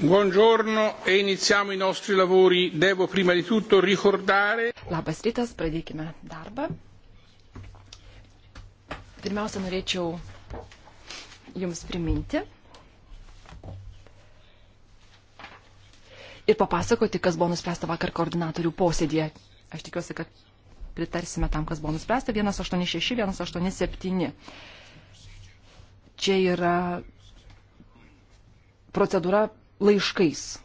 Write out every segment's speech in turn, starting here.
Buongiorno e iniziamo i nostri lavori. Devo prima di tutto ricordare. Labas rytas, pradėkime darbą. Pirmiausia, norėčiau Jums priminti ir papasakoti, kas buvo nuspręsta vakar koordinatorių posėdėje. Aš tikiuosi, kad pritarsime tam, kas buvo nuspręsta. 186, 187. Čia yra procedūra laiškais.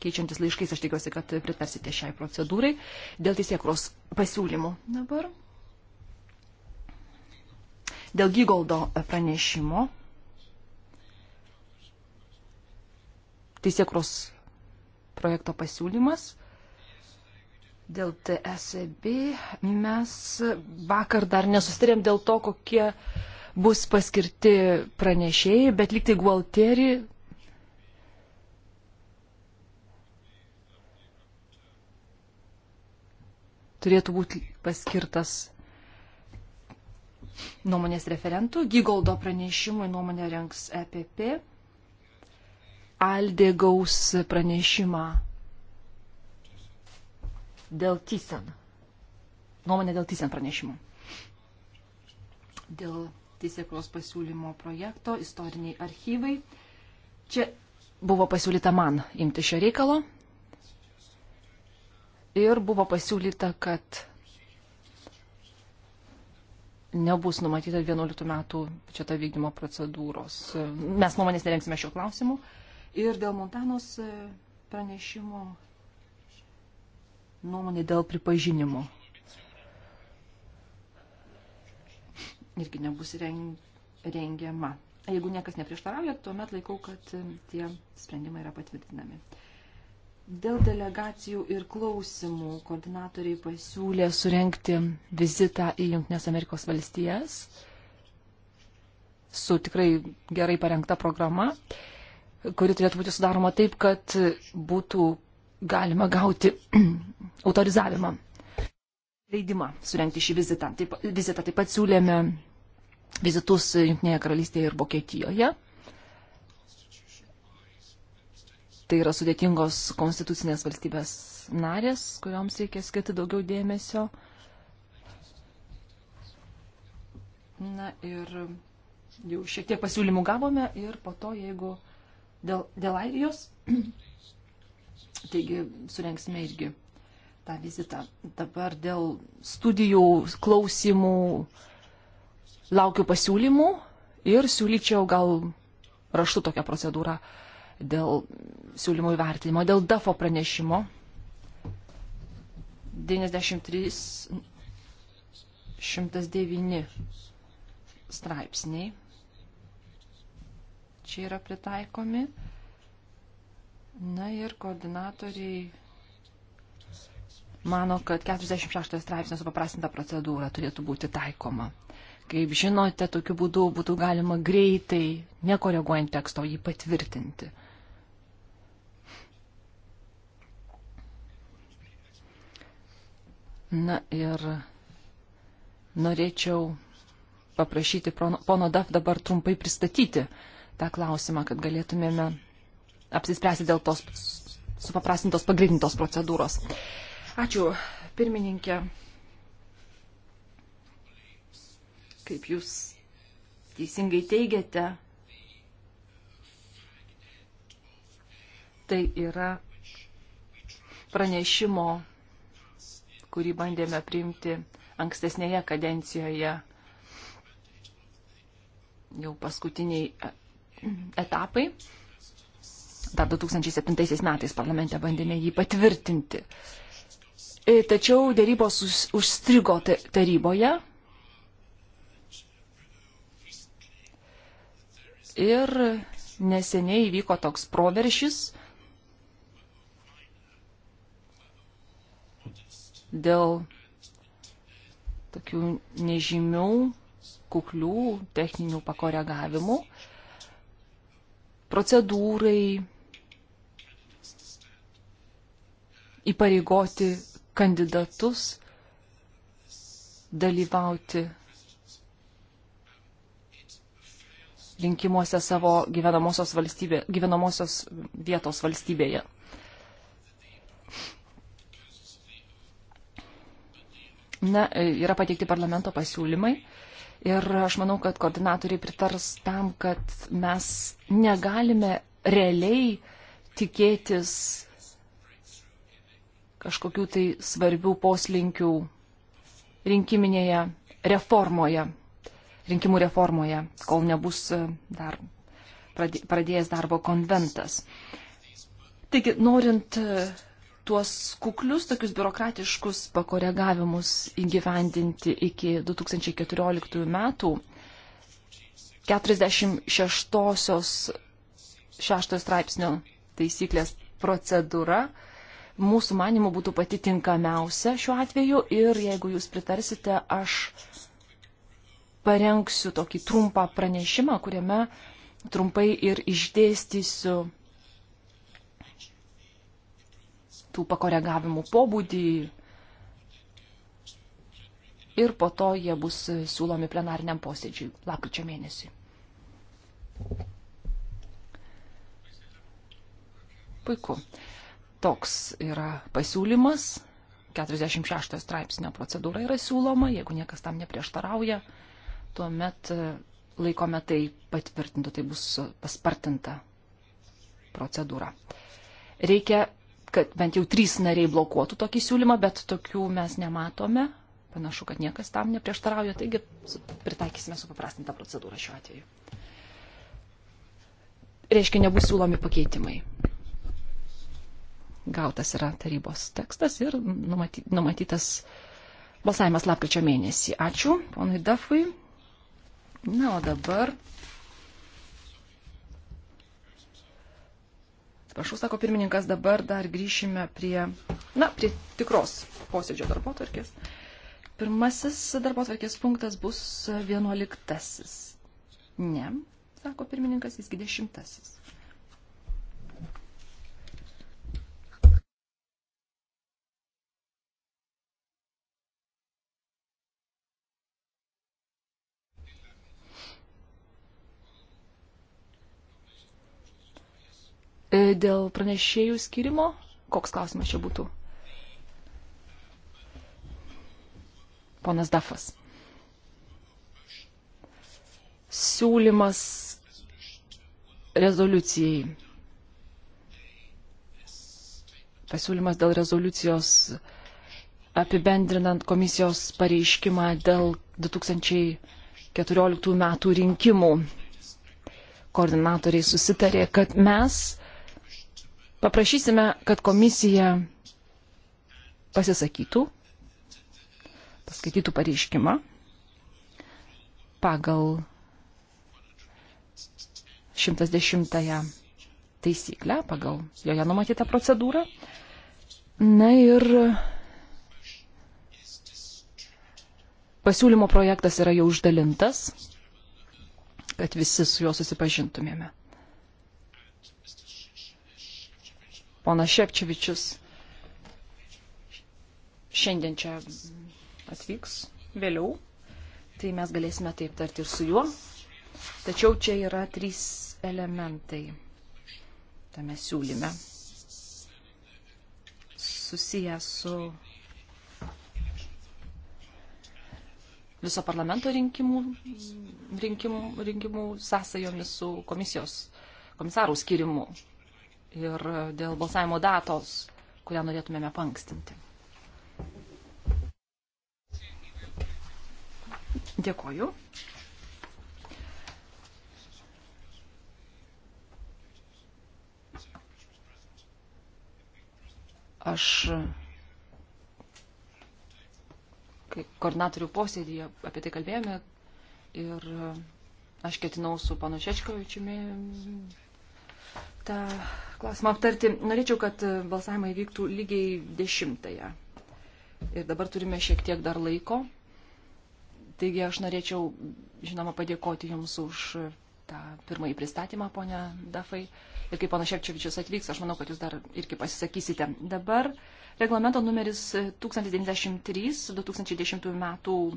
Keičiantis laiškais, aš tikiuosi, kad pritarsite šiai procedūrai dėl teisėkros pasiūlymų. Dabar. Dėl Gygoldo pranešimo. Teisėkros projekto pasiūlymas. Dėl TSB mes vakar dar nesustarėm dėl to, kokie bus paskirti pranešėjai, bet lyg tai Gualtieri turėtų būti paskirtas nuomonės referentų. Gygoldo pranešimui nuomonę renks EPP. Aldė gaus pranešimą dėl Tysen. Nuomonė dėl Tysen pranešimų. Dėl teisėkros pasiūlymo projekto istoriniai archyvai. Čia buvo pasiūlyta man imti šio reikalo, ir buvo pasiūlyta, kad nebus numatyta 11 metų čia ta vykdymo procedūros. Mes nuomonės nerengsime šio klausimu. Ir dėl Montanos e, pranešimo nuomonė dėl pripažinimo. Irgi nebus rengiama. Jeigu niekas neprieštarauja, tuomet laikau, kad e, tie sprendimai yra patvirtinami. Dėl delegacijų ir klausimų koordinatoriai pasiūlė surenkti vizitą į Junktinės Amerikos valstijas su tikrai gerai parengta programa, kuri turėtų būti sudaroma taip, kad būtų galima gauti autorizavimą, leidimą surenkti šį vizitą. Taip, vizitą taip pat siūlėme vizitus Junktinėje karalystėje ir Vokietijoje tai yra sudėtingos konstitucinės valstybės narės, kuriuoms reikia skirti daugiau dėmesio. Na ir jau šiek tiek pasiūlymų gavome ir po to, jeigu dėl, dėl Airijos, taigi surenksime irgi tą vizitą. Dabar dėl studijų, klausimų laukiu pasiūlymų ir siūlyčiau gal raštu tokią procedūrą dėl siūlymų įvertinimo, dėl DAFO pranešimo. 93 109 straipsniai čia yra pritaikomi. Na ir koordinatoriai mano, kad 46 straipsnio supaprastinta procedūra turėtų būti taikoma. Kaip žinote, tokiu būdu būtų galima greitai, nekoreguojant teksto, jį patvirtinti. Na ir norėčiau paprašyti pono DAF dabar trumpai pristatyti tą klausimą, kad galėtumėme apsispręsti dėl tos supaprastintos pagrindintos procedūros. Ačiū, pirmininkė. Kaip jūs teisingai teigiate, tai yra pranešimo kurį bandėme priimti ankstesnėje kadencijoje. Jau paskutiniai e, etapai. Dar 2007 metais parlamente bandėme jį patvirtinti. E, tačiau dėrybos užstrigo taryboje. Ir neseniai įvyko toks proveršis, dėl tokių nežymių, kuklių techninių pakoregavimų procedūrai įpareigoti kandidatus dalyvauti rinkimuose savo gyvenamosios, valstybė, gyvenamosios vietos valstybėje. Na, e, yra pateikti parlamento pasiūlymai. Ir aš manau, kad koordinatoriai pritars tam, kad mes negalime realiai tikėtis kažkokių tai svarbių poslinkių rinkiminėje reformoje, rinkimų reformoje, kol nebus e, dar pradėjęs darbo konventas. Taigi, norint e, tuos kuklius, tokius biurokratiškus pakoregavimus įgyvendinti iki 2014 metų. 46 straipsnio taisyklės procedūra mūsų manimų būtų pati tinkamiausia šiuo atveju ir jeigu jūs pritarsite, aš parengsiu tokį trumpą pranešimą, kuriame trumpai ir išdėstysiu tų pakoregavimų pobūdį ir po to jie bus siūlomi plenariniam posėdžiui lapkričio mėnesį. Puiku. Toks yra pasiūlymas. 46 straipsnio procedūra yra siūloma, jeigu niekas tam neprieštarauja, tuomet e, laikome tai patvirtintų, tai bus paspartinta procedūra. Reikia kad bent jau trys nariai blokuotų tokį siūlymą, bet tokių mes nematome. Panašu, kad niekas tam neprieštarauja, taigi pritaikysime supaprastintą procedūrą šiuo atveju. Reiškia, nebus siūlomi pakeitimai. Gautas yra tarybos tekstas ir numaty, numatytas balsavimas lapkričio mėnesį. Ačiū ponui Dafui. Na, o dabar Atsiprašau, sako pirmininkas, dabar dar grįšime prie, na, prie tikros posėdžio darbo tvarkės. Pirmasis darbo tvarkės punktas bus vienuoliktasis. Ne, sako pirmininkas, jis dešimtasis. E, dėl pranešėjų skirimo, koks klausimas čia būtų? Ponas Dafas. Siūlymas rezoliucijai. Pasiūlymas dėl rezoliucijos apibendrinant komisijos pareiškimą dėl 2014 metų rinkimų. Koordinatoriai susitarė, kad mes Paprašysime, kad komisija pasisakytų, paskaitytų pareiškimą pagal 110 taisyklę, pagal joje numatytą procedūrą. Na ir pasiūlymo projektas yra jau uždalintas, kad visi su juo susipažintumėme. Pona Šepčevičius šiandien čia atvyks vėliau, tai mes galėsime taip tarti ir su juo. Tačiau čia yra trys elementai tame siūlyme susiję su viso parlamento rinkimų, rinkimų, rinkimų sąsajomis su komisijos komisarų skirimu ir dėl balsavimo datos, kurią norėtumėme pankstinti. Dėkoju. Aš koordinatorių posėdėje apie tai kalbėjome ir aš ketinau su panu Šečkovičiumi tą klausimą aptarti. Norėčiau, kad balsavimai vyktų lygiai dešimtąją. Ir dabar turime šiek tiek dar laiko. Taigi aš norėčiau, žinoma, padėkoti Jums už tą pirmąjį pristatymą, ponia Dafai. Ir kaip pana Šepčiovičius atvyks, aš manau, kad Jūs dar irgi pasisakysite. Dabar reglamento numeris 1093-2010 metų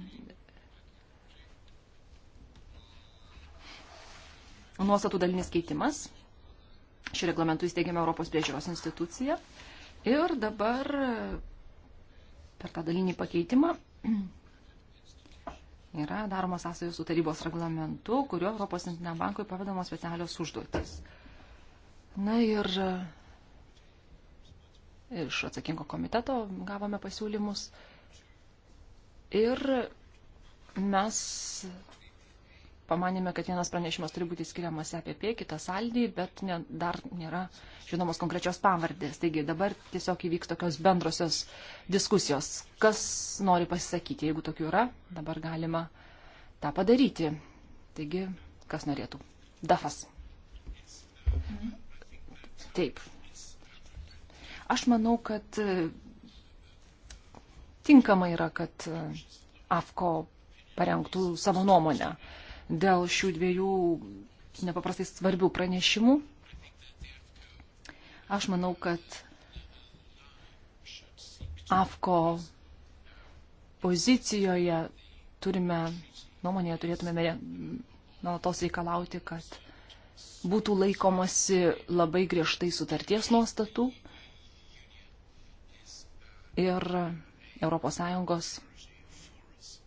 nuostatų dalinis keitimas. Šiuo reglamentu įsteigėme Europos priežiūros instituciją ir dabar per tą dalinį pakeitimą yra daromos sąsajos su tarybos reglamentu, kuriuo Europos centriniam bankui pavedamos specialios užduotis. Na ir e, iš atsakingo komiteto gavome pasiūlymus ir mes pamanėme, kad vienas pranešimas turi būti skiriamas EPP, kitas saldį, bet ne, dar nėra žinomos konkrečios pavardės. Taigi dabar tiesiog įvyks tokios bendrosios diskusijos. Kas nori pasisakyti, jeigu tokių yra, dabar galima tą padaryti. Taigi, kas norėtų? Dafas. Taip. Aš manau, kad e, tinkama yra, kad e, AFKO parengtų savo nuomonę dėl šių dviejų nepaprastai svarbių pranešimų. Aš manau, kad AFKO pozicijoje turime, nuomonėje turėtume nuolatos reikalauti, kad būtų laikomasi labai griežtai sutarties nuostatų ir ES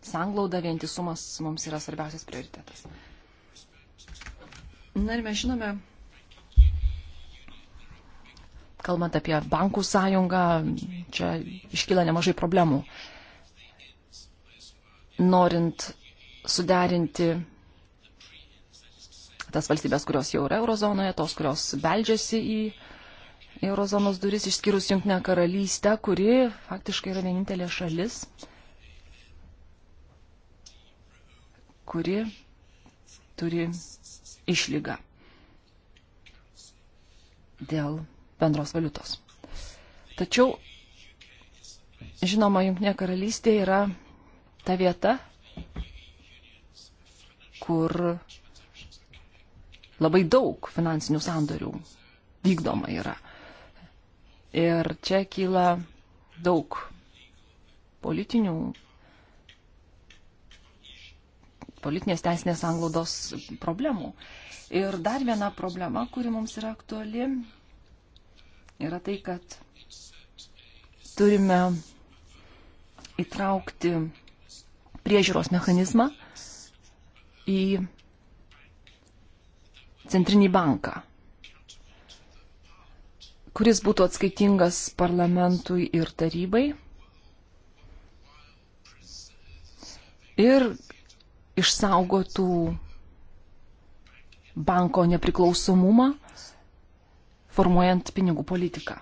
sanglauda, vientisumas mums yra svarbiausias prioritetas. Na ir mes žinome, kalbant apie bankų sąjungą, čia iškyla nemažai problemų. Norint suderinti tas valstybės, kurios jau yra eurozonoje, tos, kurios beldžiasi į eurozonos duris, išskyrus Junktinę karalystę, kuri faktiškai yra vienintelė šalis, kuri turi išlygą dėl bendros valiutos. Tačiau, žinoma, Junktinė karalystė yra ta vieta, kur labai daug finansinių sandorių vykdoma yra. Ir čia kyla daug politinių politinės teisinės anglaudos problemų. Ir dar viena problema, kuri mums yra aktuali, yra tai, kad turime įtraukti priežiūros mechanizmą į centrinį banką, kuris būtų atskaitingas parlamentui ir tarybai ir išsaugotų banko nepriklausomumą, formuojant pinigų politiką.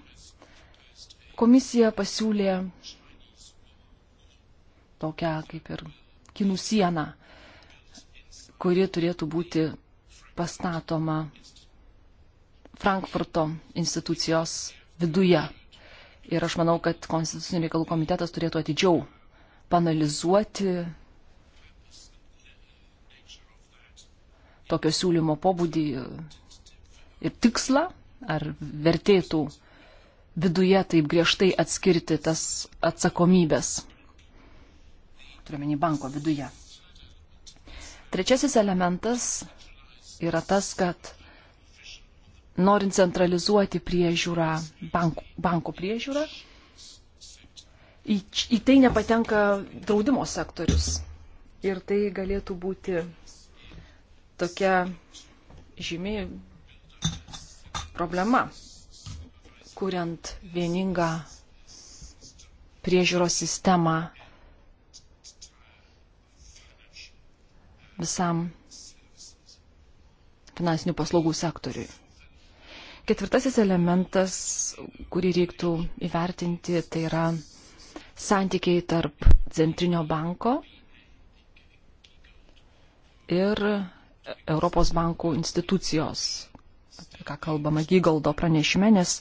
Komisija pasiūlė tokią kaip ir kinų sieną, kuri turėtų būti pastatoma Frankfurto institucijos viduje. Ir aš manau, kad Konstitucinių reikalų komitetas turėtų atidžiau panalizuoti tokio siūlymo pobūdį ir tikslą, ar vertėtų viduje taip griežtai atskirti tas atsakomybės, turiuomenį banko viduje. Trečiasis elementas yra tas, kad norint centralizuoti priežiūrą, bank, banko priežiūrą, į, į tai nepatenka draudimo sektorius. Ir tai galėtų būti tokia žymi problema, kuriant vieningą priežiūros sistemą visam finansinių paslaugų sektoriui. Ketvirtasis elementas, kurį reiktų įvertinti, tai yra santykiai tarp centrinio banko ir Europos bankų institucijos, apie ką kalbama Gygaldo pranešime, nes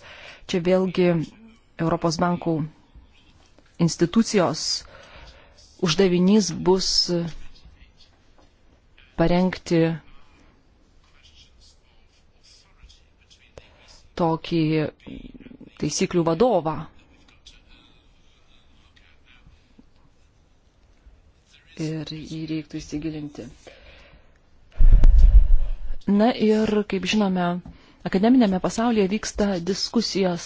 čia vėlgi Europos bankų institucijos uždavinys bus parengti tokį taisyklių vadovą. Ir jį reiktų įsigilinti. Na ir, kaip žinome, akademinėme pasaulyje vyksta diskusijos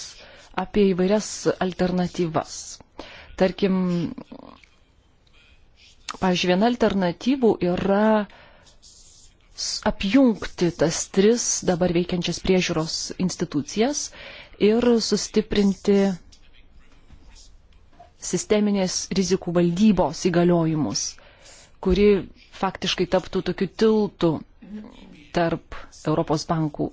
apie įvairias alternatyvas. Tarkim, pavyzdžiui, viena alternatyvų yra apjungti tas tris dabar veikiančias priežiūros institucijas ir sustiprinti sisteminės rizikų valdybos įgaliojimus, kuri faktiškai taptų tokiu tiltu tarp Europos bankų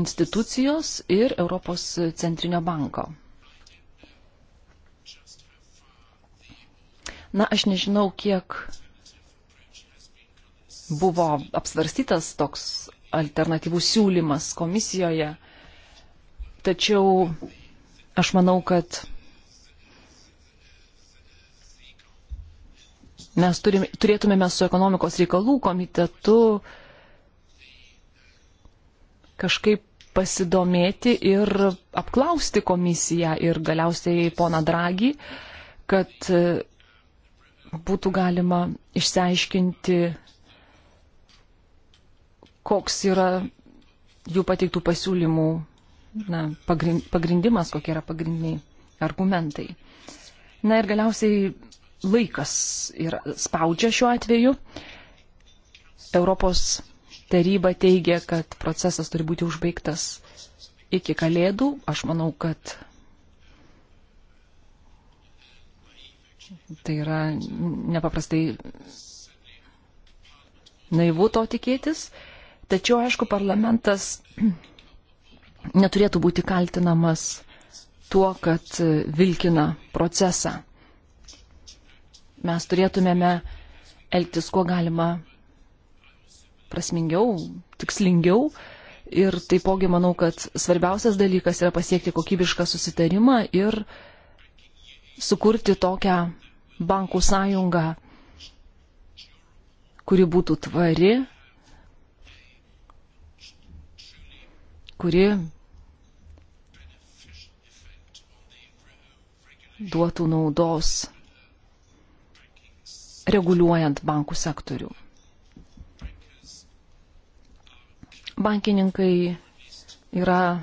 institucijos ir Europos centrinio banko. Na, aš nežinau, kiek buvo apsvarstytas toks alternatyvus siūlymas komisijoje, tačiau aš manau, kad mes turime, turėtumėme su ekonomikos reikalų komitetu uh, kažkaip pasidomėti ir apklausti komisiją ir galiausiai pona Dragi, kad e, būtų galima išsiaiškinti, koks yra jų pateiktų pasiūlymų na, pagrindimas, kokie yra pagrindiniai argumentai. Na ir galiausiai laikas yra, spaudžia šiuo atveju. Europos taryba teigia, kad procesas turi būti užbaigtas iki kalėdų. Aš manau, kad tai yra nepaprastai naivu to tikėtis. Tačiau, aišku, parlamentas neturėtų būti kaltinamas tuo, kad vilkina procesą. Mes turėtumėme elgtis kuo galima prasmingiau, tikslingiau. Ir taipogi manau, kad svarbiausias dalykas yra pasiekti kokybišką susitarimą ir sukurti tokią bankų sąjungą, kuri būtų tvari, kuri duotų naudos reguliuojant bankų sektorių. bankininkai yra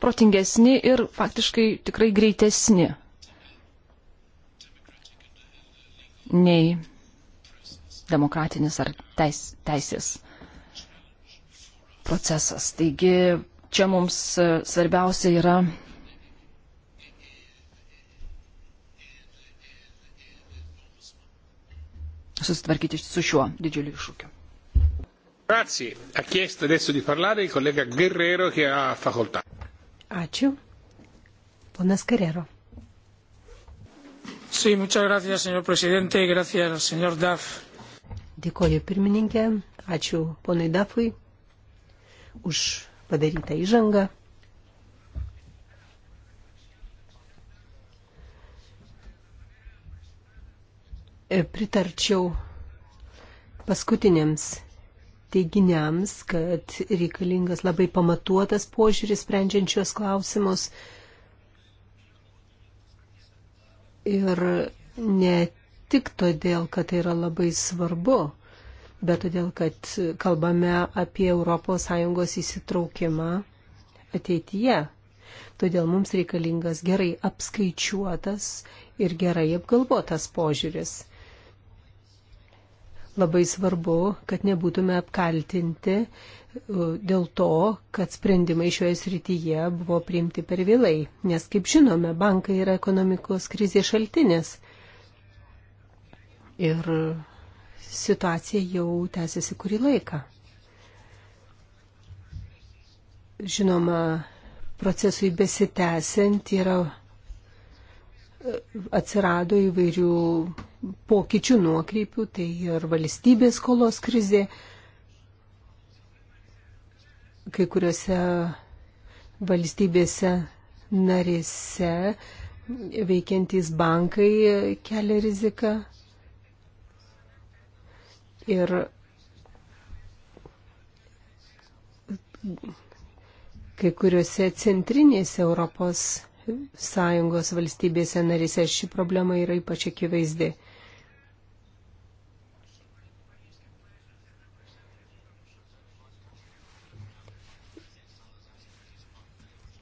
protingesni ir faktiškai tikrai greitesni nei demokratinis ar teis, teisės procesas. Taigi čia mums e, svarbiausia yra susitvarkyti su šiuo didžiuliu iššūkiu. Grazie. Ha chiesto adesso di parlare il collega Guerrero che ha facoltà. Ačiū. Ponas Guerrero. Sí, muchas gracias, señor presidente. Gracias, señor Duff. Dėkoju pirmininkė. Ačiū ponui Dafui už padarytą įžangą. Pritarčiau paskutiniams teiginiams, kad reikalingas labai pamatuotas požiūris sprendžiančios klausimus ir ne tik todėl, kad tai yra labai svarbu, bet todėl, kad kalbame apie ES įsitraukimą ateityje. Todėl mums reikalingas gerai apskaičiuotas ir gerai apgalvotas požiūris. Labai svarbu, kad nebūtume apkaltinti e, dėl to, kad sprendimai šioje srityje buvo priimti per vėlai, nes, kaip žinome, bankai yra ekonomikos krizės šaltinis. Ir situacija jau tęsiasi kurį laiką. Žinoma, procesui besitęsiant yra e, atsirado įvairių pokyčių nuokrypių, tai ir valstybės skolos krizė. Kai kuriuose valstybėse narėse veikiantys bankai kelia riziką. Ir kai kuriuose centrinėse Europos Sąjungos valstybėse narėse ši problema yra ypač akivaizdi.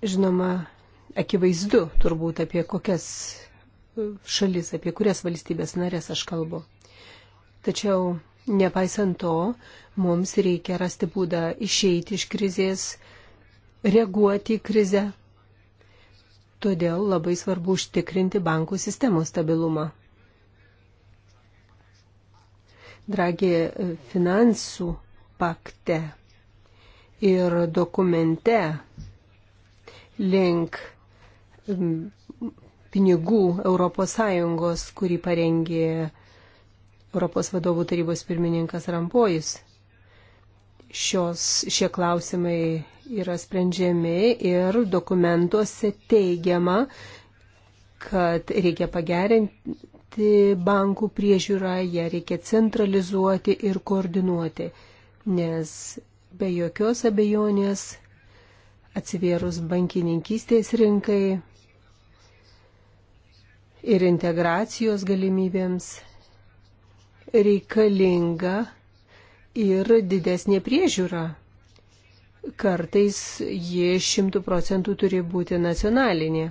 žinoma, akivaizdu turbūt apie kokias e, šalis, apie kurias valstybės narės aš kalbu. Tačiau, nepaisant to, mums reikia rasti būdą išeiti iš krizės, reaguoti į krizę. Todėl labai svarbu užtikrinti bankų sistemos stabilumą. Dragi e, finansų pakte ir dokumente link pinigų ES, kurį parengė Europos vadovų tarybos pirmininkas Rampojus. Šios, šie klausimai yra sprendžiami ir dokumentuose teigiama, kad reikia pagerinti bankų priežiūrą, ją reikia centralizuoti ir koordinuoti, nes be jokios abejonės atsivėrus bankininkystės rinkai ir integracijos galimybėms reikalinga ir didesnė priežiūra. Kartais ji šimtų procentų turi būti nacionalinė.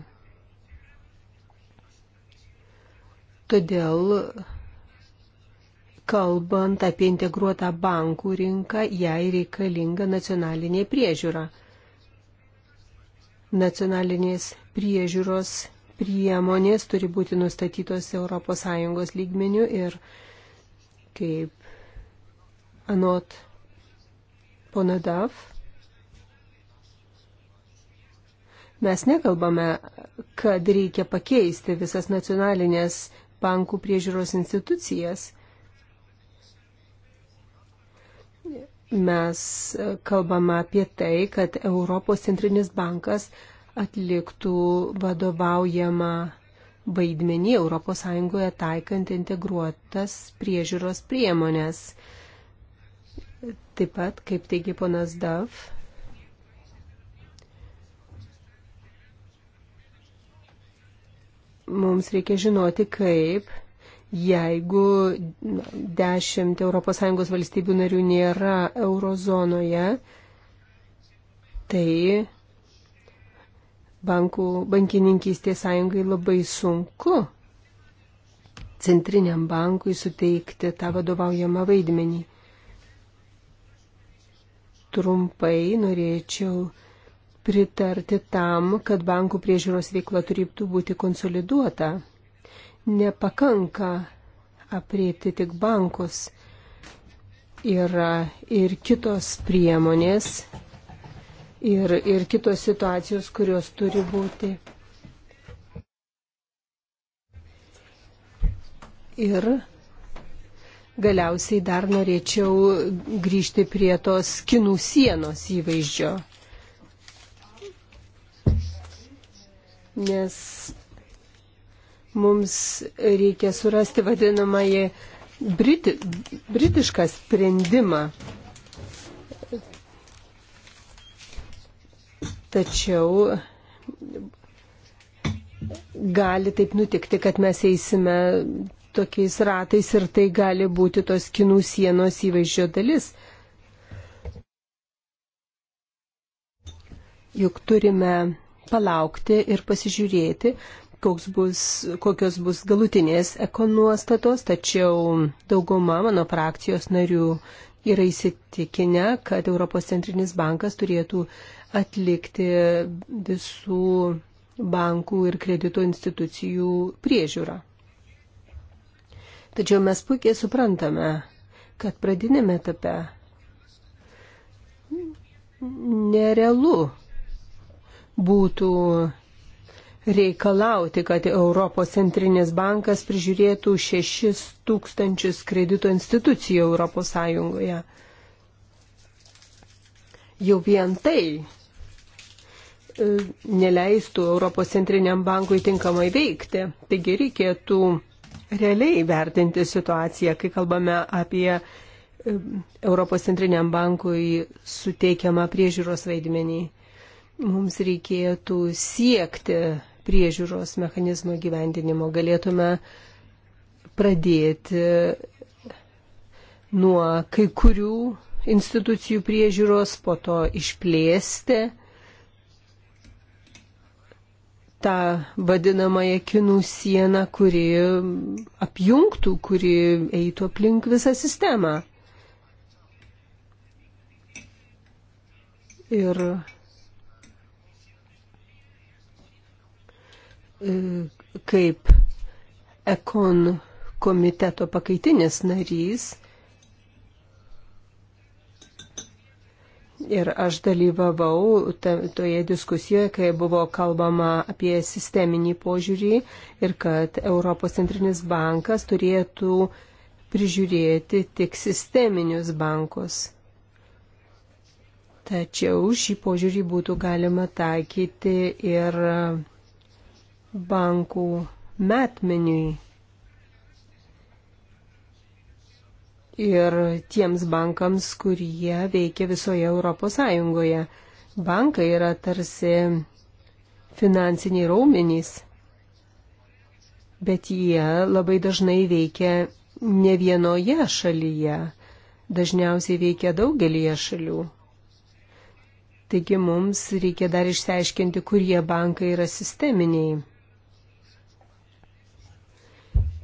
Todėl, kalbant apie integruotą bankų rinką, jai reikalinga nacionalinė priežiūra nacionalinės priežiūros priemonės turi būti nustatytos ES lygmenių ir kaip anot ponadav, mes nekalbame, kad reikia pakeisti visas nacionalinės bankų priežiūros institucijas – mes kalbame apie tai, kad Europos centrinis bankas atliktų vadovaujamą vaidmenį ES taikant integruotas priežiūros priemonės. Taip pat, kaip teigia ponas Dav, mums reikia žinoti, kaip jeigu 10 ES valstybių narių nėra eurozonoje, tai bankų, bankininkystės sąjungai labai sunku centriniam bankui suteikti tą vadovaujamą vaidmenį. Trumpai norėčiau pritarti tam, kad bankų priežiūros veikla turėtų būti konsoliduota nepakanka apriepti tik bankus. Yra ir kitos priemonės, ir, ir kitos situacijos, kurios turi būti. Ir galiausiai dar norėčiau grįžti prie tos kinų sienos įvaizdžio. Nes mums reikia surasti vadinamąjį briti, britišką sprendimą. Tačiau gali taip nutikti, kad mes eisime tokiais ratais ir tai gali būti tos kinų sienos įvaizdžio dalis. Juk turime palaukti ir pasižiūrėti, bus, kokios bus galutinės ekonuostatos, tačiau dauguma mano frakcijos narių yra įsitikinę, kad Europos centrinis bankas turėtų atlikti visų bankų ir kredito institucijų priežiūrą. Tačiau mes puikiai suprantame, kad pradinėme etape nerealu būtų reikalauti, kad Europos centrinis bankas prižiūrėtų 6 tūkstančius kredito institucijų Europos Sąjungoje. Jau vien tai e, neleistų Europos centriniam bankui tinkamai veikti. Taigi reikėtų realiai vertinti situaciją, kai kalbame apie e, Europos centriniam bankui suteikiamą priežiūros vaidmenį. Mums reikėtų siekti priežiūros mechanizmo gyvendinimo galėtume pradėti nuo kai kurių institucijų priežiūros, po to išplėsti tą vadinamąją kinų sieną, kuri apjungtų, kuri eitų aplink visą sistemą. Ir E, kaip ekon komiteto pakaitinis narys ir aš dalyvavau toje diskusijoje, kai buvo kalbama apie sisteminį požiūrį ir kad Europos centrinis bankas turėtų prižiūrėti tik sisteminius bankus. Tačiau šį požiūrį būtų galima taikyti ir bankų metmeniui ir tiems bankams, kurie veikia visoje Europos Sąjungoje. Bankai yra tarsi finansiniai raumenys, bet jie labai dažnai veikia ne vienoje šalyje, dažniausiai veikia daugelįje šalių. Taigi mums reikia dar išsiaiškinti, kurie bankai yra sisteminiai.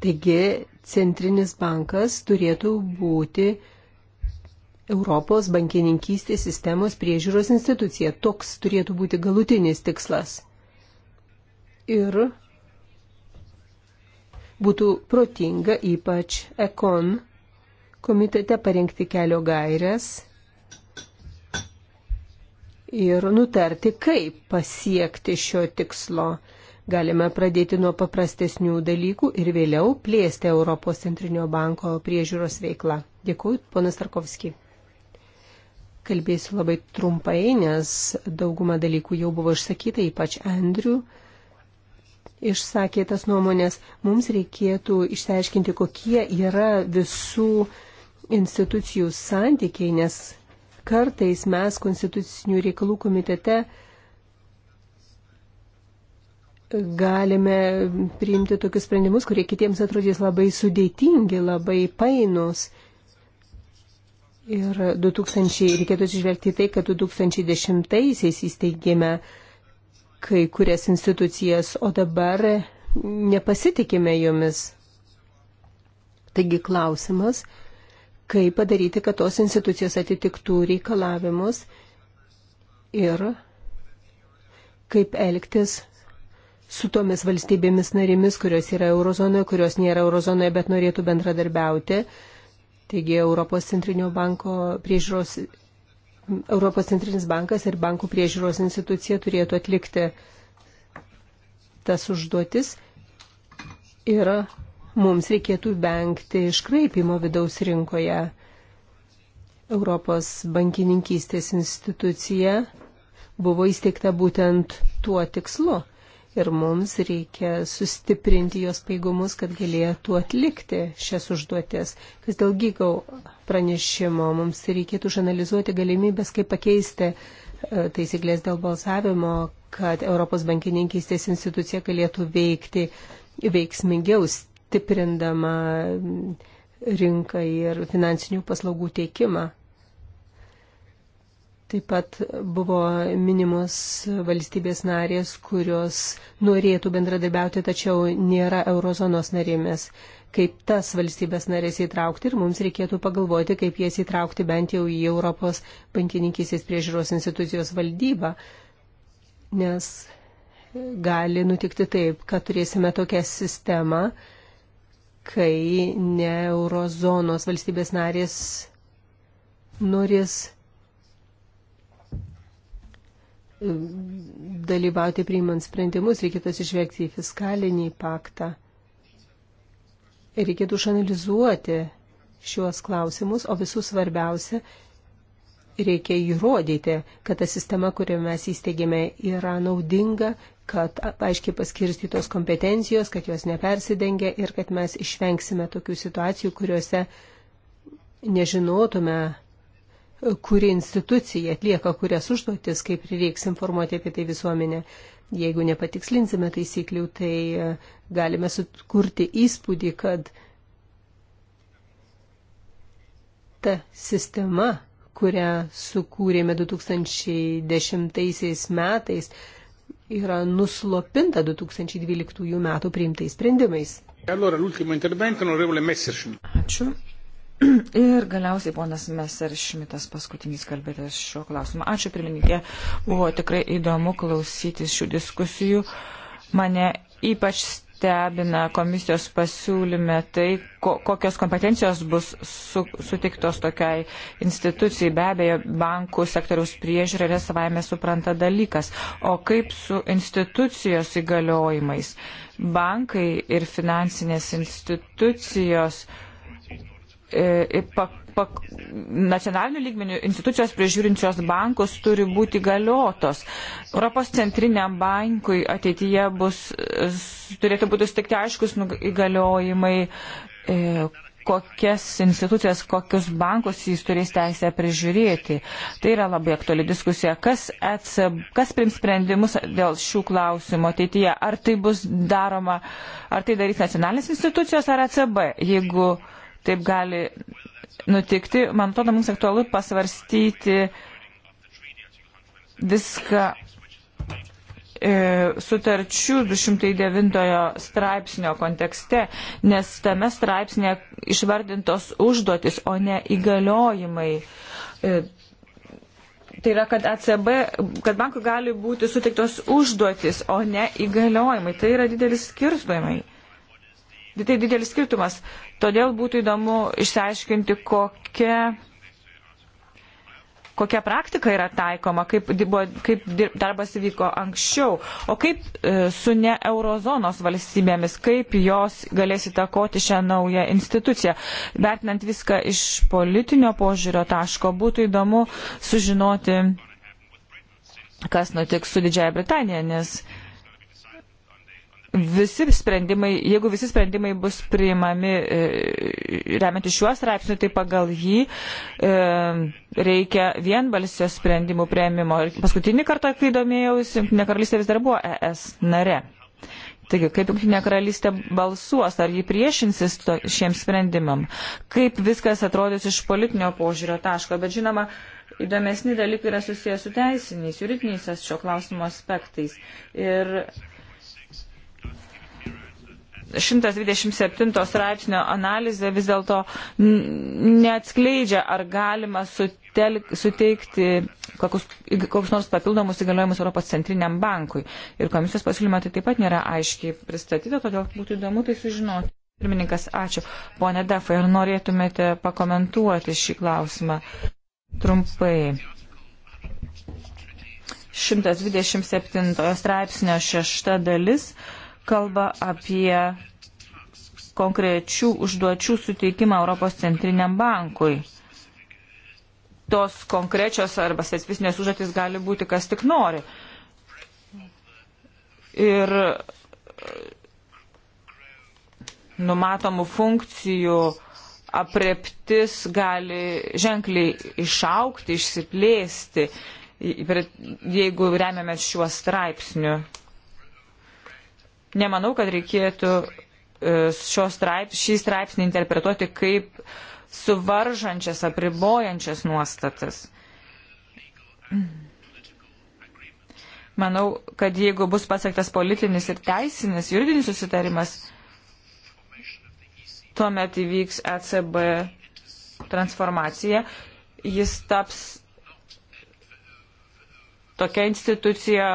Taigi centrinis bankas turėtų būti Europos bankininkystės sistemos priežiūros institucija. Toks turėtų būti galutinis tikslas. Ir būtų protinga ypač ekon komitete parengti kelio gairias ir nutarti, kaip pasiekti šio tikslo. Galime pradėti nuo paprastesnių dalykų ir vėliau plėsti Europos centrinio banko priežiūros veiklą. Dėkuoju, ponas Tarkovski. Kalbėsiu labai trumpai, nes dauguma dalykų jau buvo išsakyta, ypač Andriu išsakė tas nuomonės. Mums reikėtų išsiaiškinti, kokie yra visų institucijų santykiai, nes kartais mes konstitucinių reikalų komitete galime priimti tokius sprendimus, kurie kitiems atrodys labai sudėtingi, labai painus. Ir 2000, reikėtų atsižvelgti tai, kad 2010-aisiais įsteigėme kai kurias institucijas, o dabar nepasitikime jomis. Taigi klausimas, kaip padaryti, kad tos institucijos atitiktų reikalavimus ir kaip elgtis su tomis valstybėmis narėmis, kurios yra eurozonoje, kurios nėra eurozonoje, bet norėtų bendradarbiauti. Taigi Europos centrinio banko priežiūros, Europos centrinis bankas ir bankų priežiūros institucija turėtų atlikti tas užduotis ir mums reikėtų vengti iškraipimo vidaus rinkoje. Europos bankininkystės institucija buvo įsteigta būtent tuo tikslu ir mums reikia sustiprinti jos paigumus, kad galėtų atlikti šias užduotis. Kas dėl gygau pranešimo, mums reikėtų išanalizuoti galimybės, kaip pakeisti e, taisyklės dėl balsavimo, kad Europos bankininkystės institucija galėtų veikti veiksmingiau, stiprindama rinką ir finansinių paslaugų teikimą. Taip pat buvo minimos valstybės narės, kurios norėtų bendradarbiauti, tačiau nėra eurozonos narėmis. Kaip tas valstybės narės įtraukti ir mums reikėtų pagalvoti, kaip jas įtraukti bent jau į Europos bankininkysės priežiūros institucijos valdybą. Nes gali nutikti taip, kad turėsime tokią sistemą, kai ne eurozonos valstybės narės norės dalyvauti priimant sprendimus, reikėtų atsižvelgti į fiskalinį paktą. Reikėtų išanalizuoti šiuos klausimus, o visų svarbiausia, reikia įrodyti, kad ta sistema, kurią mes įsteigėme, yra naudinga, kad aiškiai paskirstytos kompetencijos, kad jos nepersidengia ir kad mes išvengsime tokių situacijų, kuriuose nežinotume kuri institucija atlieka kurias užduotis, kaip prireiks informuoti apie tai visuomenę. Jeigu nepatikslinsime taisyklių, tai e, galime sukurti įspūdį, kad ta sistema, kurią sukūrėme 2010 metais, yra nuslopinta 2012 metų priimtais sprendimais. E Ačiū. Ir galiausiai ponas Meser Šmitas paskutinis kalbėtas šiuo klausimu. Ačiū pirmininkė, buvo tikrai įdomu klausytis šių diskusijų. Mane ypač stebina komisijos pasiūlyme tai, ko, kokios kompetencijos bus su, sutiktos tokiai institucijai. Be abejo, bankų sektoriaus priežiūrė yra savaime supranta dalykas. O kaip su institucijos įgaliojimais? Bankai ir finansinės institucijos pak, e, pak, nacionalinių lygmenių institucijos priežiūrinčios bankus turi būti galiotos. Europos centriniam bankui ateityje bus, turėtų būti stikti aiškus nu, įgaliojimai, e, kokias institucijas, kokius bankus jis turės teisę prižiūrėti. Tai yra labai aktuali diskusija. Kas, ECB, kas prims sprendimus dėl šių klausimų ateityje? Ar tai bus daroma, ar tai darys nacionalinės institucijos ar ECB? Jeigu uh, taip gali nutikti. Man atrodo, mums aktualu pasvarstyti viską e, sutarčių 209 straipsnio kontekste, nes tame straipsnėje išvardintos užduotis, o ne įgaliojimai. E, tai yra, kad ACB, kad bankui gali būti suteiktos užduotis, o ne įgaliojimai. Tai yra didelis skirtumai. Tai didelis skirtumas. Todėl būtų įdomu išsiaiškinti, kokia, kokia praktika yra taikoma, kaip, buvo, kaip darbas vyko anksčiau, o kaip e, su ne eurozonos valstybėmis, kaip jos galės įtakoti šią naują instituciją. Vertinant viską iš politinio požiūrio taško, būtų įdomu sužinoti, kas nutiks su Didžiaja Britanija, nes uh, visi sprendimai, jeigu visi sprendimai bus priimami e, remianti šiuo straipsniu, tai pagal jį e, reikia vienbalsio sprendimų prieimimo. Ir paskutinį kartą, kai domėjausi, Junktinė karalystė vis dar buvo ES nare. Taigi, kaip Junktinė karalystė balsuos, ar jį priešinsis to, šiems sprendimam, kaip viskas atrodys iš politinio požiūrio taško, bet žinoma, įdomesni dalykai yra susijęs su teisiniais, juridiniais šio klausimo aspektais. Ir 127 straipsnio analizė vis dėlto neatskleidžia, ar galima sutelk, suteikti kokius, kokius nors papildomus įgaliojimus Europos centriniam bankui. Ir komisijos pasiūlymą tai taip pat nėra aiškiai pristatyta, todėl būtų įdomu tai sužinoti. Pirmininkas, ačiū. Pone Defai, ar norėtumėte pakomentuoti šį klausimą trumpai? 127 straipsnio šešta dalis kalba apie konkrečių užduočių suteikimą Europos centriniam bankui. Tos konkrečios arba specifinės užduotis gali būti kas tik nori. Ir numatomų funkcijų apreptis gali ženkliai išaukti, išsiplėsti, jeigu remiamės šiuo straipsniu nemanau, kad reikėtų e, straip, šį straipsnį interpretuoti kaip suvaržančias, apribojančias nuostatas. Manau, kad jeigu bus pasiektas politinis ir teisinis, juridinis susitarimas, tuomet įvyks ECB transformacija, jis taps tokia institucija,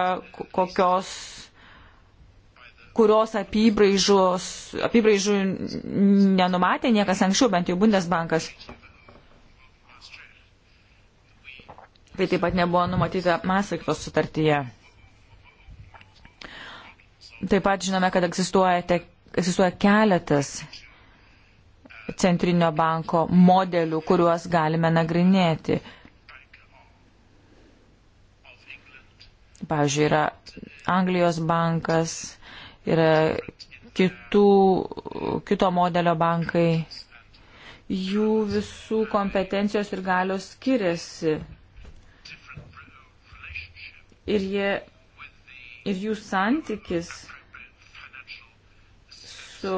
kokios kurios apibraižų nenumatė niekas anksčiau, bent jau Bundesbankas. Tai taip pat nebuvo numatyta Masaiktos sutartyje. Taip pat žinome, kad egzistuoja, te, egzistuoja keletas centrinio banko modelių, kuriuos galime nagrinėti. Pavyzdžiui, yra Anglijos bankas, yra kitų, kito modelio bankai. Jų visų kompetencijos ir galios skiriasi. Ir, jie, ir jų santykis su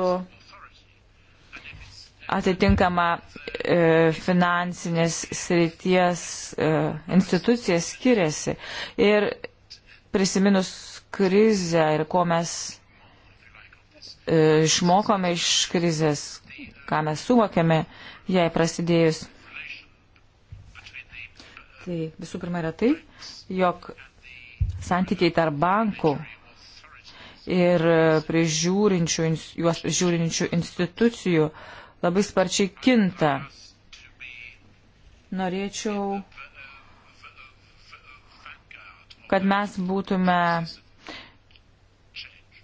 atitinkama e, finansinės srities e, institucija skiriasi. Ir prisiminus krizę ir ko mes E, išmokome iš krizės, ką mes suvokėme jai prasidėjus. Tai visų pirma yra tai, jog santykiai tarp bankų ir prižiūrinčių, juos prižiūrinčių institucijų labai sparčiai kinta. Norėčiau, kad mes būtume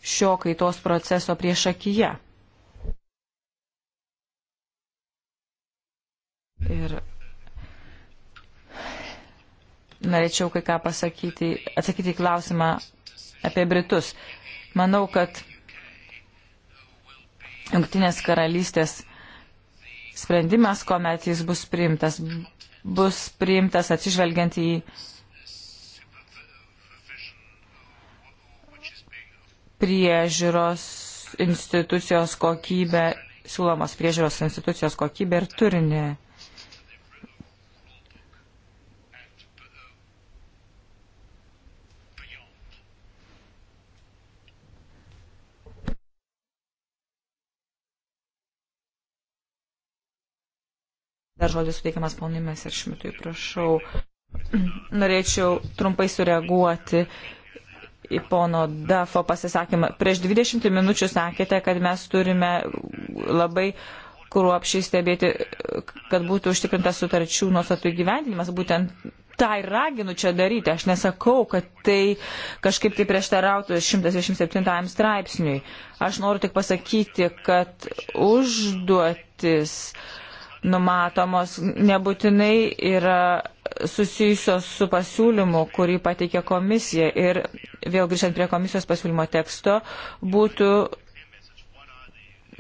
šio kaitos proceso prieš akiją. Ir norėčiau kai ką pasakyti, atsakyti į klausimą apie Britus. Manau, kad Junktinės karalystės sprendimas, kuomet jis bus priimtas, bus priimtas atsižvelgiant į priežiūros institucijos kokybę, siūlomos priežiūros institucijos kokybę ir turinį. Dar žodis suteikiamas ponui Mesiršmitui, prašau. Norėčiau trumpai sureaguoti į pono Dafo pasisakymą. Prieš 20 minučių sakėte, kad mes turime labai kruopšiai stebėti, kad būtų užtikrintas sutarčių nuostatų įgyvendinimas. Būtent tą ir raginu čia daryti. Aš nesakau, kad tai kažkaip tai prieštarautų 127 straipsniui. Aš noriu tik pasakyti, kad užduotis. Uh, numatomos nebūtinai yra susijusios su pasiūlymu, kurį pateikė komisija. Ir vėl grįžtant prie komisijos pasiūlymo teksto, būtų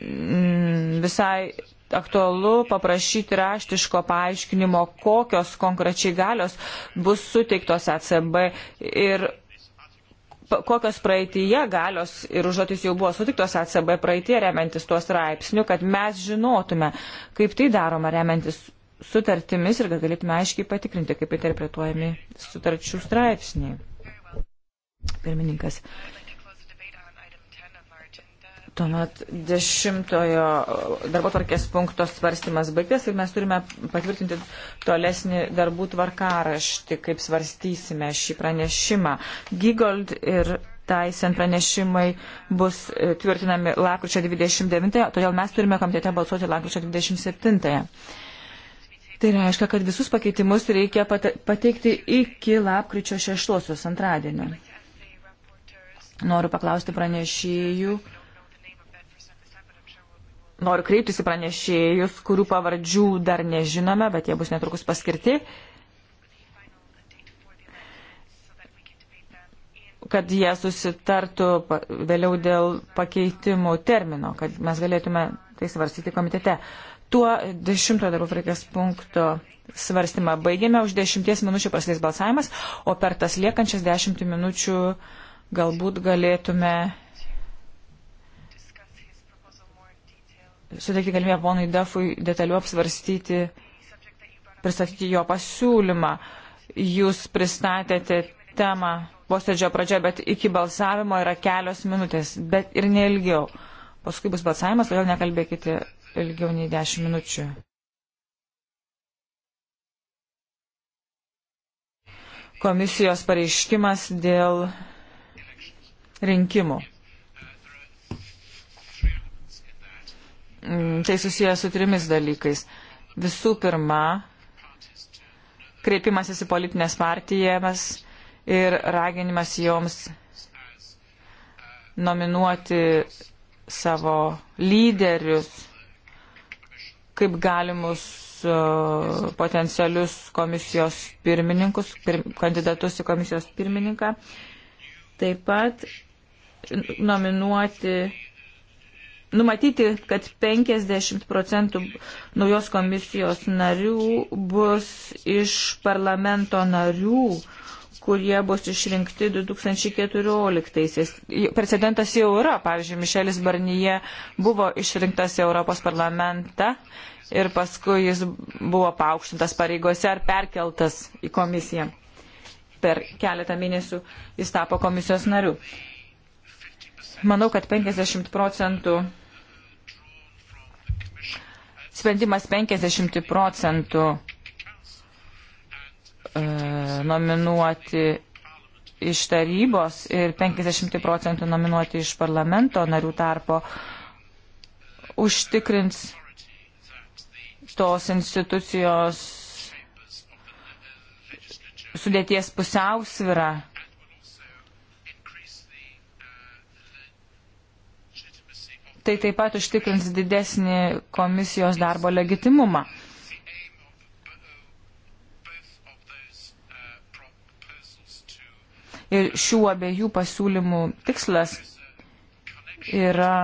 mm, visai aktualu paprašyti raštiško paaiškinimo, kokios konkrečiai galios bus suteiktos ECB ir kokios praeitįje galios ir užduotis jau buvo sutiktos ACB praeitie remiantis tuo straipsniu, kad mes žinotume, kaip tai daroma remiantis sutartimis ir kad galėtume aiškiai patikrinti, kaip interpretuojami sutarčių straipsniai. Pirmininkas. Tuomet dešimtojo darbo tvarkės punktos svarstymas baigtas ir mes turime patvirtinti tolesnį darbų tvarkaraštį, kaip svarstysime šį pranešimą. Gigold ir Taisen pranešimai bus e, tvirtinami lakručio 29, todėl mes turime komitete balsuoti lakručio 27. Tai reiškia, kad visus pakeitimus reikia pateikti iki lapkričio 6 antradienio. Noriu paklausti pranešėjų noriu kreiptis į pranešėjus, kurių pavardžių dar nežinome, bet jie bus netrukus paskirti, kad jie susitartų vėliau dėl pakeitimų termino, kad mes galėtume tai svarstyti komitete. Tuo dešimtojo darbų reikės punkto svarstymą baigėme, už dešimties minučių prasidės balsavimas, o per tas liekančias dešimt minučių galbūt galėtume suteikti galimybę ponui Dafui detaliu apsvarstyti, pristatyti jo pasiūlymą. Jūs pristatėte temą posėdžio pradžioje, bet iki balsavimo yra kelios minutės, bet ir neilgiau. Paskui bus balsavimas, todėl nekalbėkite ilgiau nei 10 minučių. Komisijos pareiškimas dėl rinkimų. Mm, tai susijęs su trimis dalykais. Visų pirma, kreipimasis į politinės partijas ir raginimas joms nominuoti savo lyderius kaip galimus e, potencialius komisijos pirmininkus, pir, kandidatus į komisijos pirmininką. Taip pat nominuoti numatyti, kad 50 procentų naujos komisijos narių bus iš parlamento narių, kurie bus išrinkti 2014-aisiais. Precedentas jau yra, pavyzdžiui, Mišelis Barnyje buvo išrinktas į Europos parlamentą ir paskui jis buvo paaukštintas pareigose ar perkeltas į komisiją. Per keletą mėnesių jis tapo komisijos nariu. Manau, kad 50 procentų sprendimas 50 procentų e, nominuoti iš tarybos ir 50 procentų nominuoti iš parlamento narių tarpo užtikrins tos institucijos sudėties pusiausvyrą tai taip pat užtikrins didesnį komisijos darbo legitimumą. Ir šių abiejų pasiūlymų tikslas yra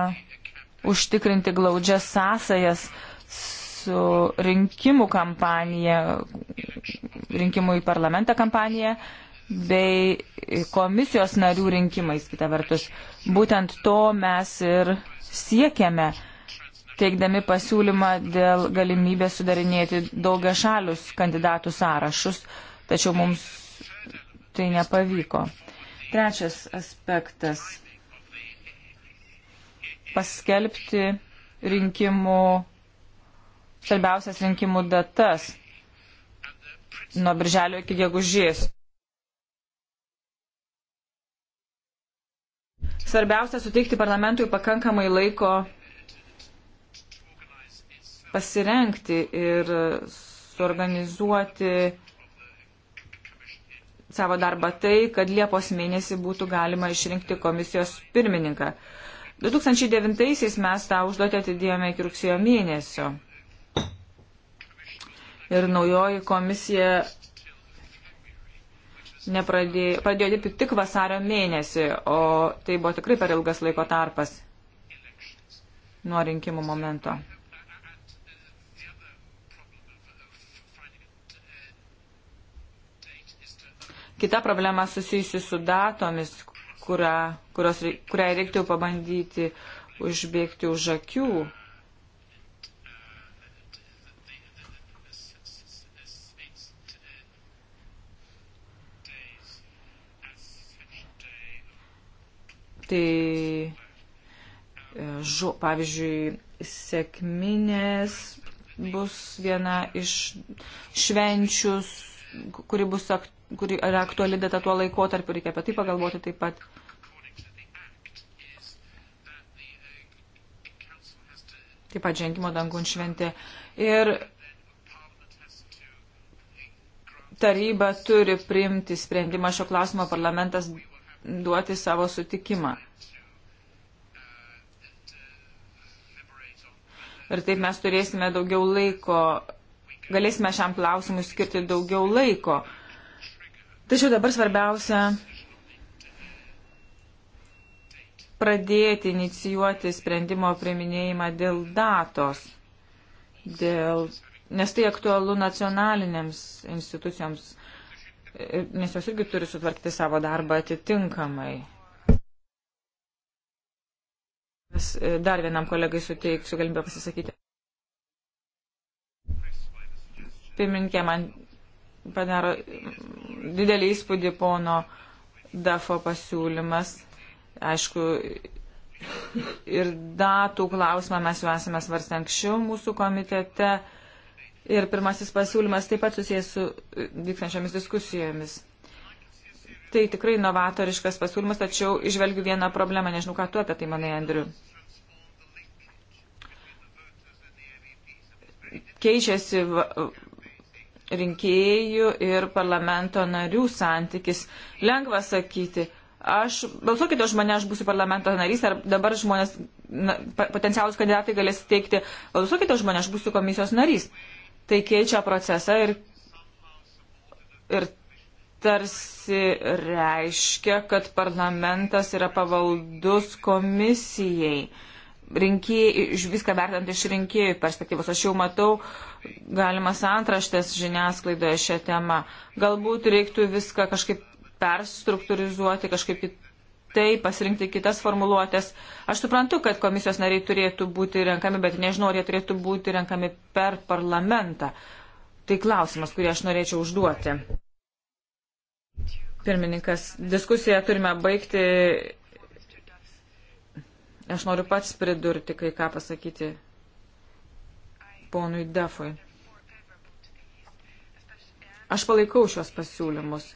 užtikrinti glaudžias sąsajas su rinkimų kampanija, rinkimų į parlamentą kampanija bei komisijos narių rinkimais, kita vertus. Būtent to mes ir siekiame, teikdami pasiūlymą dėl galimybės sudarinėti daugia šalius kandidatų sąrašus, tačiau mums tai nepavyko. Trečias aspektas - paskelbti rinkimų, svarbiausias rinkimų datas nuo birželio iki gegužės. Svarbiausia suteikti parlamentui pakankamai laiko pasirenkti ir suorganizuoti savo darbą tai, kad Liepos mėnesį būtų galima išrinkti komisijos pirmininką. 2009-aisiais mes tą užduotį atidėjome iki rugsėjo mėnesio. Ir naujoji komisija nepradėjo, pradėjo dirbti tik vasario mėnesį, o tai buvo tikrai per ilgas laiko tarpas nuo rinkimų momento. Kita problema susijusi su datomis, kurią, kurios, kuriai reiktų pabandyti užbėgti už akių. tai, e, žu, pavyzdžiui, sėkminės bus viena iš švenčių, kuri, bus, kuri yra aktuali data tuo laikotarpiu, reikia apie tai pagalvoti taip pat. Taip pat žengimo dangun šventė. Ir taryba turi priimti sprendimą šio klausimo, parlamentas duoti savo sutikimą. Ir taip mes turėsime daugiau laiko, galėsime šiam klausimui skirti daugiau laiko. Tačiau dabar svarbiausia pradėti inicijuoti sprendimo priminėjimą dėl datos, dėl, nes tai aktualu nacionalinėms institucijoms nes jos irgi turi sutvarkyti savo darbą atitinkamai. E, dar vienam kolegai suteiksiu galimybę pasisakyti. Pirminkė man padaro didelį įspūdį pono DAFO pasiūlymas. Aišku, ir datų klausimą mes jau esame svarstę anksčiau mūsų komitete. Ir pirmasis pasiūlymas taip pat susijęs su e, vykstančiomis diskusijomis. Tai tikrai novatoriškas pasiūlymas, tačiau išvelgiu vieną problemą, nežinau, ką tu apie tai manai, Andriu. Keičiasi rinkėjų ir parlamento narių santykis. Lengva sakyti, aš balsuokite už mane, aš būsiu parlamento narys, ar dabar žmonės, na, potencialus kandidatai galės teikti, balsuokite už mane, aš būsiu komisijos narys. Uh, tai keičia procesą ir, ir tarsi reiškia, kad parlamentas yra pavaldus komisijai. Rinkėjai, viską vertant iš rinkėjų perspektyvos. Aš jau matau galimas antraštės žiniasklaidoje šią temą. Galbūt reiktų viską kažkaip perstruktūrizuoti, kažkaip kitaip tai pasirinkti kitas formuluotės. Aš suprantu, kad komisijos nariai turėtų būti renkami, bet nežinau, ar jie turėtų būti renkami per parlamentą. Tai klausimas, kurį aš norėčiau užduoti. Pirmininkas, diskusiją turime baigti. Aš noriu pats pridurti kai ką pasakyti ponui Defui. Aš palaikau šios pasiūlymus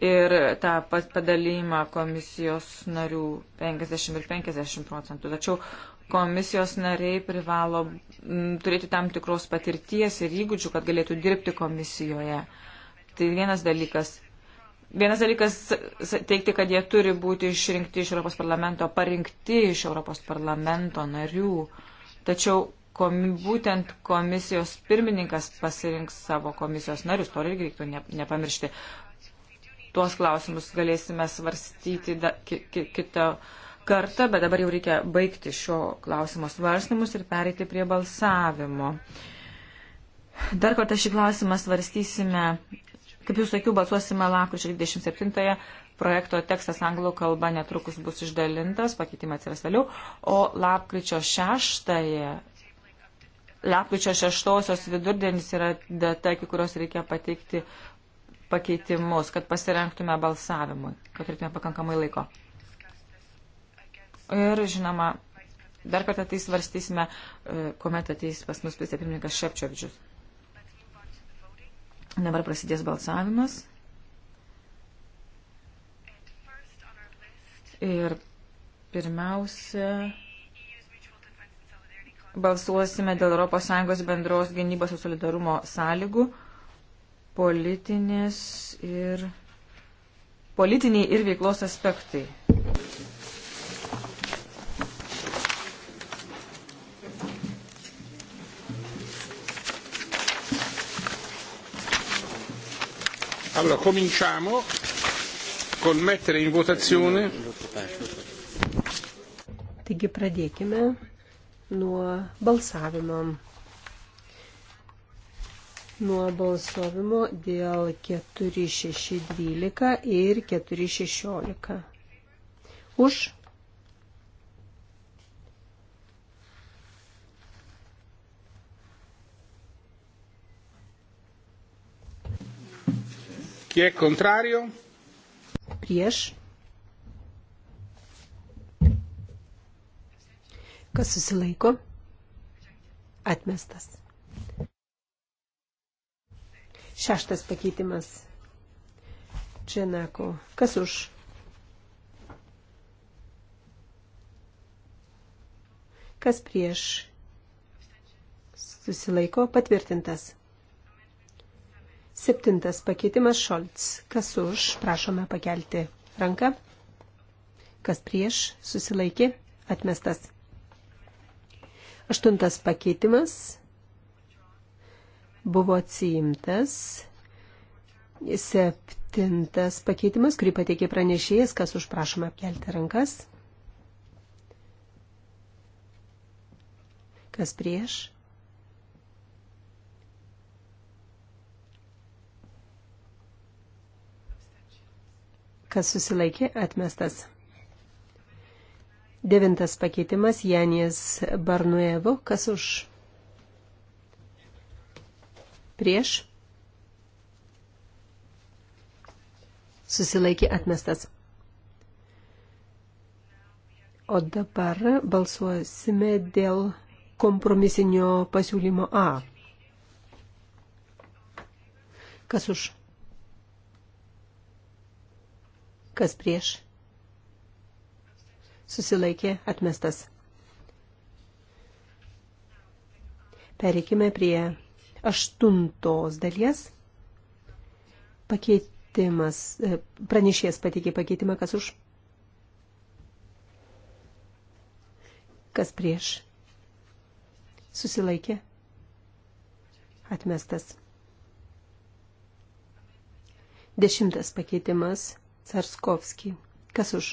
ir tą padalymą komisijos narių 50 ir 50 procentų. Tačiau komisijos nariai privalo turėti tam tikros patirties ir įgūdžių, kad galėtų dirbti komisijoje. Tai vienas dalykas. Vienas dalykas teikti, kad jie turi būti išrinkti iš Europos parlamento, parinkti iš Europos parlamento narių. Tačiau komi, būtent komisijos pirmininkas pasirinks savo komisijos narius, to irgi reiktų nepamiršti tuos klausimus galėsime svarstyti da, ki, ki, kitą kartą, bet dabar jau reikia baigti šio klausimo svarstymus ir pereiti prie balsavimo. Dar kartą šį klausimą svarstysime, kaip jau sakiau, balsuosime lakrūčio 27-ąją, projekto tekstas anglų kalba netrukus bus išdalintas, pakeitimai atsiras vėliau, o lapkričio 6-ąją lapkričio 6-osios vidurdienis yra data, iki kurios reikia pateikti pakeitimus, kad pasirenktume balsavimui, kad turėtume pakankamai laiko. Ir, žinoma, dar kartą tai svarstysime, e, kuomet ateis pas mus vicepirmininkas Šepčiovičius. Dabar prasidės balsavimas. Ir pirmiausia, balsuosime dėl ES bendros gynybos ir solidarumo sąlygų politinės ir politiniai ir veiklos aspektai. Allora, cominciamo col mettere in votazione. Taigi pradėkime nuo balsavimo nuo balsavimo dėl 4612 ir 416. Už. Kiek kontrario? Prieš. Kas susilaiko? Atmestas. Šeštas pakeitimas. Čenako. Kas už? Kas prieš? Susilaiko patvirtintas. Septintas pakeitimas Šolts. Kas už? Prašome pakelti ranką. Kas prieš? Susilaikė. Atmestas. Aštuntas pakeitimas buvo atsiimtas. Septintas pakeitimas, kurį pateikė pranešėjas, kas už prašoma apkelti rankas. Kas prieš? Kas susilaikė atmestas. Devintas pakeitimas Janės Barnuevo, kas už prieš, susilaikė atmestas. O dabar balsuosime dėl kompromisinio pasiūlymo A. Kas už? Kas prieš? Susilaikė atmestas. Pereikime prie aštuntos dalies pakeitimas, e, pranešėjas pateikė pakeitimą, kas už, kas prieš, susilaikė, atmestas. Dešimtas pakeitimas, Carskovski, kas už,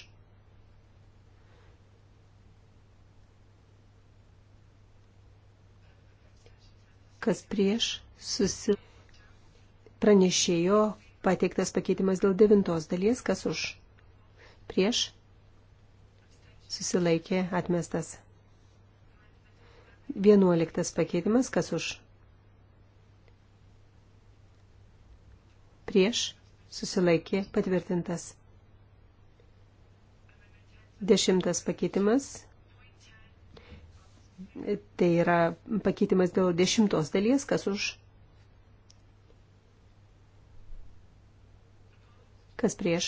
kas prieš susi pranešėjo pateiktas pakeitimas dėl devintos dalies, kas už prieš susilaikė atmestas. Vienuoliktas pakeitimas, kas už prieš susilaikė patvirtintas. Dešimtas pakeitimas Tai yra pakeitimas dėl dešimtos dalies, kas už, kas prieš.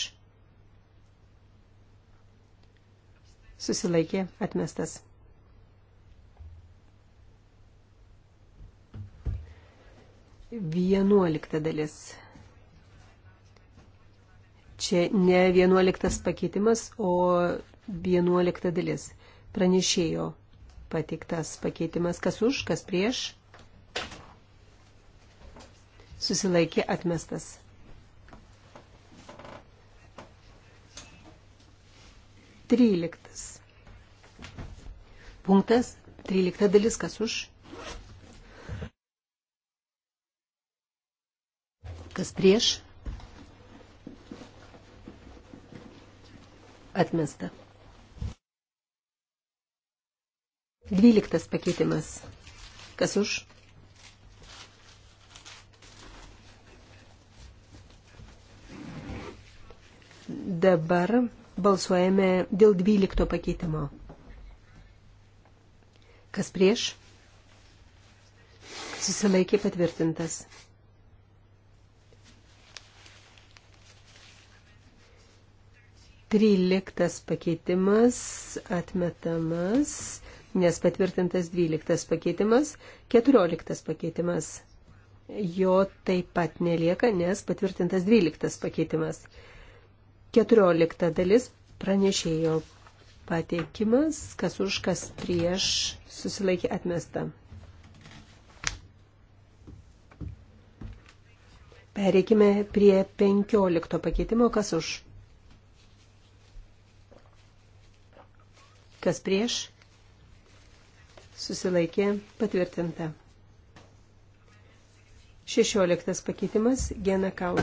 Susilaikė atmestas. Vienuolikta dalis. Čia ne vienuoliktas pakeitimas, o vienuolikta dalis. Pranešėjo pateiktas pakeitimas. Kas už, kas prieš? Susilaikė atmestas. Tryliktas. Punktas. Trylikta dalis. Kas už? Kas prieš? Atmesta. Dvyliktas pakeitimas. Kas už? Dabar balsuojame dėl dvylikto pakeitimo. Kas prieš? Susilaikė patvirtintas. Tryliktas pakeitimas atmetamas nes patvirtintas 12 pakeitimas, 14 pakeitimas. Jo taip pat nelieka, nes patvirtintas 12 pakeitimas. 14 dalis pranešėjo pateikimas, kas už, kas prieš susilaikė atmesta. Pereikime prie 15 pakeitimo, kas už. Kas prieš? susilaikė patvirtinta. 16 pakeitimas Genakau.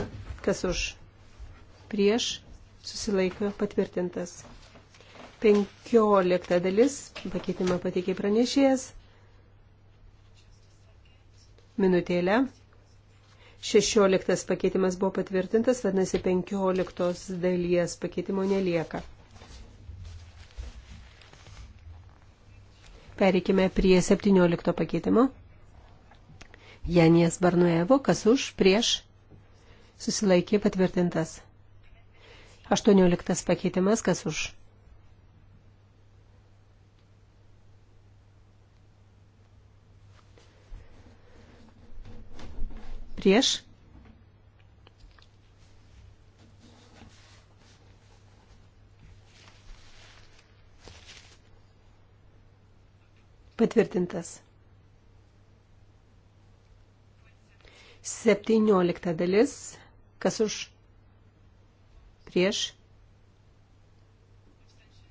Kas už? Prieš susilaiko patvirtintas. 15 dalis pakeitimą pateikė pranešėjas. Minutėlę. 16 pakeitimas buvo patvirtintas, vadinasi 15 dalies pakeitimo nelieka. Pereikime prie 17 pakeitimo. Janijas Barnuevo, kas už, prieš, susilaikė patvirtintas. 18 pakeitimas, kas už. Prieš Patvirtintas. 17 dalis. Kas už? Prieš.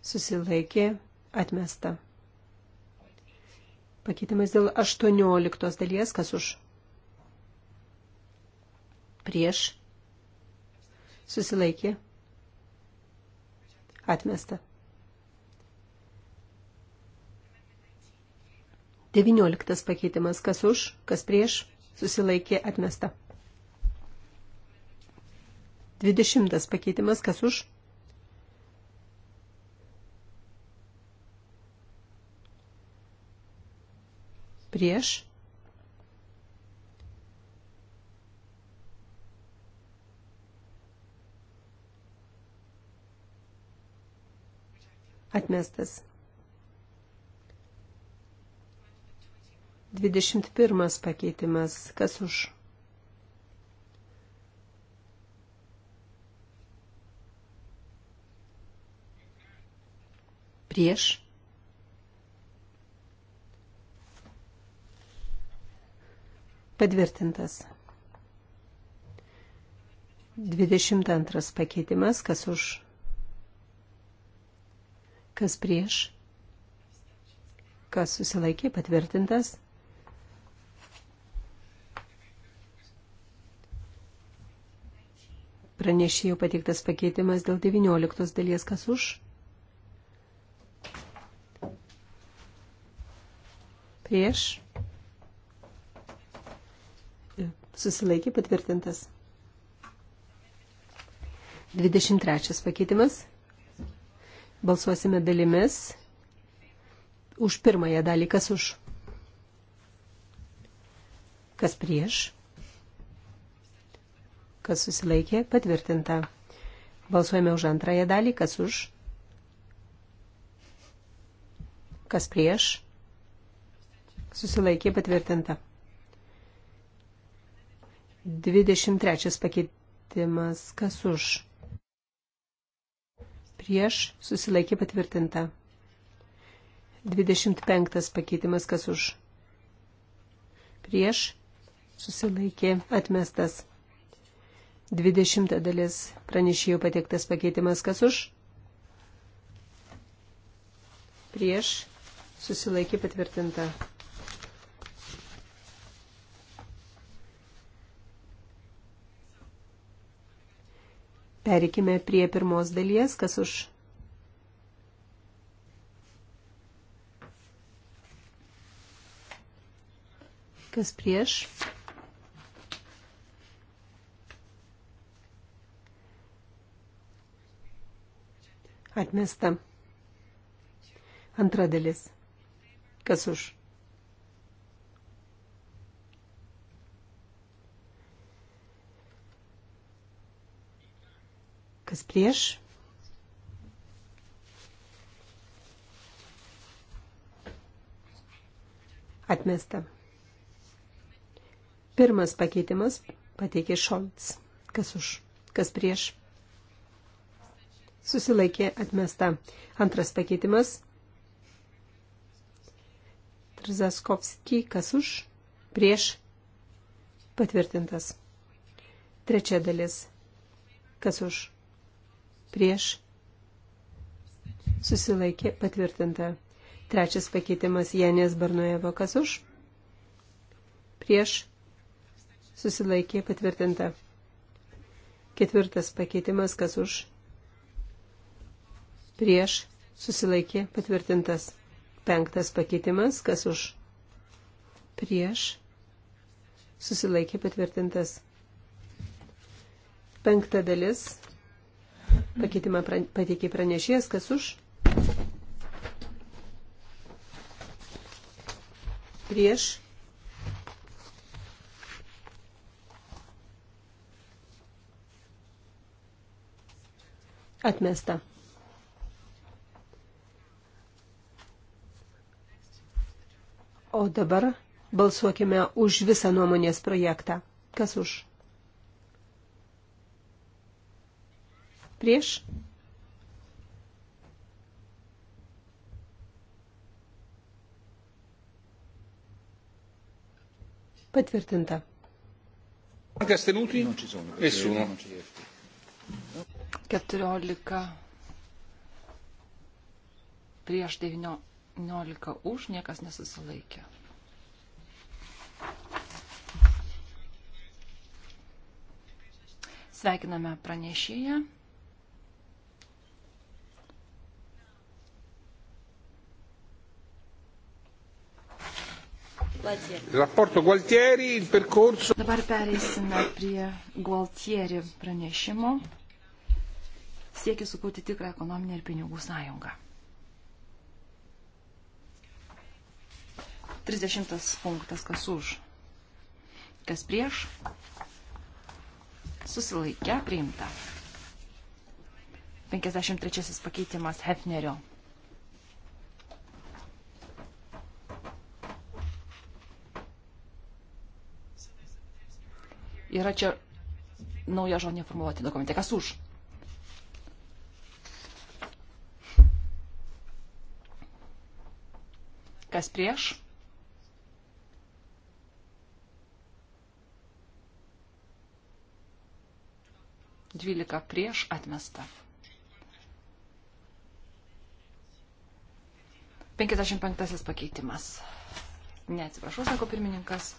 Susilaikė. Atmesta. Pakeitimas dėl 18 dalies. Kas už? Prieš. Susilaikė. Atmesta. 19 pakeitimas. Kas už, kas prieš, susilaikė atmesta. 20 pakeitimas. Kas už? Prieš. Atmestas. 21 pakeitimas. Kas už? Prieš. Patvirtintas. 22 pakeitimas. Kas už? Kas prieš? Kas susilaikė patvirtintas? Pranešėjų pateiktas pakeitimas dėl 19 dalies, kas už. Prieš. Susilaikė patvirtintas. 23 pakeitimas. Balsuosime dalimis. Už pirmąją dalį, kas už. Kas prieš kas susilaikė, patvirtinta. Balsuojame už antrąją dalį, kas už, kas prieš, susilaikė, patvirtinta. 23 pakeitimas, kas už, prieš, susilaikė, patvirtinta. 25 pakeitimas, kas už, prieš, susilaikė, atmestas. 20 dalis pranešėjų pateiktas pakeitimas kas už. Prieš susilaikė patvirtinta. Perikime prie pirmos dalies, kas už. Kas prieš? Atmesta. Antra dalis. Kas už? Kas prieš? Atmesta. Pirmas pakeitimas pateikė Šolts. Kas už? Kas prieš? susilaikė atmesta. Antras pakeitimas. Trzaskovski, kas už, prieš, patvirtintas. Trečia dalis, kas už, prieš, susilaikė patvirtinta. Trečias pakeitimas, Janės Barnojevo, kas už, prieš, susilaikė patvirtinta. Ketvirtas pakeitimas, kas už, prieš susilaikė patvirtintas. Penktas pakeitimas, kas už prieš susilaikė patvirtintas. Penkta dalis, pakeitimą pateikė pranešėjas, kas už prieš atmesta. O dabar balsuokime už visą nuomonės projektą. Kas už? Prieš? Patvirtinta. Anche astenuti? Non ci sono. Nessuno. 14 prieš 19 11 už, niekas nesusilaikė. Sveikiname pranešėją. Raporto Gualtieri, il percorso. Dabar pereisime prie Gualtieri pranešimo. Siekia sukurti tikrą ekonominę ir pinigų sąjungą. 30 punktas, kas už, kas prieš, susilaikę, priimta. 53 pakeitimas Hefnerio. Yra čia nauja žodinė formuluotė dokumente. Kas už? Kas prieš? 12 prieš atmesta. 55 pakeitimas. Neatsiprašau, sako pirmininkas.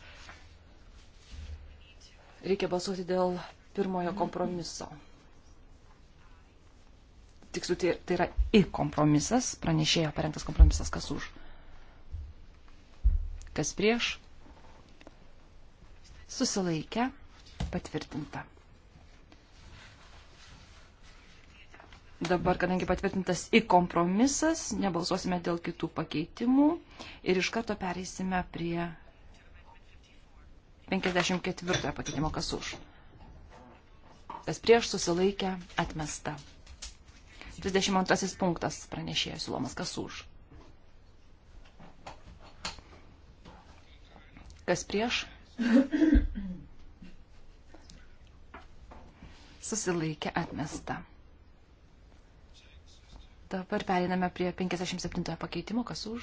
Reikia balsuoti dėl pirmojo kompromiso. Tiksliau, tai, tai yra į kompromisas, pranešėjo parengtas kompromisas, kas už. Kas prieš? Susilaikę, patvirtinta. Dabar, kadangi patvirtintas į kompromisas, nebalsuosime dėl kitų pakeitimų ir iš karto pereisime prie 54 pakeitimo, kas už. Kas prieš susilaikę atmesta. 32 punktas pranešėjo siūlomas, kas už. Kas prieš? Susilaikė atmesta. Dabar periname prie 57 pakeitimo, kas už.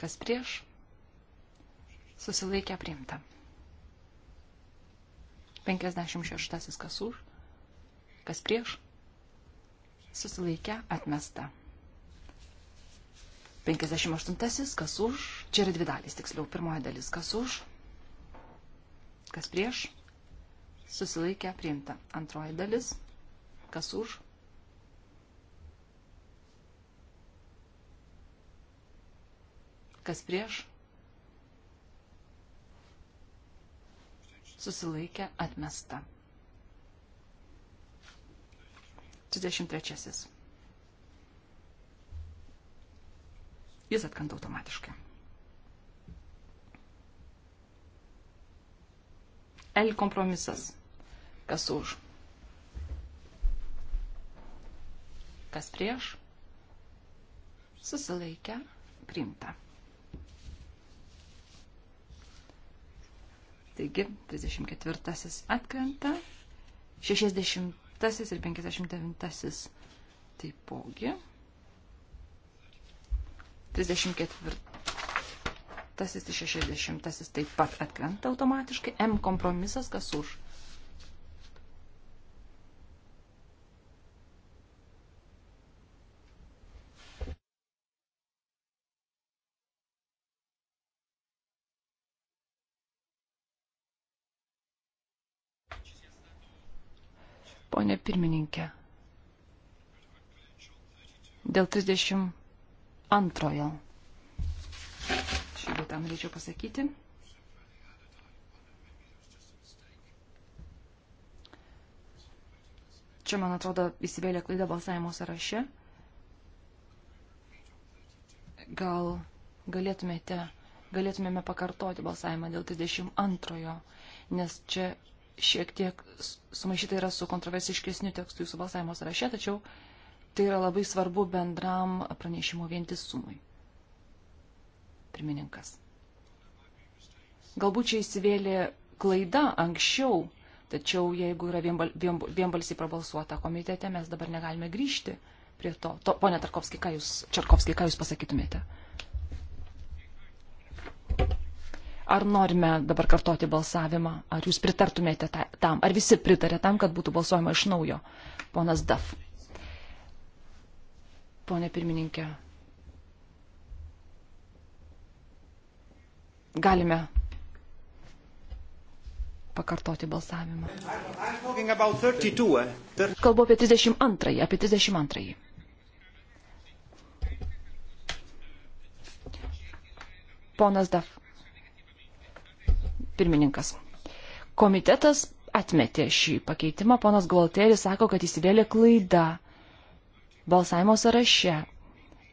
Kas prieš? Susilaikę priimta. 56 kas už. Kas prieš? Susilaikę atmesta. 58 kas už. Čia yra dvi dalys, tiksliau. Pirmoji dalis kas už. Kas prieš? Susilaikę priimta. Antroji dalis. Kas už? Kas prieš? Susilaikę atmesta. 33. Jis atkanta automatiškai. L kompromisas. Kas už? Kas prieš? Susilaikę. Priimta. Taigi, 34 atkrenta, 60 ir 59 taipogi. 34 ir 60 taip pat atkrenta automatiškai. M kompromisas, kas už. Pone pirmininkė, dėl 32 tą norėčiau pasakyti. Čia, man atrodo, įsivėlė klaida balsavimo sąraše. Gal galėtumėte, galėtumėme pakartoti balsavimą dėl 32, nes čia šiek tiek sumaišyta yra su kontroversiškesniu tekstu jūsų balsavimo sąraše, tačiau tai yra labai svarbu bendram pranešimo vientisumui. Pirmininkas. Galbūt čia įsivėlė klaida anksčiau, tačiau jeigu yra vienbalsiai prabalsuota komitete, mes dabar negalime grįžti prie to. to pone Tarkovskiai, ką jūs, Čarkovskiai, ką jūs pasakytumėte? Ar norime dabar kartoti balsavimą? Ar jūs pritartumėte tam? Ar visi pritarė tam, kad būtų balsuojama iš naujo? Ponas Daf. Pone pirmininkė. Galime pakartoti balsavimą. Kalbu apie 32, apie 32. Ponas Daf, pirmininkas. Komitetas atmetė šį pakeitimą. Ponas Gualteris sako, kad įsivėlė klaida balsavimo sąraše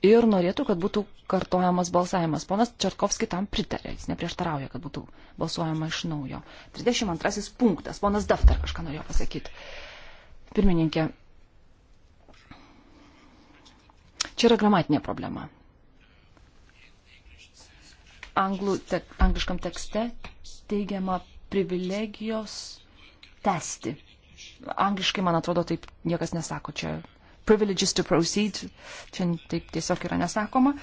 ir norėtų, kad būtų kartojamas balsavimas. Ponas Čerkovski tam pritarė, jis neprieštarauja, kad būtų balsuojama iš naujo. 32 punktas. Ponas Daftar kažką norėjo pasakyti. Pirmininkė, čia yra gramatinė problema. Anglų tek, angliškam tekste teigiama privilegijos tęsti. Angliškai, man atrodo, taip niekas nesako, čia privileges to proceed, čia taip tiesiog yra nesakoma.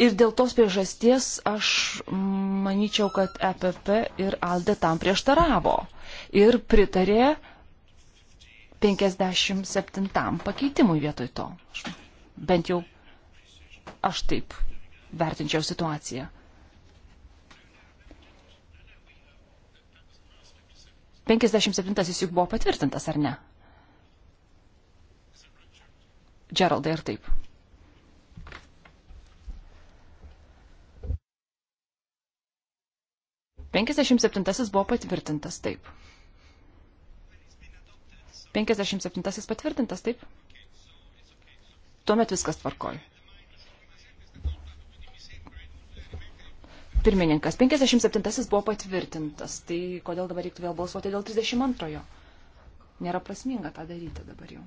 Ir dėl tos priežasties aš manyčiau, kad EPP ir ALDE tam prieštaravo ir pritarė 57 pakeitimui vietoj to. Aš, bent jau aš taip vertinčiau situaciją. 57 jis juk buvo patvirtintas, ar ne? Geraldai, ar taip? Penkiasdešimt septintasis buvo patvirtintas, taip. Penkiasdešimt septintasis patvirtintas, taip. Tuomet viskas tvarkoj. Pirmininkas, 57 buvo patvirtintas, tai kodėl dabar reiktų vėl balsuoti dėl 32? -ojo? Nėra prasminga tą daryti dabar jau.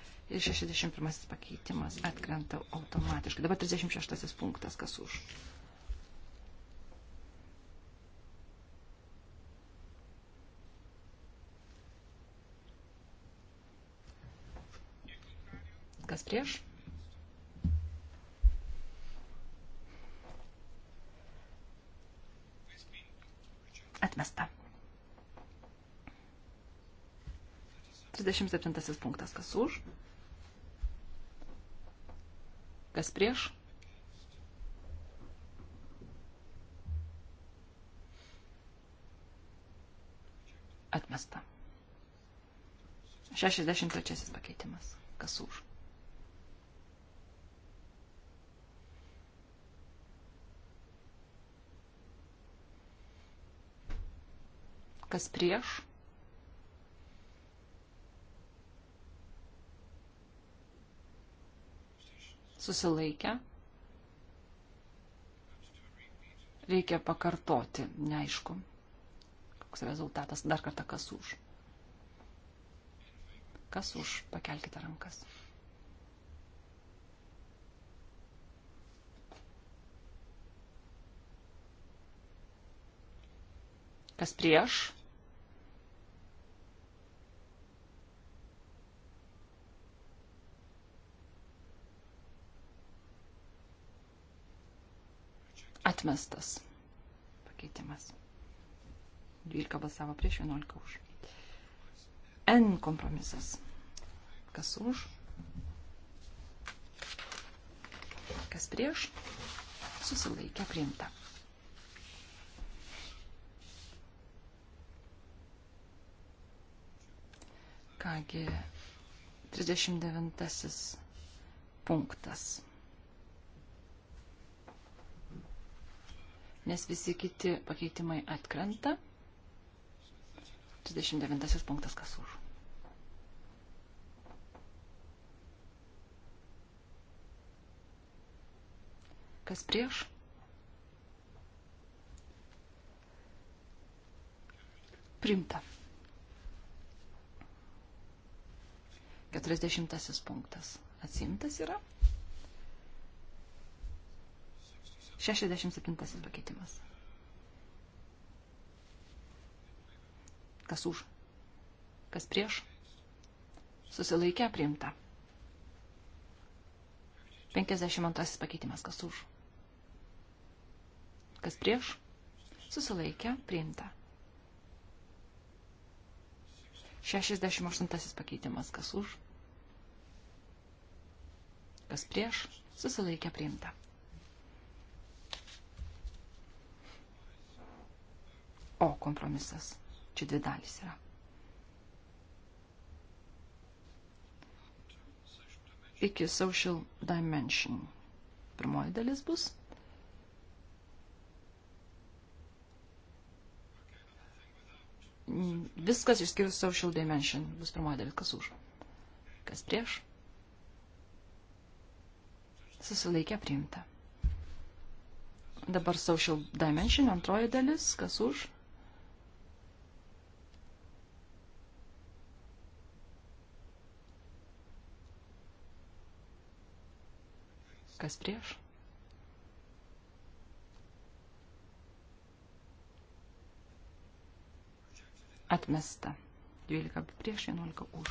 ir 61 pakeitimas atkrenta automatiškai. Dabar 36 punktas, kas už. Kas prieš? Atmesta. 37 punktas, kas už. Kas prieš? Atmesta. 63 pakeitimas. Kas už? Kas prieš? susilaikę. Reikia pakartoti, neaišku, koks rezultatas, dar kartą kas už. Kas už, pakelkite rankas. Kas prieš? Atmestas pakeitimas. 12 balsavo prieš, 11 už. N kompromisas. Kas už? Kas prieš? Susilaikė priimta. Kągi, 39 punktas. nes visi kiti pakeitimai atkrenta. 39 punktas kas už. Kas prieš? Primta. 40 punktas atsimtas yra. 67 pakeitimas. Kas už? Kas prieš? Susilaikę priimta. 52 pakeitimas. Kas už? Kas prieš? Susilaikę priimta. 68 pakeitimas. Kas už? Kas prieš? Susilaikę priimta. O kompromisas. Čia dvi dalys yra. Iki social dimension. Pirmoji dalis bus. Viskas išskyrus social dimension bus pirmoji dalis. Kas už? Kas prieš? Susilaikė priimta. Dabar social dimension antroji dalis. Kas už? Kas už? kas prieš. Atmesta. 12 prieš, 11 už.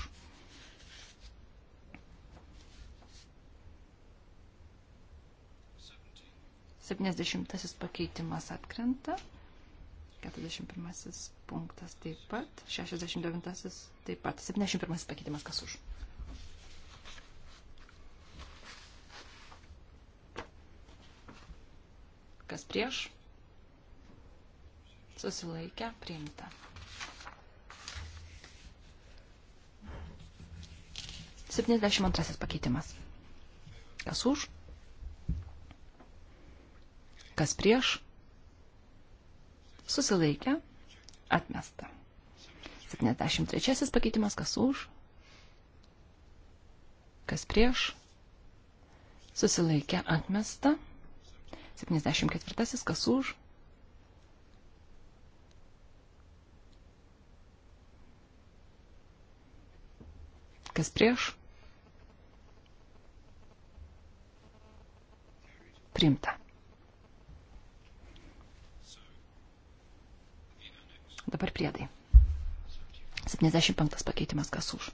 Septyniasdešimtasis pakeitimas atkrenta. 41 punktas taip pat, 69 taip pat, 71 pakeitimas kas už. Kas prieš? Susilaikę priimta. Septyniasdešimt antrasis pakeitimas. Kas už? Kas prieš? Susilaikę atmesta. 73 pakeitimas, kas už, kas prieš, susilaikė atmesta. 74. Kas už? Kas prieš? Primta. Dabar priedai. 75 pakeitimas kas už.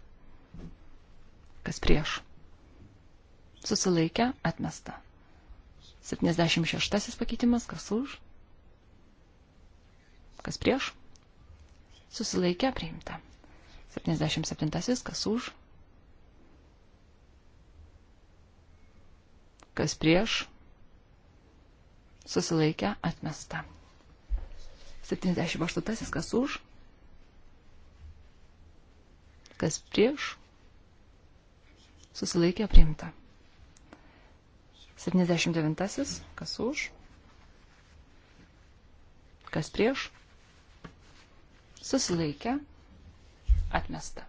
Kas prieš. Susilaikę atmesta. 76 pakeitimas, kas už, kas prieš, susilaikė priimta. 77 kas už, kas prieš, susilaikė atmesta. 78 kas už, kas prieš, susilaikė priimta. 79. Kas už? Kas prieš? Susilaikė. Atmesta.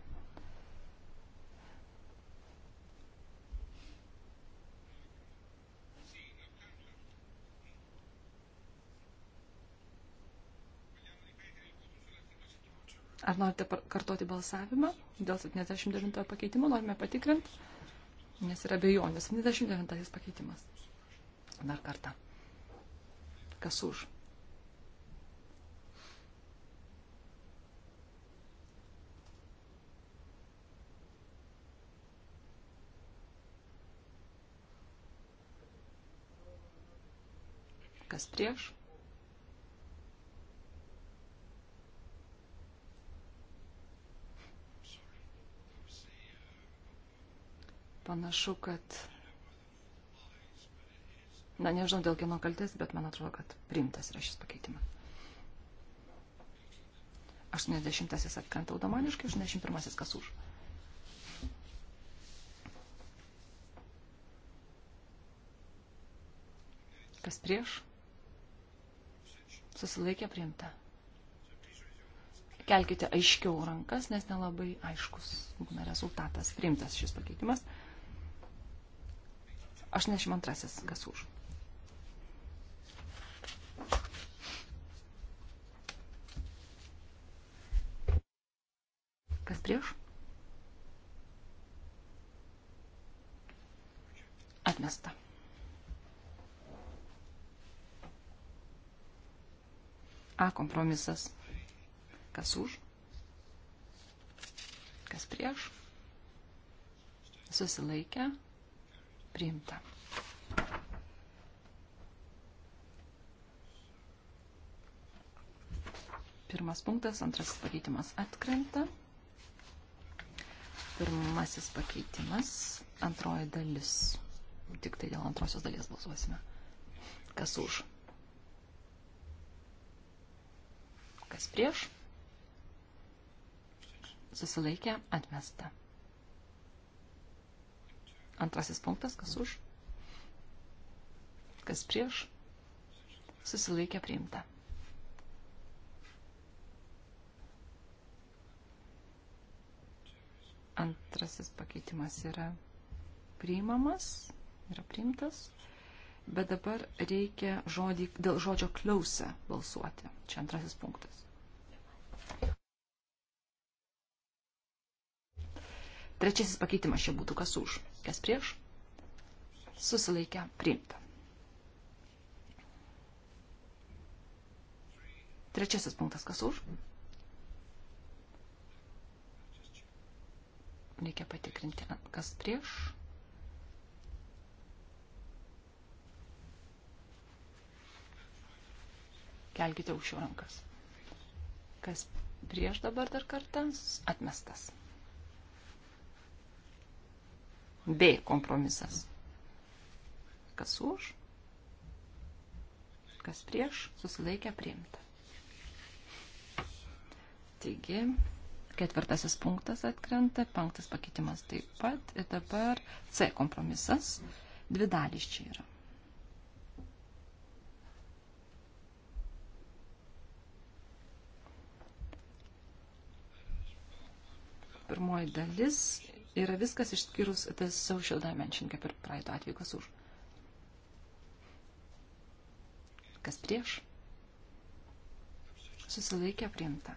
Ar norite kartoti balsavimą dėl 79 pakeitimo? Norime patikrinti nes yra bejonės. 79 pakeitimas. Dar kartą. Kas už? Kas prieš? Panašu, kad. Na, nežinau dėl kieno kaltės, bet man atrodo, kad priimtas yra šis pakeitimas. 80 atkrenta automatiškai, 81 kas už. Kas prieš? Susilaikė priimta. Kelkite aiškiau rankas, nes nelabai aiškus būna rezultatas. Priimtas šis pakeitimas. 82. Kas už? Kas prieš? Atmesta. A kompromisas. Kas už? Kas prieš? Susilaikę priimta. Pirmas punktas, antrasis pakeitimas atkrenta. Pirmasis pakeitimas, antroji dalis. Tik tai dėl antrosios dalies balsuosime. Kas už? Kas prieš? Susilaikė atmesta. Antrasis punktas, kas už, kas prieš, susilaikė priimta. Antrasis pakeitimas yra priimamas, yra priimtas, bet dabar reikia žodį, dėl žodžio klausę balsuoti. Čia antrasis punktas. Trečiasis pakeitimas čia būtų kas už, kas prieš. Susilaikę priimta. Trečiasis punktas kas už. Reikia patikrinti, kas prieš. Kelkite aukščiau rankas. Kas prieš dabar dar kartą? Atmestas. B kompromisas. Kas už, kas prieš, susilaikę priimta. Taigi, ketvirtasis punktas atkrenta, penktas pakeitimas taip pat. Ir dabar C kompromisas. Dvi dalys čia yra. Pirmoji dalis yra viskas išskyrus The Social Dimension, kaip ir praeito atveju, kas už. Kas prieš? Susilaikė priimta.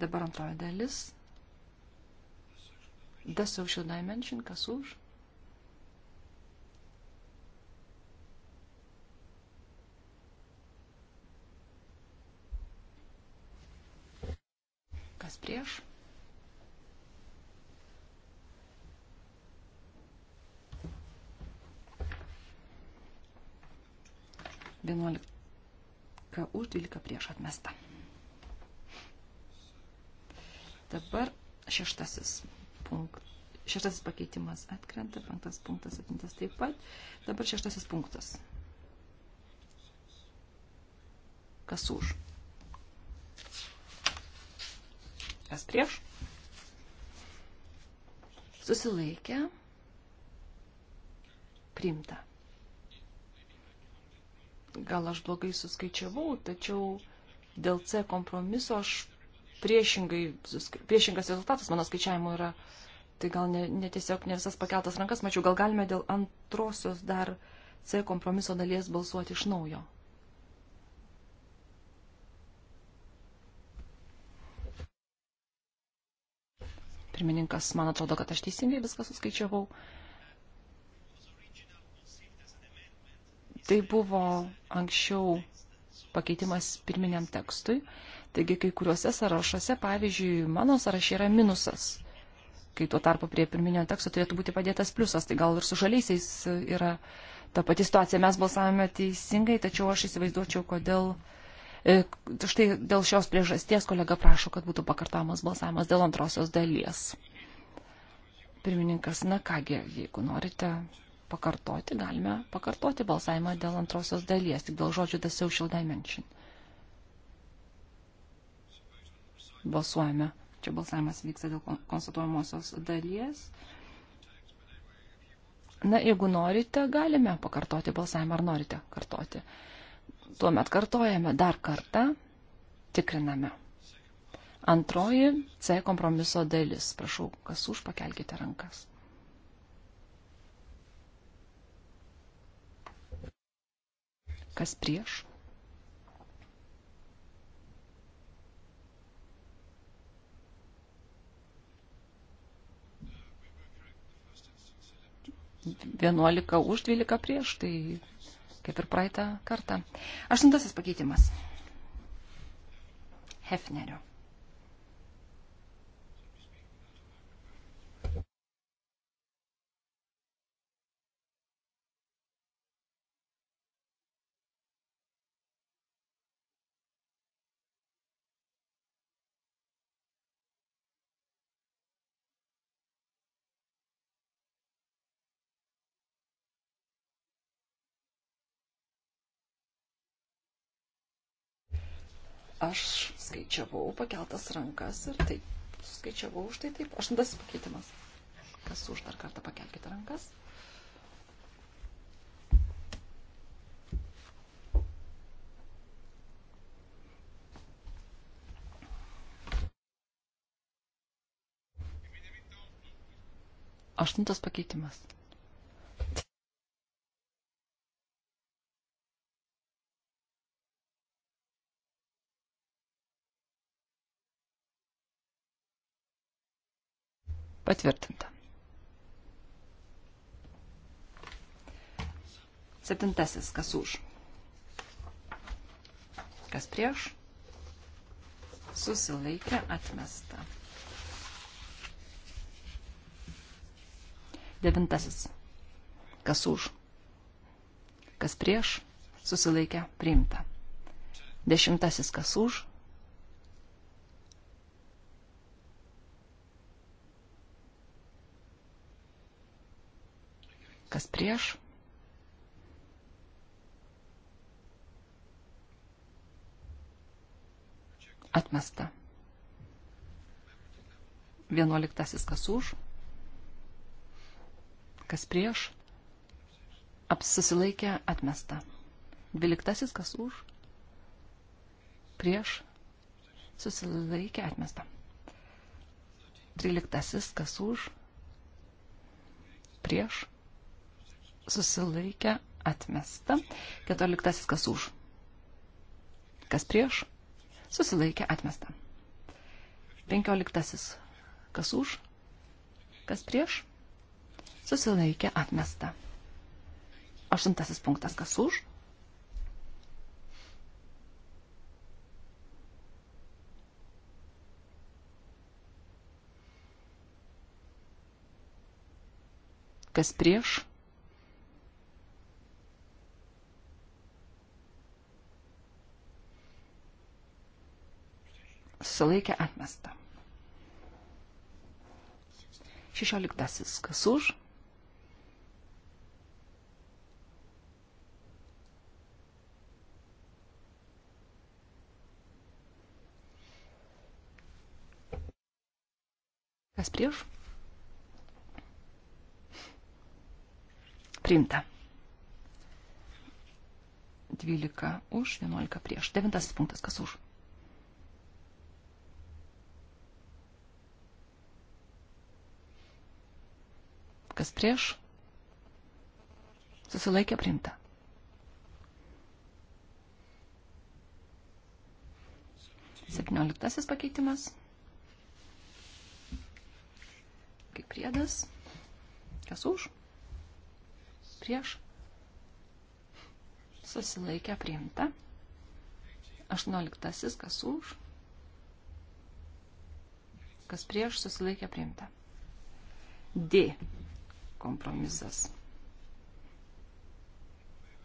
Dabar antroji dalis. The Social Dimension, kas už. Kas prieš? 11 už 12 prieš atmestą. Dabar šeštasis, punkt, šeštasis pakeitimas atkrenta, penktas punktas atmintas taip pat. Dabar šeštasis punktas. Kas už? Kas prieš? Susilaikę. Primta gal aš blogai suskaičiavau, tačiau dėl C kompromiso aš priešingai, priešingas rezultatas mano skaičiavimo yra, tai gal ne, ne tiesiog ne visas pakeltas rankas, mačiau, gal galime dėl antrosios dar C kompromiso dalies balsuoti iš naujo. Pirmininkas, man atrodo, kad aš teisingai viską suskaičiavau. Tai buvo anksčiau pakeitimas pirminiam tekstui. Taigi kai kuriuose sąrašuose, pavyzdžiui, mano sąraše yra minusas, kai tuo tarpu prie pirminio teksto turėtų būti padėtas pliusas, tai gal ir su žaliaisiais yra ta pati situacija. Mes balsavome teisingai, tačiau aš įsivaizduočiau, kodėl. E, štai dėl šios priežasties kolega prašo, kad būtų pakartojamas balsavimas dėl antrosios dalies. Pirmininkas, na kągi, jeigu norite, pakartoti, galime pakartoti balsavimą dėl antrosios dalies, tik dėl žodžių the social dimension. Balsuojame. Čia balsavimas vyksta dėl konstatuojamosios dalies. Na, jeigu norite, galime pakartoti balsavimą, ar norite kartoti. Tuomet kartojame dar kartą, tikriname. Antroji C kompromiso dalis. Prašau, kas už, pakelkite rankas. Kas prieš? Vienuolika už, dvylika prieš, tai kaip ir praeitą kartą. Aštuntasis pakeitimas. Hefnerio. Aš skaičiavau pakeltas rankas ir taip, skaičiavau už tai taip. Aštuntasis pakeitimas. Kas už dar kartą pakelkite rankas. Aštuntas pakeitimas. Patvirtinta. Septintasis, kas už. Kas prieš? Susilaikė atmesta. Devintasis. Kas už? Kas prieš? Susilaikė priimta. Dešimtasis, kas už? kas prieš. Atmesta. Vienuoliktasis kas už, kas prieš, apsusilaikė atmesta. Dvyliktasis kas už, prieš, susilaikė atmesta. Tryliktasis kas už, prieš, susilaikę, atmesta. 14 kas už. Kas prieš, susilaikę, atmesta. 15 kas už, kas prieš, susilaikė, atmesta. 8 punktas kas už. kas prieš, susilaikė atmesta. Šešioliktasis, kas už? Kas prieš? Priimta. 12 už, 11 prieš. Devintasis punktas, kas už? kas prieš, susilaikė priimta. Septynioliktasis pakeitimas. Kaip priedas. Kas už? Prieš. Susilaikę priimta. Aštuonioliktasis. Kas už? Kas prieš susilaikė priimta. D kompromisas.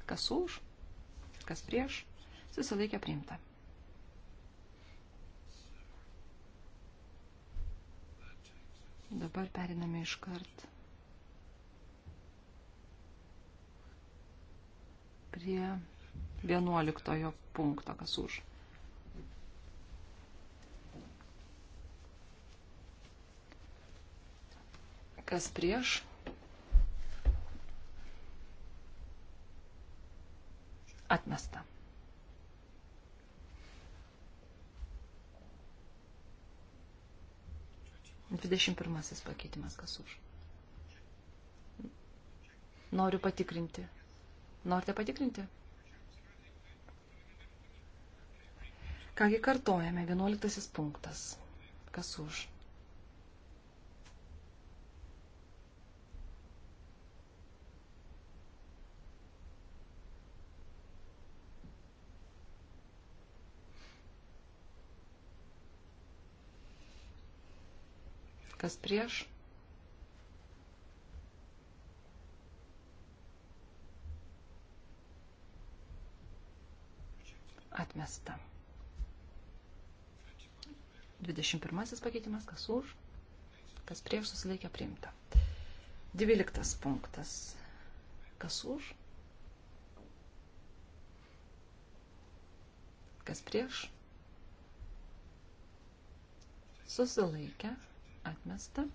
Kas už, kas prieš, susilaikė priimta. Dabar periname iš kart prie 11 punkto, kas už. Kas prieš Atmesta. Dvidešimt pirmasis pakeitimas, kas už. Noriu patikrinti. Norite patikrinti? Kągi kartojame, vienuoliktasis punktas. Kas už? kas prieš. Atmesta. 21 pakeitimas, kas už, kas prieš susilaikė priimta. 12 punktas, kas už, kas prieš, susilaikė priimta Atmesta.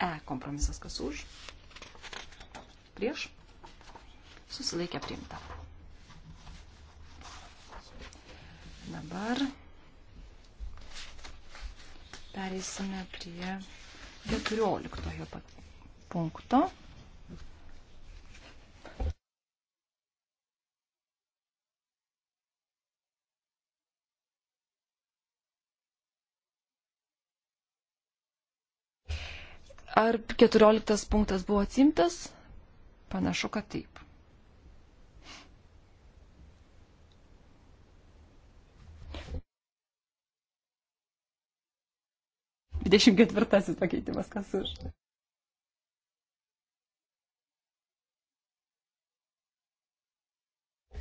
E kompromisas kas už. Prieš. Susilaikę priimta. Dabar pereisime prie 14 punkto. Ar 14 punktas buvo atsimtas? Panašu, kad taip. Dvidešimt ketvirtasis pakeitimas, kas už.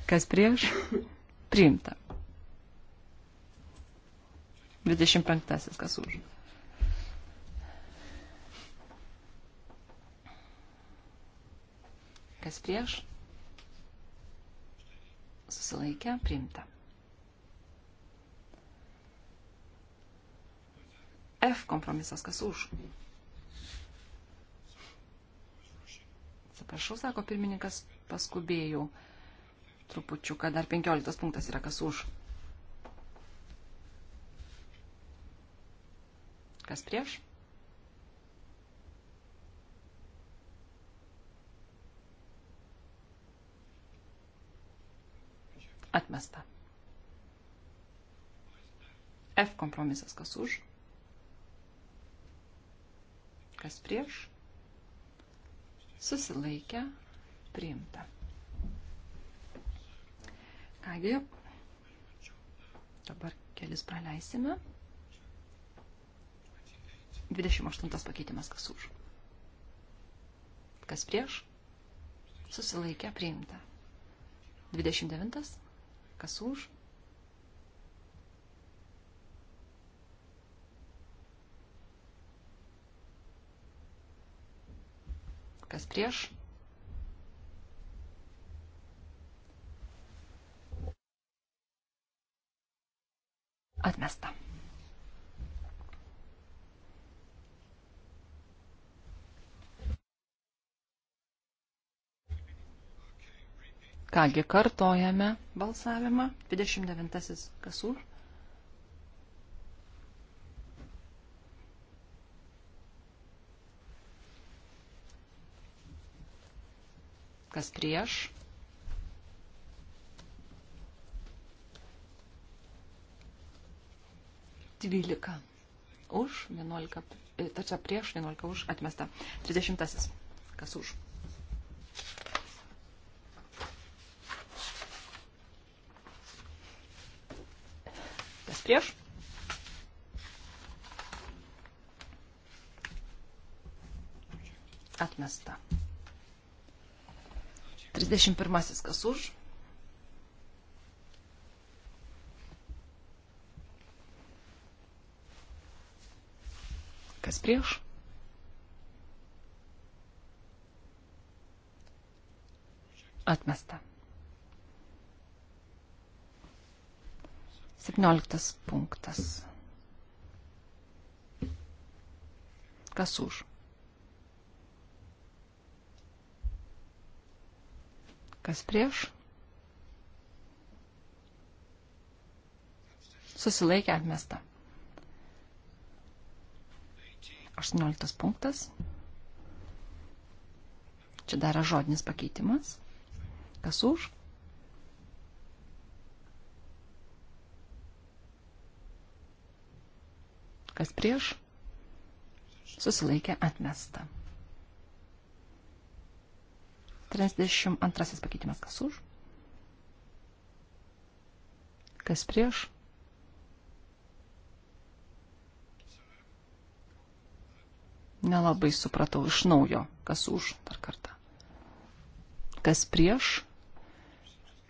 Kas prieš? Priimta. 25. Kas už? kas prieš, susilaikę, priimta. F kompromisas, kas už. Atsiprašau, sako pirmininkas, paskubėjau trupučiu, kad dar 15 punktas yra kas už. Kas prieš? Atmesta. F kompromisas kas už, kas prieš, susilaikę, priimta. Kągi, dabar kelis praleisime. 28 pakeitimas kas už. Kas prieš? Susilaikę priimta. 29 Kas už? Kas prieš? Atmesta. Kągi, kartojame balsavimą. 29. Kas už? Kas prieš? Dvylika. Už, vienuolika, e, tačiau prieš, vienuolika už, atmesta. Trisdešimtasis. Kas už? prieš. Atmesta. 31 kas už. Kas prieš? Atmesta. 17 punktas. Kas už? Kas prieš? Susilaikė atmesta. 18 punktas. Čia dar yra žodinis pakeitimas. Kas už? kas prieš, susilaikė atmesta. 32 pakeitimas kas už, kas prieš, nelabai supratau iš naujo, kas už dar kartą, kas prieš,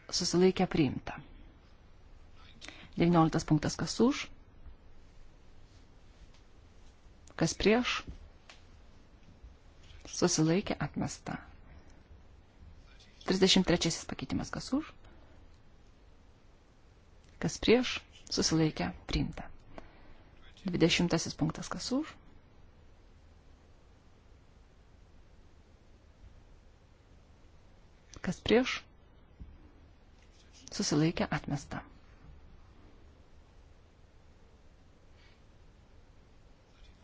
susilaikė priimta. 19 punktas kas už, Kas prieš? Susilaikė atmesta. 33 pakeitimas. Kas už? Kas prieš? Susilaikė priimta. 20 punktas. Kas už? Kas prieš? Susilaikė atmesta.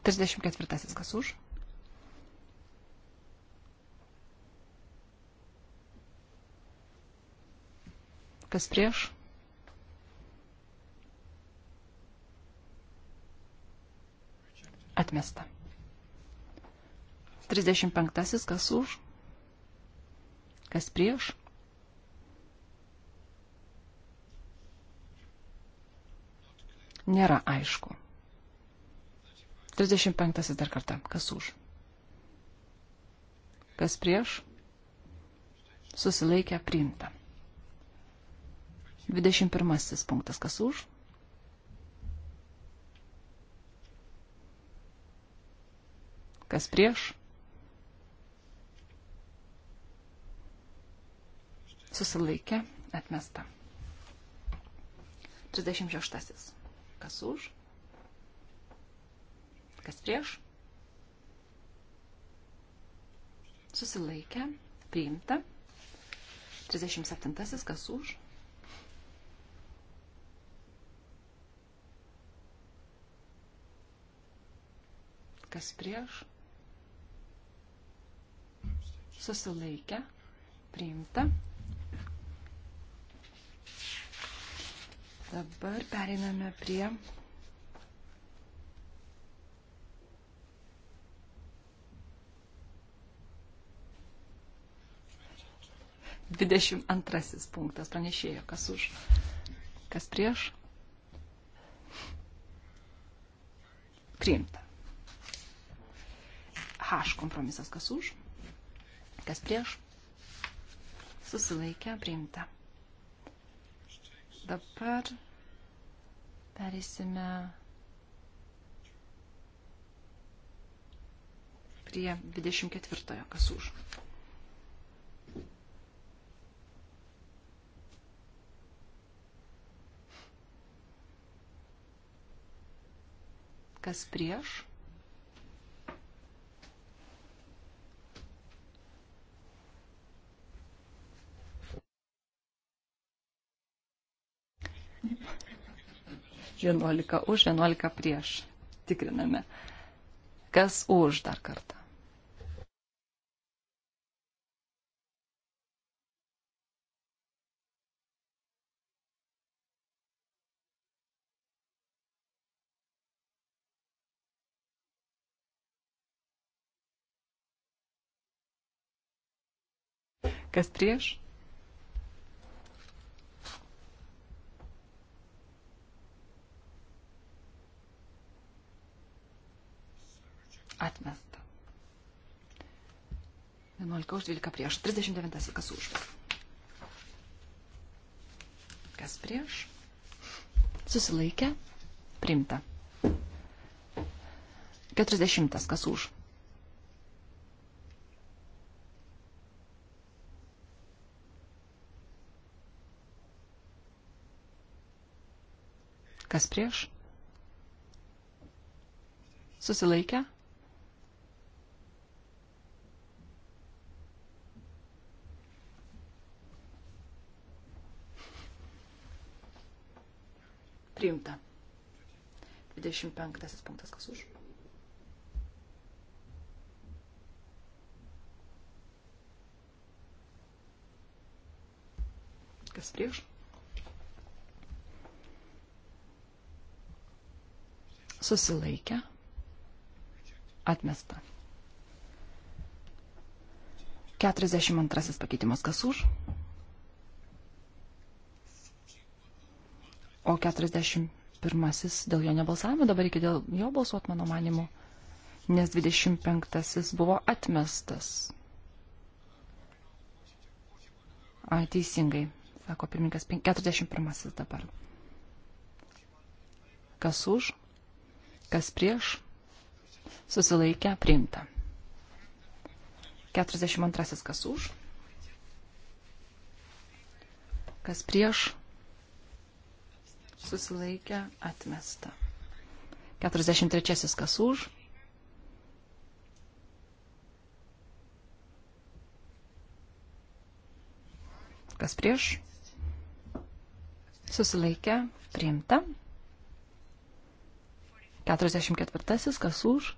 34 kas už. Kas prieš? Atmesta. 35 kas už. Kas prieš? Nėra aišku. 35 dar kartą. Kas už? Kas prieš? Susilaikę priimta. 21 punktas. Kas už? Kas prieš? Susilaikę atmesta. 36. Kas už? Kas prieš? Susilaikę. Priimta. 37. Kas už? Kas prieš? Susilaikę. Priimta. Dabar pereiname prie 22 punktas pranešėjo, kas už, kas prieš. Priimta. H kompromisas, kas už, kas prieš. Susilaikė, priimta. Dabar perėsime prie 24, kas už Kas prieš? Vienuolika už, vienuolika prieš. Tikriname. Kas už dar kartą? Kas prieš? Atmesta. 11 už 12 prieš. 39 kas už. Kas prieš? Susilaikę. Primta. 40 kas už. Kas prieš? Susilaikę? Priimta. 25 punktas kas už. Kas prieš? susilaikę, atmesta. 42 pakeitimas kas už, o 41 dėl jo nebalsavimo, dabar reikia dėl jo balsuoti, mano manimu, nes 25 buvo atmestas. Ai, teisingai, sako pirmininkas, 41 dabar. Kas už? Kas prieš? Susilaikę priimta. 42 kas už. Kas prieš? Susilaikę atmesta. 43 kas už. Kas prieš? Susilaikę priimta. 44. Kas už?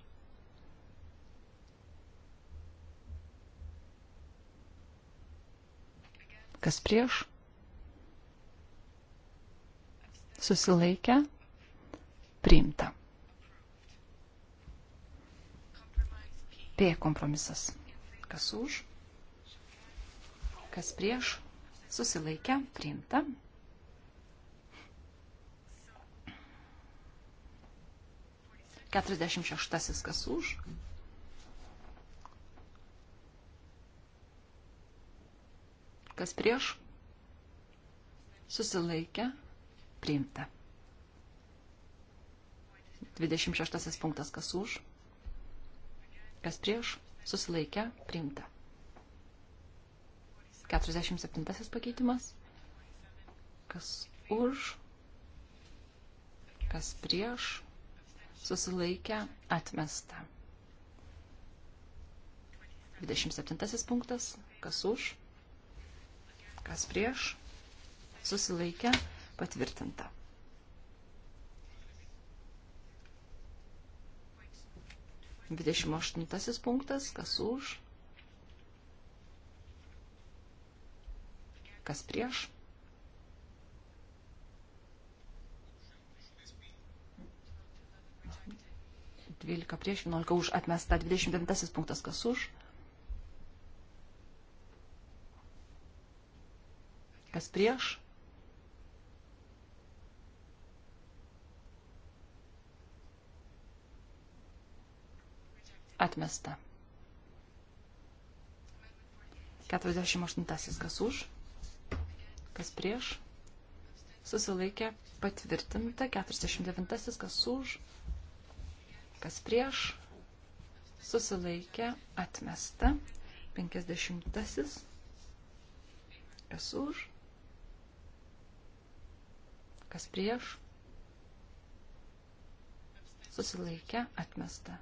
Kas prieš? Susilaikę? Priimta. P kompromisas. Kas už? Kas prieš? Susilaikę? Priimta. 46 kas už. Kas prieš? Susilaikę. Priimta. 26 punktas kas už. Kas prieš? Susilaikę. Priimta. 47 pakeitimas. Kas už. Kas prieš susilaikę, atmesta. 27 punktas, kas už, kas prieš, susilaikę, patvirtinta. Dvidešimt aštuntasis punktas, kas už, kas prieš, 12 prieš 11 už atmesta 29 punktas kas už. Kas prieš? Atmesta. 48 kas už. Kas prieš? Susilaikė patvirtinta 49 kas už kas prieš, susilaikė, atmesta. 50. Kas už, kas prieš, susilaikė, atmesta.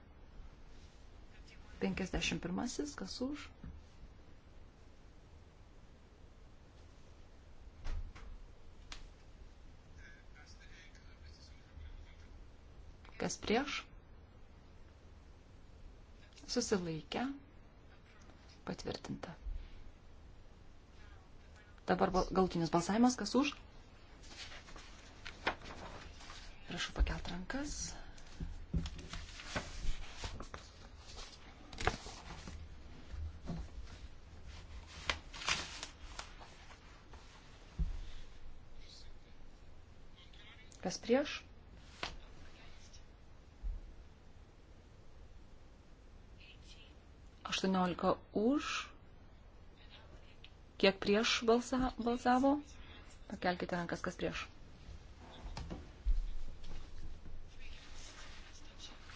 51. Kas už, kas prieš, susilaikę, patvirtinta. Dabar galutinis balsavimas, kas už? Prašau pakelt rankas. Kas prieš? 18 už. Kiek prieš balsa, balsavo? Pakelkite rankas, kas prieš.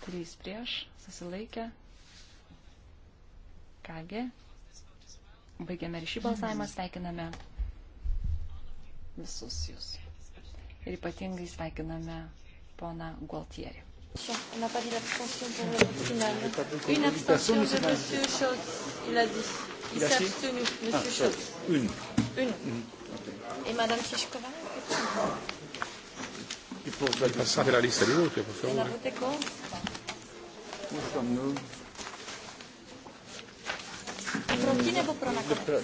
3 prieš, susilaikė. Kągi, baigiame ir šį balsavimą, sveikiname visus jūs. Ir ypatingai sveikiname poną Gualtierį. On n'a pas dit l'abstention pour le vote final. Une abstention de M. Scholz, il a dit. Il, il s'est abstenu, M. Ah, Scholz. Une. Une. une. Okay. Et Mme Fischkova Il faut passare la lista di voti, per favore. La vote contro. Proti nebo pro nakonec?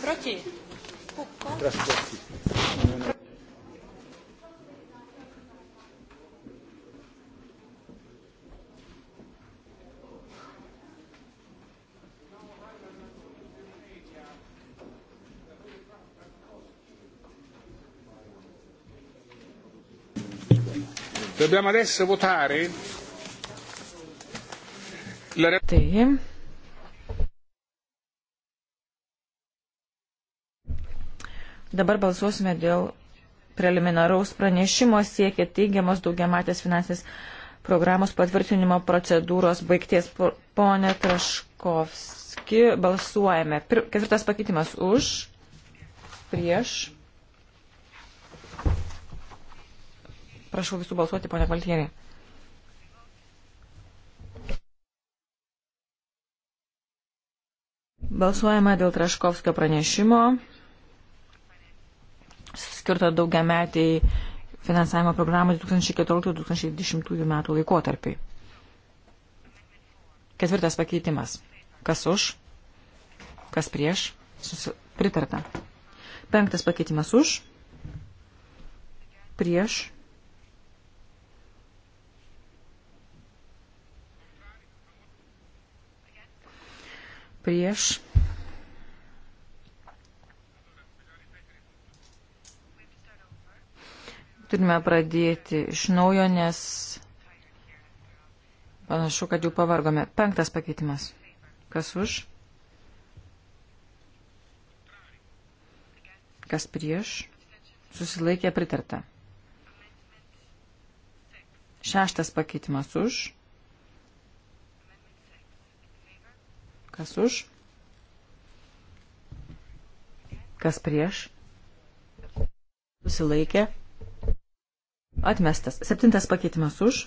Proti. Proti. Proti. Dobbiamo adesso votare la Taip. Dabar balsuosime dėl preliminaraus pranešimo siekia teigiamos daugiamatės finansinės programos patvirtinimo procedūros baigties. Pone Traškovski, balsuojame. Ketvirtas pakeitimas už, prieš. Prašau visų balsuoti, ponia Valtienė. Balsuojama dėl Traškovskio pranešimo, skirto daugiametiai finansavimo programai 2014-2020 metų laikotarpiai. Ketvirtas pakeitimas. Kas už? Kas prieš? Susi... Pritarta. Penktas pakeitimas už? Prieš? prieš. Turime pradėti iš naujo, nes panašu, kad jau pavargome. Penktas pakeitimas. Kas už? Kas prieš? Susilaikė pritarta. Šeštas pakeitimas už Kas už? Kas prieš? Susilaikė. Atmestas. Septintas pakeitimas už.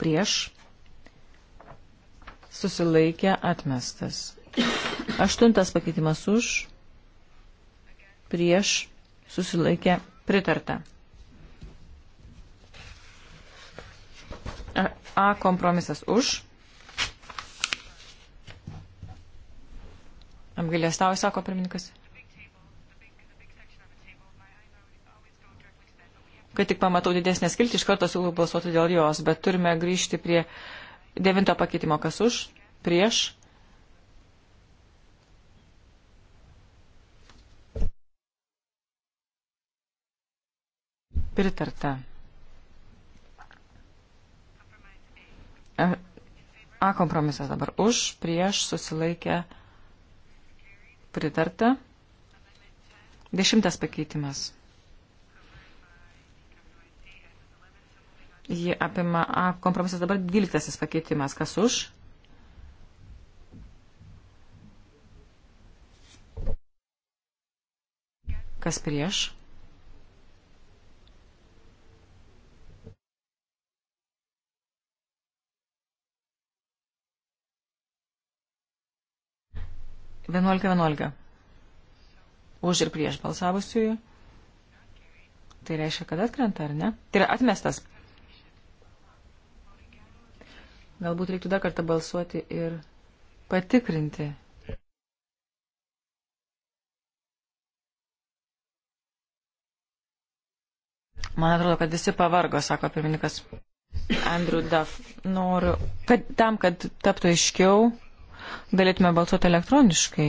Prieš. Susilaikė. Atmestas. Aštuntas pakeitimas už. Prieš. Susilaikė. Pritarta. A kompromisas už. Apgailės tau, sako pirmininkas. Kai tik pamatau didesnę skiltį, iš karto siūlau balsuoti dėl jos, bet turime grįžti prie devinto pakeitimo, kas už, prieš. Pritarta. E, A kompromisas dabar už, prieš, susilaikę, pritarta. Dešimtas pakeitimas. Ji apima A kompromisas dabar dvyliktasis pakeitimas. Kas už? Kas prieš? 11.11. Už ir prieš balsavusiųjų. Tai reiškia, kad atkrenta, ar ne? Tai yra atmestas. Galbūt reiktų dar kartą balsuoti ir patikrinti. Man atrodo, kad visi pavargo, sako pirmininkas Andrew Duff. Noriu, kad tam, kad taptų aiškiau, galėtume balsuoti elektroniškai.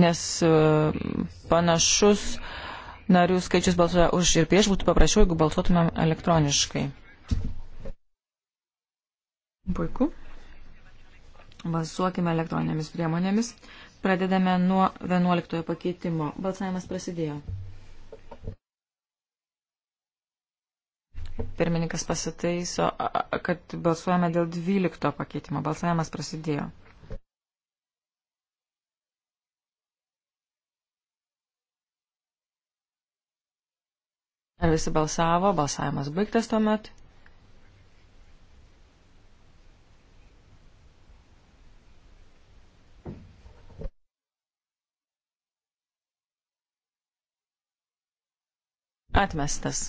Nes e, panašus narių skaičius balsuoja už ir prieš būtų paprasčiau, jeigu balsuotumėm elektroniškai. Puiku. Balsuokime elektroninėmis priemonėmis. Pradedame nuo 11 pakeitimo. Balsavimas prasidėjo. Pirmininkas pasitaiso, kad balsuojame dėl 12 pakeitimo. Balsavimas prasidėjo. Ar visi balsavo? Balsavimas baigtas tuomet. Atmestas.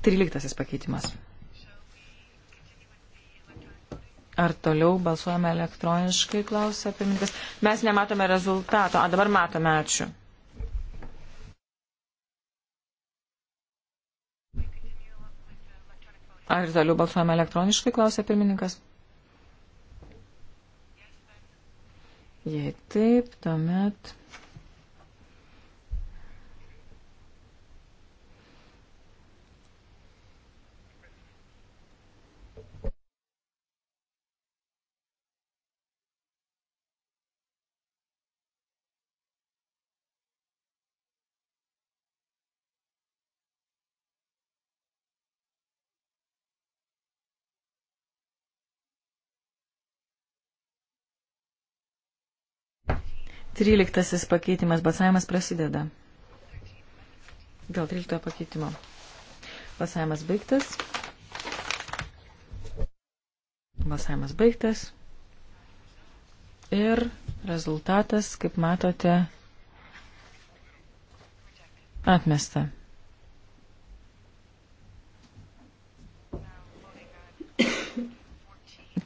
Tryliktasis pakeitimas. Ar toliau balsuojame elektroniškai, klausia pirmininkas. Mes nematome rezultato. A, dabar matome, ačiū. Ar ir toliau balsuojame elektroniškai, klausia pirmininkas. Jei taip, tuomet Tryliktasis pakeitimas. Balsavimas prasideda. Dėl tryliktojo pakeitimo. Balsavimas baigtas. Balsavimas baigtas. Ir rezultatas, kaip matote, atmesta.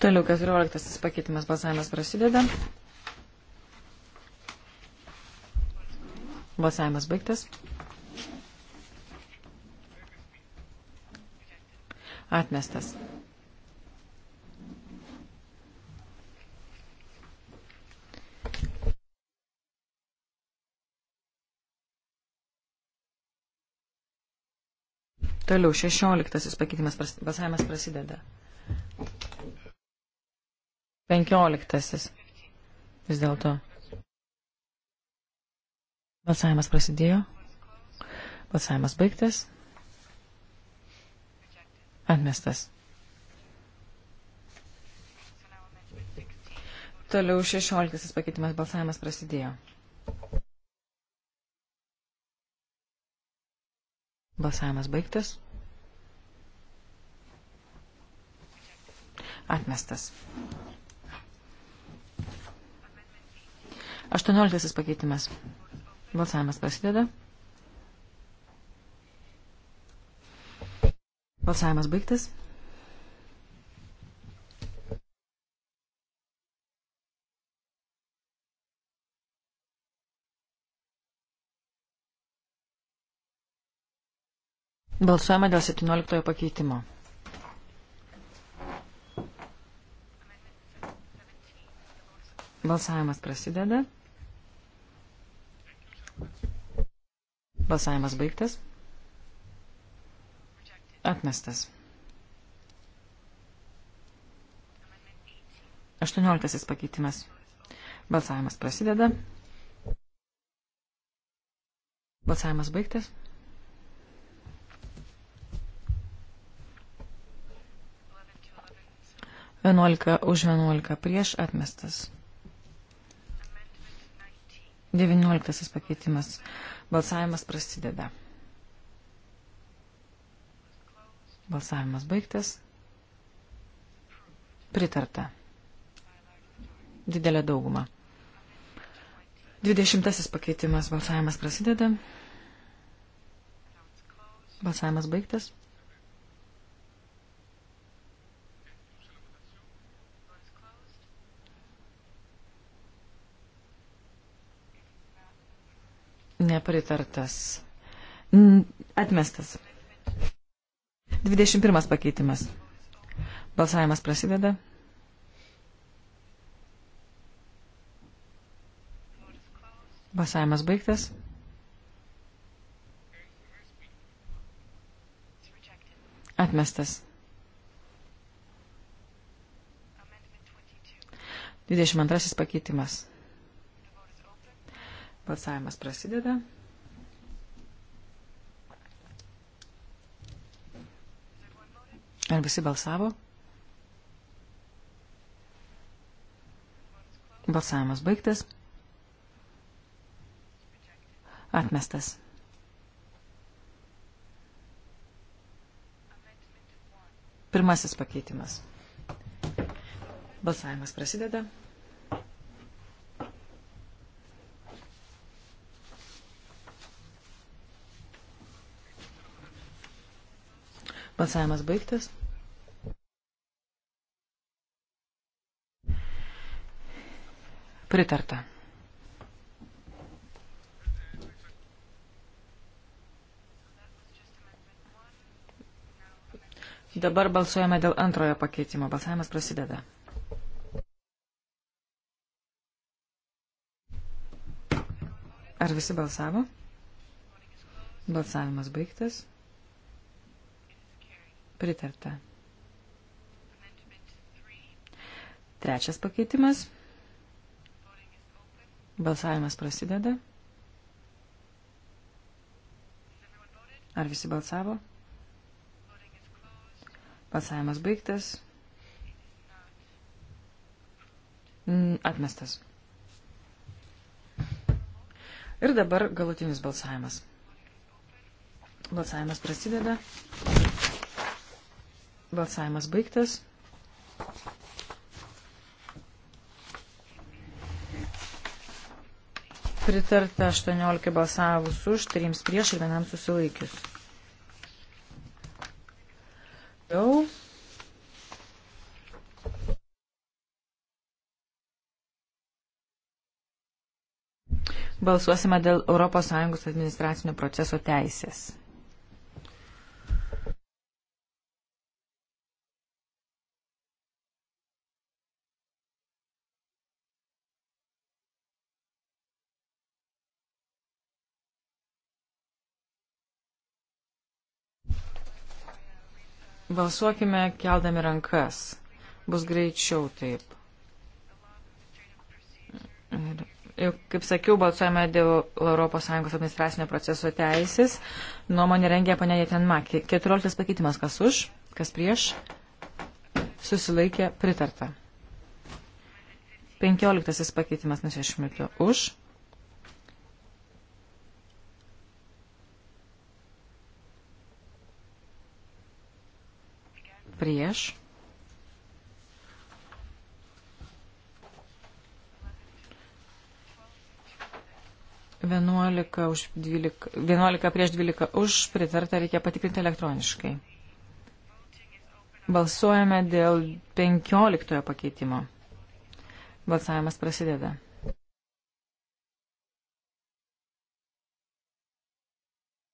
Toliau 14 pakeitimas balsavimas prasideda. Balsavimas baigtas. Atmestas. Toliau, šešioliktasis pakeitimas balsavimas prasideda. Penkioliktasis. Vis dėlto. Balsavimas prasidėjo. Balsavimas baigtas. Atmestas. Toliau 16 pakeitimas balsavimas prasidėjo. Balsavimas baigtas. Atmestas. 18 pakeitimas. Balsavimas prasideda. Balsavimas baigtas. Balsuojama dėl 17 pakeitimo. Balsavimas prasideda. Balsavimas baigtas. Atmestas. 18 pakeitimas. Balsavimas prasideda. Balsavimas baigtas. Vienuolika už vienuolika prieš atmestas. 19 pakeitimas. Balsavimas prasideda. Balsavimas baigtas. Pritarta. Didelė dauguma. 20 pakeitimas. Balsavimas prasideda. Balsavimas baigtas. Nepritartas. Atmestas. 21 pakeitimas. Balsavimas prasideda. Balsavimas baigtas. Atmestas. 22 pakeitimas. Balsavimas prasideda. Ar visi balsavo? Balsavimas baigtas. Atmestas. Pirmasis pakeitimas. Balsavimas prasideda. Balsavimas baigtas. Pritarta. Dabar balsuojame dėl antrojo pakeitimo. Balsavimas prasideda. Ar visi balsavo? Balsavimas baigtas. Pritarta. Trečias pakeitimas. Balsavimas prasideda. Ar visi balsavo? Balsavimas baigtas. Mm, atmestas. Ir dabar galutinis balsavimas. Balsavimas prasideda. Balsavimas baigtas. Pritarta 18 balsavus už, 3 prieš ir vienam susilaikius. Jau. Balsuosime dėl ES administracinio proceso teisės. Balsuokime keldami rankas. Bus greičiau taip. Ir, ir kaip sakiau, balsuojame dėl ES administracinio proceso teisės. Nuomonė rengė panė Jetenma. 14 pakeitimas. Kas už? Kas prieš? Susilaikė pritarta. 15 pakeitimas nusiešmitų. Už? prieš. Vienuolika, už 12, 11 prieš 12 už pritarta reikia patikrinti elektroniškai. Balsuojame dėl 15 pakeitimo. Balsavimas prasideda.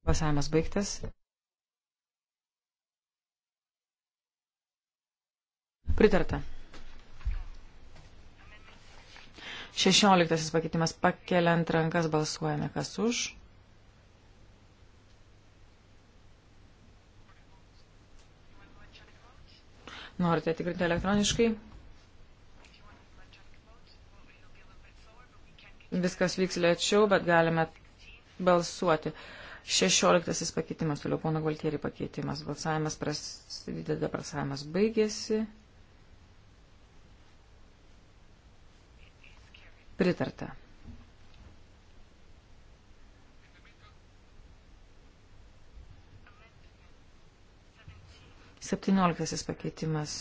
Balsavimas baigtas. Pritarta. 16 pakeitimas pakeliant rankas balsuojame, kas už. Norite tikrinti elektroniškai? Viskas vyks lėčiau, bet galime balsuoti. 16 pakeitimas, toliau pono Gualtieri pakeitimas. Balsavimas prasideda, balsavimas baigėsi. Pritarta. Septynioliktasis pakeitimas.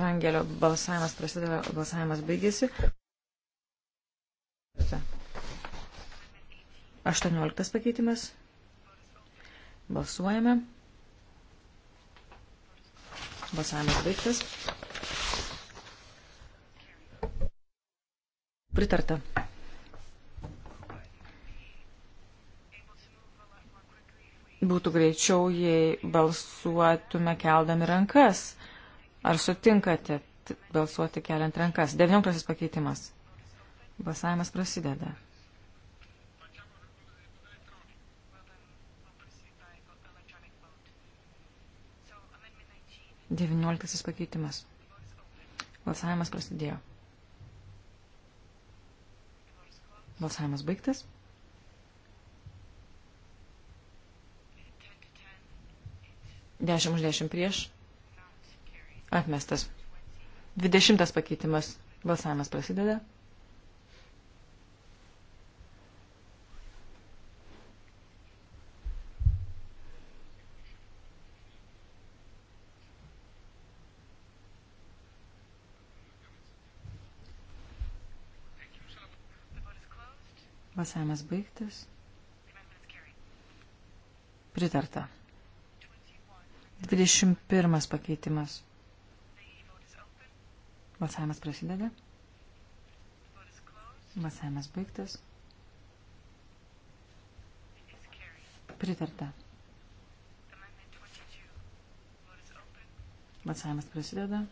Rangelio balsavimas prasideda, balsavimas baigėsi. 18 pakeitimas. Balsuojame. Balsavimas baigtas. Pritarta. Būtų greičiau, jei balsuotume keldami rankas. Ar sutinkate balsuoti keliant rankas? 19 pakeitimas. Balsavimas prasideda. Devynioliktasis pakeitimas. Balsavimas prasidėjo. Balsavimas baigtas. Dešimt už dešimt prieš. Atmestas. Dvidešimtas pakeitimas. Balsavimas prasideda. Balsavimas baigtas. Pritarta. 21 pakeitimas. Balsavimas prasideda. Balsavimas baigtas. Pritarta. Balsavimas prasideda.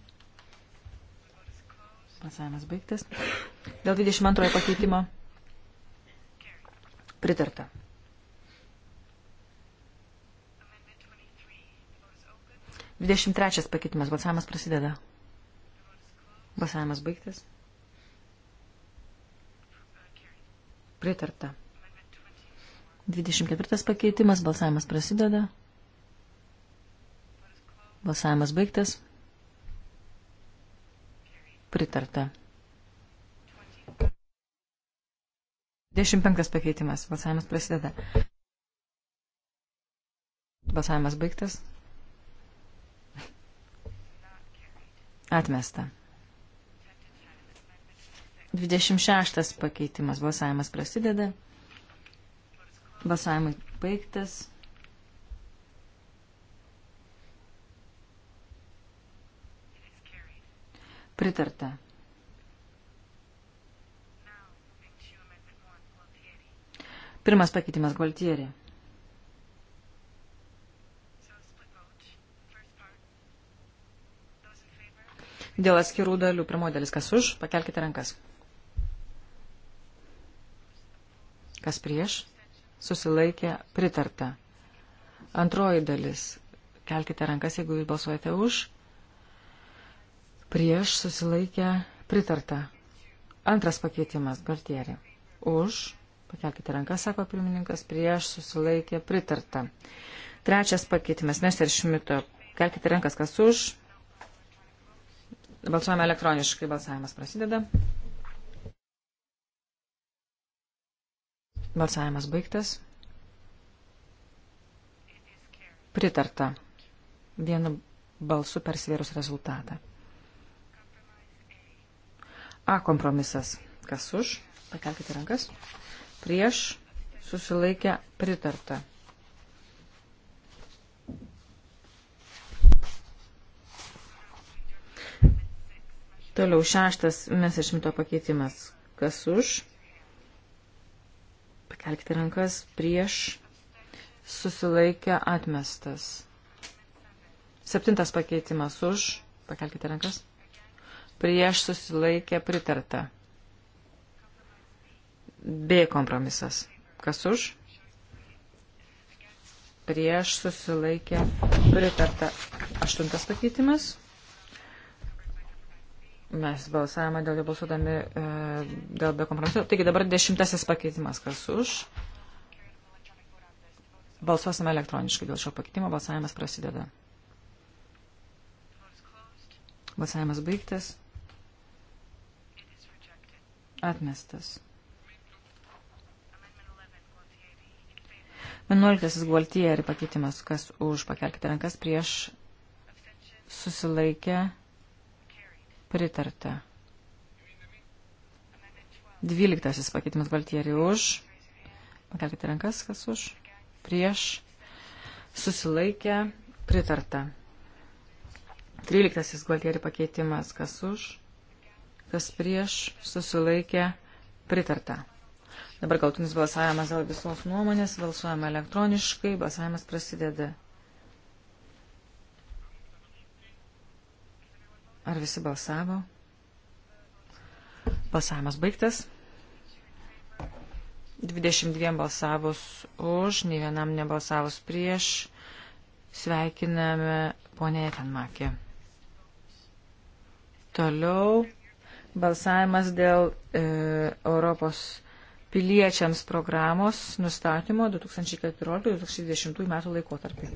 Balsavimas baigtas. Dėl 22 pakeitimo. Pritarta. Dvidešimt trečias pakeitimas. Balsavimas prasideda. Balsavimas baigtas. Pritarta. 24 pakeitimas, balsavimas prasideda. Balsavimas baigtas. Pritarta. 15 pakeitimas. Balsavimas prasideda. Balsavimas baigtas. Atmesta. 26 pakeitimas. Balsavimas prasideda. Balsavimai baigtas. Pritarta. Pirmas pakeitimas Gualtieri. Dėl atskirų dalių pirmoji dalis kas už, pakelkite rankas. Kas prieš, susilaikė, pritarta. Antroji dalis, kelkite rankas, jeigu jūs balsuojate už, prieš, susilaikė, pritarta. Antras pakeitimas, Gualtieri. Už, Pakelkite rankas, sako pirmininkas, prieš susilaikė pritarta. Trečias pakeitimas, mes ir šmito. Kelkite rankas, kas už. Balsuojame elektroniškai, balsavimas prasideda. Balsavimas baigtas. Pritarta. Vienu balsu persvėrus rezultatą. A kompromisas. Kas už? Pakelkite rankas prieš, susilaikė pritarta. Toliau šeštas mesešimto pakeitimas. Kas už? Pakelkite rankas prieš susilaikę atmestas. Septintas pakeitimas už. Pakelkite rankas. Prieš susilaikę pritarta. B kompromisas. Kas už? Prieš susilaikė pritarta aštuntas pakeitimas. Mes balsavome dėl jo balsuodami e, dėl be kompromiso. Taigi dabar dešimtasis pakeitimas. Kas už? Balsuosime elektroniškai dėl šio pakeitimo. Balsavimas prasideda. Balsavimas baigtas. Atmestas. 11 Gualtieri pakeitimas, kas už, pakelkite rankas, prieš susilaikę pritarta. 12 pakeitimas Gualtieri už, pakelkite rankas, kas už, prieš susilaikę pritarta. 13 Gualtieri pakeitimas, kas už, kas prieš susilaikę pritarta. Dabar galtinis balsavimas dėl visos nuomonės, balsuojama elektroniškai, balsavimas prasideda. Ar visi balsavo? Balsavimas baigtas. 22 balsavus už, nei vienam nebalsavus prieš. Sveikiname ponę Etenmakį. Toliau balsavimas dėl e, Europos piliečiams programos nustatymo 2014-2020 metų laikotarpį.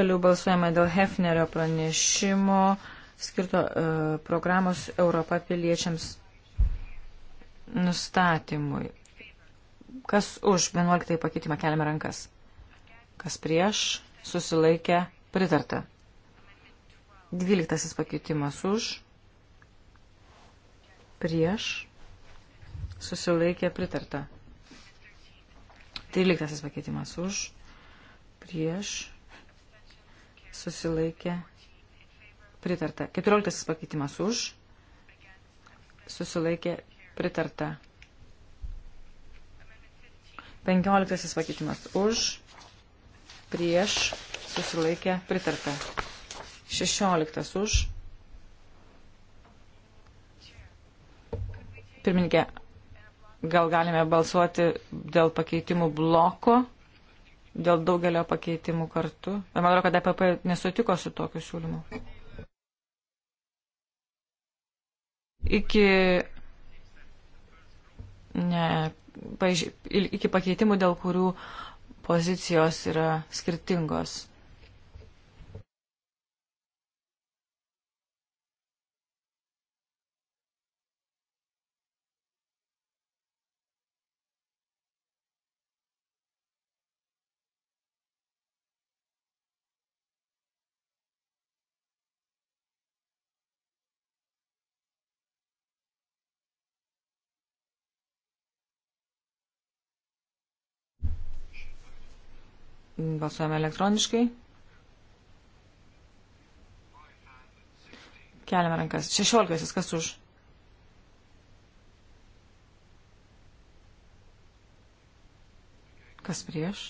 Toliau balsuojama dėl Hefnerio pranešimo skirto e, programos Europa piliečiams nustatymui. Kas už 11 pakeitimą keliame rankas? Kas prieš? Susilaikė? Pritarta. 12 pakeitimas už? Prieš? Susilaikė? Pritarta. 13 pakeitimas už? Prieš? susilaikė pritarta. 14 pakeitimas už, susilaikė pritarta. 15 pakeitimas už, prieš, susilaikė pritarta. 16 už. Pirmininkė, gal galime balsuoti dėl pakeitimų bloko? dėl daugelio pakeitimų kartu. Man atrodo, kad EPP nesutiko su tokiu siūlymu. Iki, ne, paž, iki pakeitimų, dėl kurių pozicijos yra skirtingos. Balsuojame elektroniškai. Keliame rankas. 16. Kas už? Kas prieš?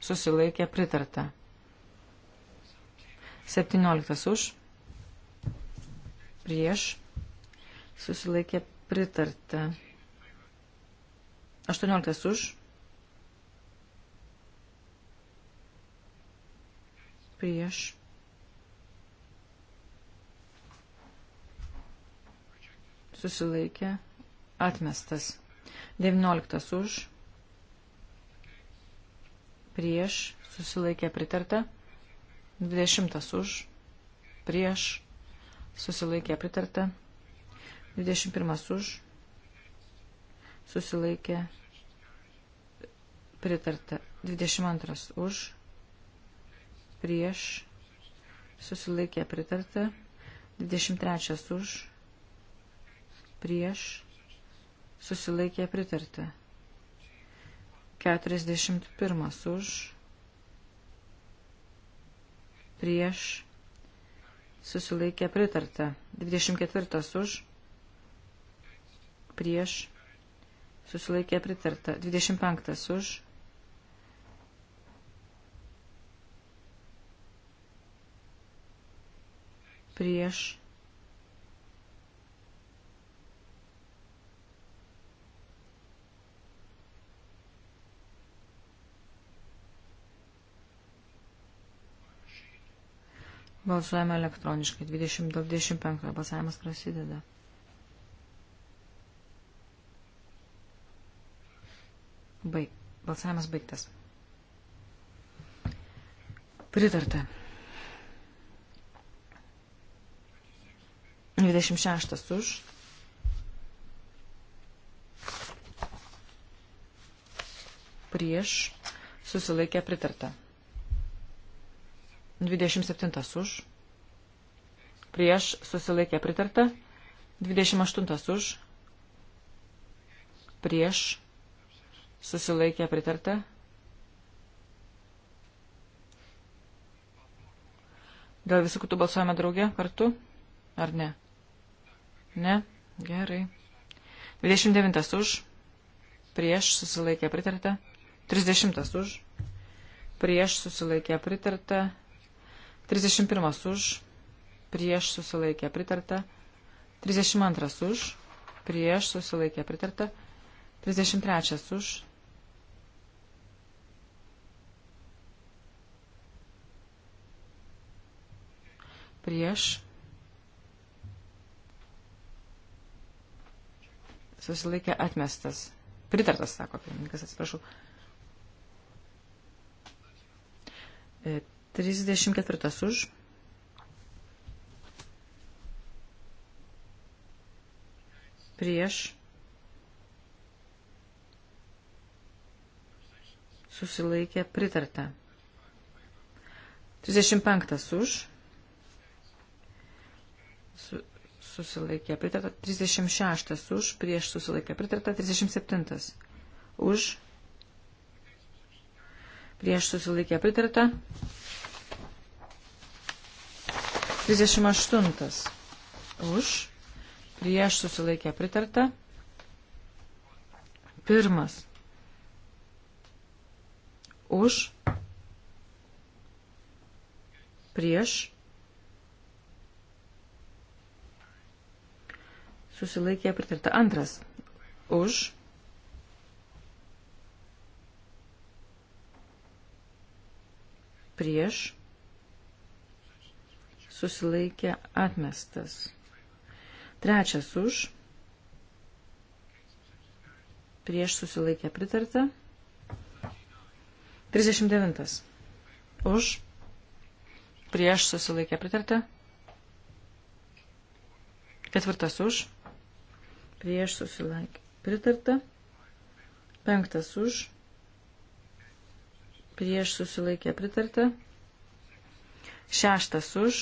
Susilaikė pritarta. 17 už. Prieš. Susilaikė pritarta. 18 už prieš susilaikė atmestas. 19 už prieš susilaikė pritarta. 20 už prieš susilaikė pritarta. 21 už susilaikė pritarta. 22 už prieš, susilaikė pritarta, 23 už, prieš, susilaikė pritarta, 41 už, prieš, susilaikė pritarta, 24 už, prieš, susilaikė pritarta, 25 už, prieš Balsuojame elektroniškai. 20.25 balsavimas prasideda. Baig. Balsavimas baigtas. Pritarta. 26 už. Prieš susilaikė pritarta. 27 už. Prieš susilaikė pritarta. 28 už. Prieš susilaikė pritarta. 28. Dėl visų kitų balsuojame draugė kartu, ar ne? Ne? Gerai. 29 už. Prieš susilaikė pritarta. 30 už. Prieš susilaikė pritarta. 31 už. Prieš susilaikė pritarta. 32 už. Prieš susilaikė pritarta. 33 už. Prieš susilaikė atmestas. Pritartas, sako pirmininkas, atsiprašau. 34 e, už. Prieš. Susilaikė pritarta. 35 už. susilaikė pritarta, 36 už, prieš susilaikė pritarta, 37 už, prieš susilaikė pritarta, 38 už, prieš susilaikė pritarta, pirmas už, prieš susilaikė pritarta. Antras už. Prieš susilaikė atmestas. Trečias už. Prieš susilaikė pritarta. 39. Už. Prieš susilaikė pritarta. Ketvirtas už prieš susilaikė pritarta, penktas už, prieš susilaikė pritarta, šeštas už,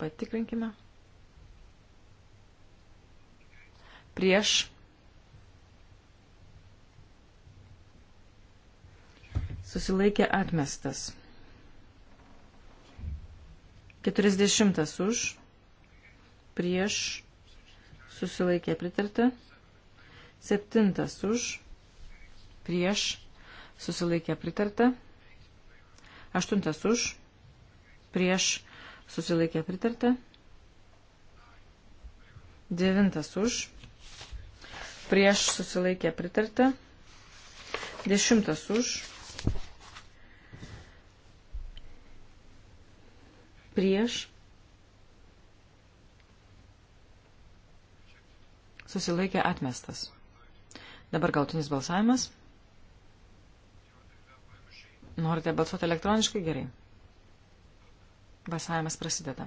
patikrinkime, prieš susilaikė atmestas. 40 už, prieš, susilaikė pritarta. Septintas už, prieš, susilaikė pritarta. Aštuntas už, prieš, susilaikė pritarta. Devintas už, prieš, susilaikė pritarta. Dešimtas už, prieš, susilaikė atmestas. Dabar gautinis balsavimas. Norite balsuoti elektroniškai? Gerai. Balsavimas prasideda.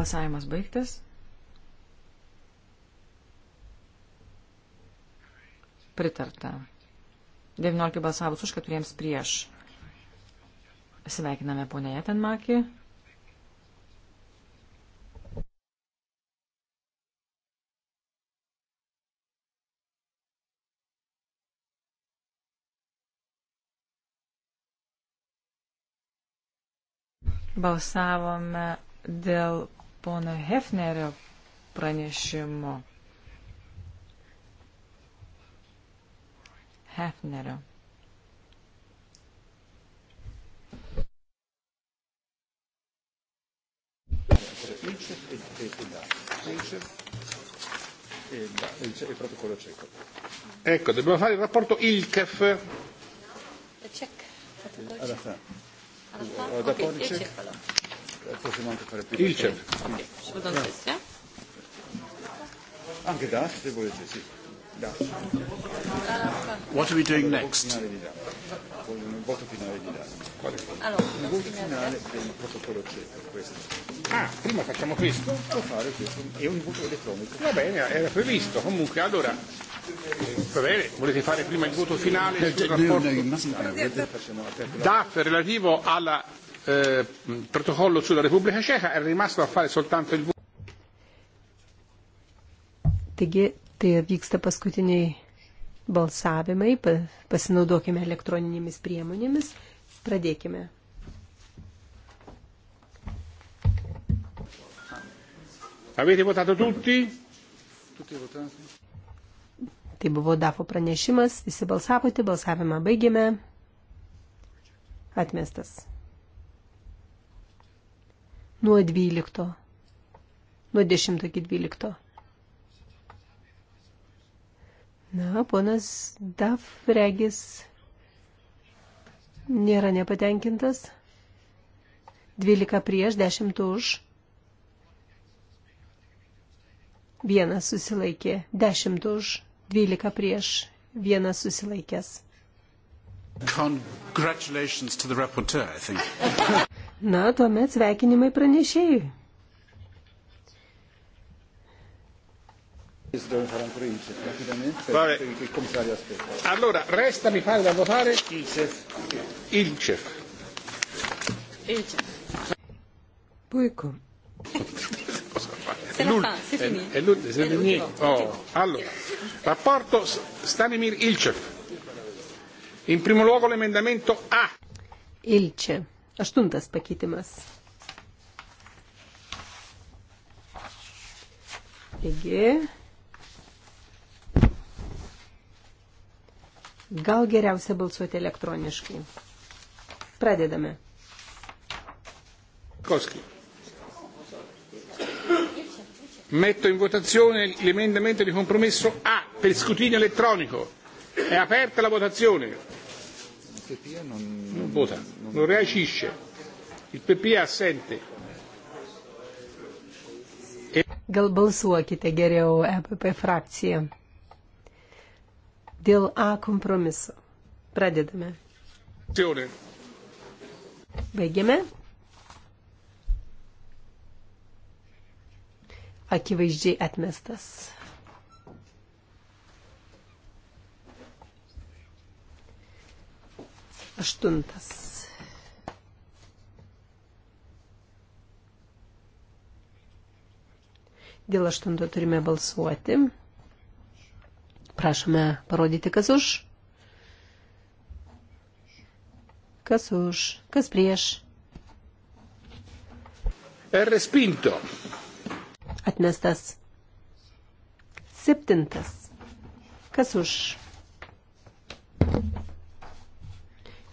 Balsavimas baigtas. Pritarta. 19 balsavus už, 4 prieš. Sveikiname ponę Jetenmakį. Balsavome dėl pono Hefnerio pranešimo. Hefnerio. Ecco, dobbiamo fare il rapporto ILCEF. Alla fine da Policek? Possiamo anche fare prima. Il CEP. Ok, ci vado anche Anche da, se volete, sì. Da. What are we doing next? Un voto finale di Dani. Allora, un voto finale del protocollo CEP, questo. Ah, prima facciamo questo? Può fare questo, è un voto elettronico. Va bene, era previsto. Comunque, allora, Va bene, volete fare prima il voto finale sul rapporto DAF relativo al eh, protocollo sulla Repubblica Ceca è rimasto a fare soltanto il voto. Taigi, tai vyksta paskutiniai balsavimai, pasinaudokime elektroninėmis priemonėmis, pradėkime. Avete votato tutti? Tutti votati. Tai buvo DAFO pranešimas, visi balsavote, balsavimą baigėme. Atmestas. Nuo 12. Nuo 10 iki 12. Na, ponas DAF regis nėra nepatenkintas. 12 prieš, 10 už. Vienas susilaikė, 10 už. 12 prieš, vienas susilaikęs. Reporter, Na, tuomet sveikinimai pranešėjai. Vale. Allora, resta mi pare da votare il CEF. Il CEF. Il CEF. Puiku. C'est la fin, c'est fini. È c'est le dernier. Oh. Allora, rapporto Stanimir Ilcev. In primo luogo l'emendamento A. Ilce. Aštuntas pakeitimas. Taigi, gal geriausia balsuoti elektroniškai. Pradedame. Koski. Metto in votazione l'emendamento di compromesso A per scrutinio elettronico. È aperta la votazione. Il PPA non, non vota, non, non reagisce. Il PPA assente. E... Gal balsuokite geriau EPP frakciją. Dėl A kompromiso. Pradedame. Baigėme. akivaizdžiai atmestas. Aštuntas. Dėl aštunto turime balsuoti. Prašome parodyti, kas už. Kas už, kas prieš. Er respinto atmestas. Septintas. Kas už?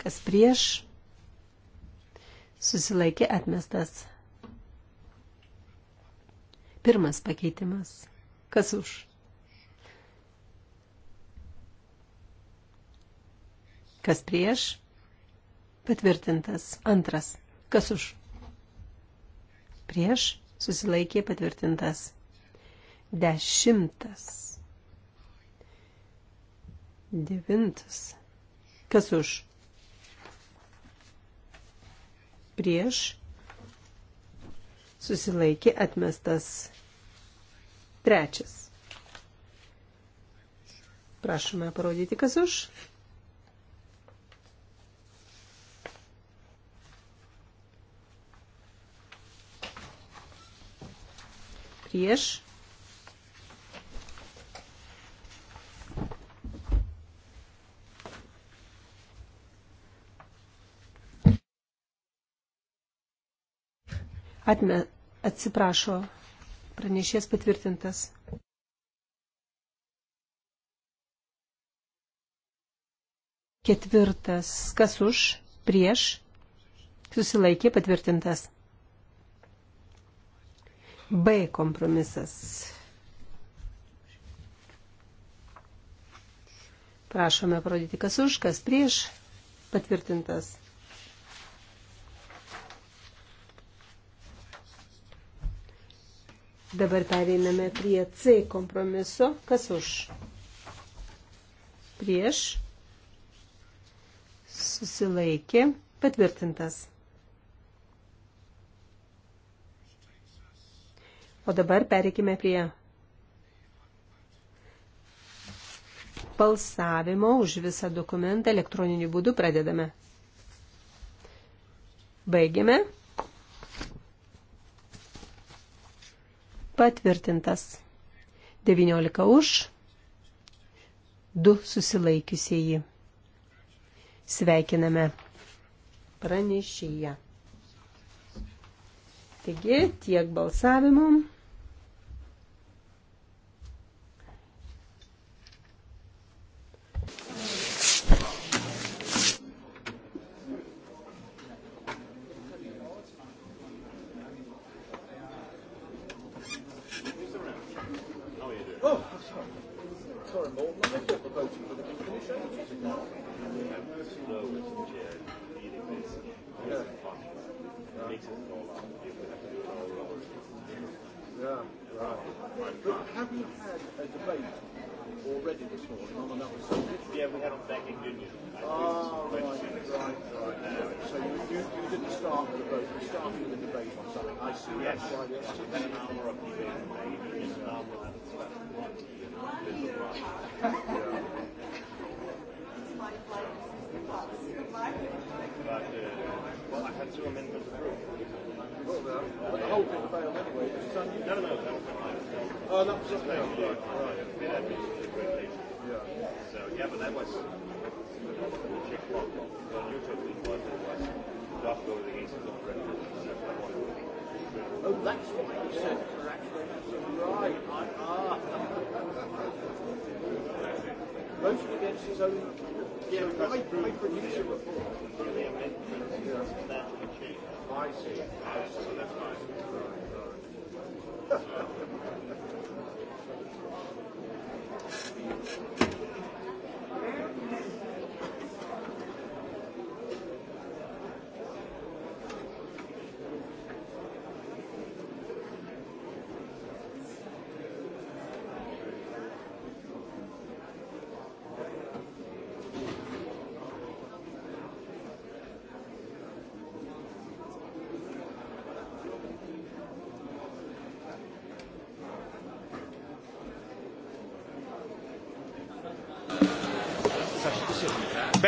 Kas prieš? Susilaikė atmestas. Pirmas pakeitimas. Kas už? Kas prieš? Patvirtintas. Antras. Kas už? Prieš? susilaikė patvirtintas. Dešimtas. Devintas. Kas už? Prieš susilaikė atmestas. Trečias. Prašome parodyti, kas už. prieš. Atme, atsiprašo, pranešės patvirtintas. Ketvirtas, kas už, prieš, susilaikė patvirtintas. B kompromisas. Prašome parodyti, kas už, kas prieš patvirtintas. Dabar pereiname prie C kompromiso. Kas už? Prieš. Susilaikė. Patvirtintas. O dabar pereikime prie balsavimo už visą dokumentą elektroniniu būdu pradedame. Baigiame. Patvirtintas. 19 už, 2 susilaikiusieji. Sveikiname pranešėją. Taigi tiek balsavimų.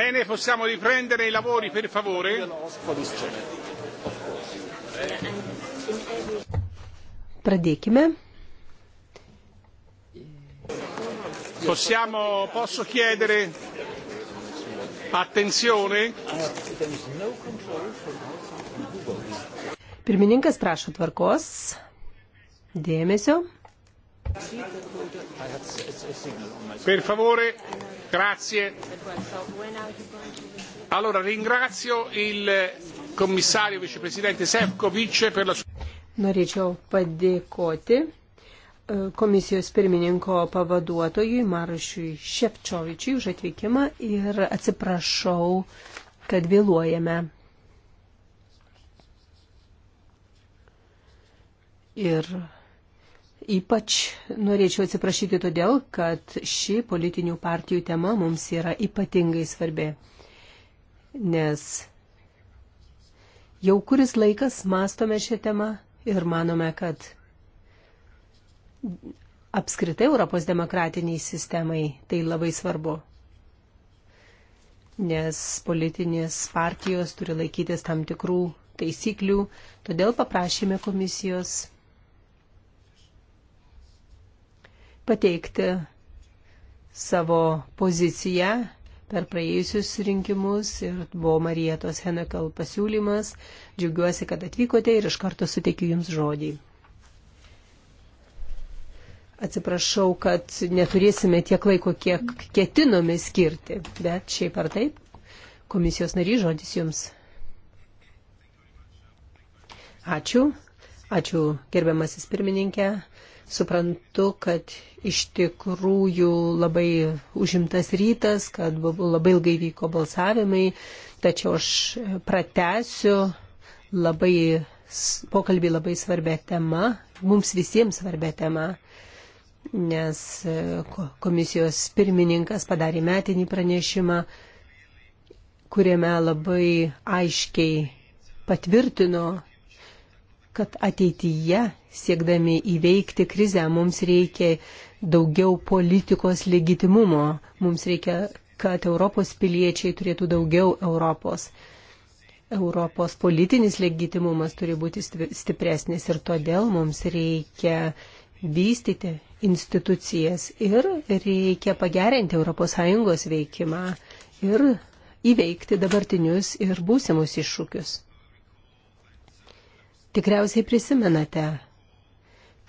Bene, possiamo riprendere i lavori, per favore. Pradėkime. Possiamo, posso chiedere attenzione? Pirmininkas prašo tvarkos, dėmesio. Per favore, grazie. Allora ringrazio il commissario vicepresidente Sefcovic per la sua. Norėčiau padėkoti e, komisijos pirmininko pavaduotojui Marušiui Šepčovičiui už atvykimą ir atsiprašau, kad vėluojame. Ir Ypač norėčiau atsiprašyti todėl, kad ši politinių partijų tema mums yra ypatingai svarbi, nes jau kuris laikas mastome šią temą ir manome, kad apskritai Europos demokratiniai sistemai tai labai svarbu, nes politinės partijos turi laikytis tam tikrų taisyklių, todėl paprašėme komisijos pateikti savo poziciją per praėjusius rinkimus ir buvo Marietos Henekal pasiūlymas. Džiaugiuosi, kad atvykote ir iš karto suteikiu Jums žodį. Atsiprašau, kad neturėsime tiek laiko, kiek ketinome skirti, bet šiaip ar taip, komisijos nary žodis Jums. Ačiū. Ačiū gerbiamasis pirmininkė, suprantu, kad iš tikrųjų labai užimtas rytas, kad labai ilgai vyko balsavimai, tačiau aš pratesiu labai pokalbį labai svarbę temą, mums visiems svarbę temą, nes e, komisijos pirmininkas padarė metinį pranešimą, kuriame labai aiškiai patvirtino kad ateityje, siekdami įveikti krizę, mums reikia daugiau politikos legitimumo, mums reikia, kad Europos piliečiai turėtų daugiau Europos. Europos politinis legitimumas turi būti stipresnis ir todėl mums reikia vystyti institucijas ir reikia pagerinti ES veikimą ir įveikti dabartinius ir būsimus iššūkius. Tikriausiai prisimenate,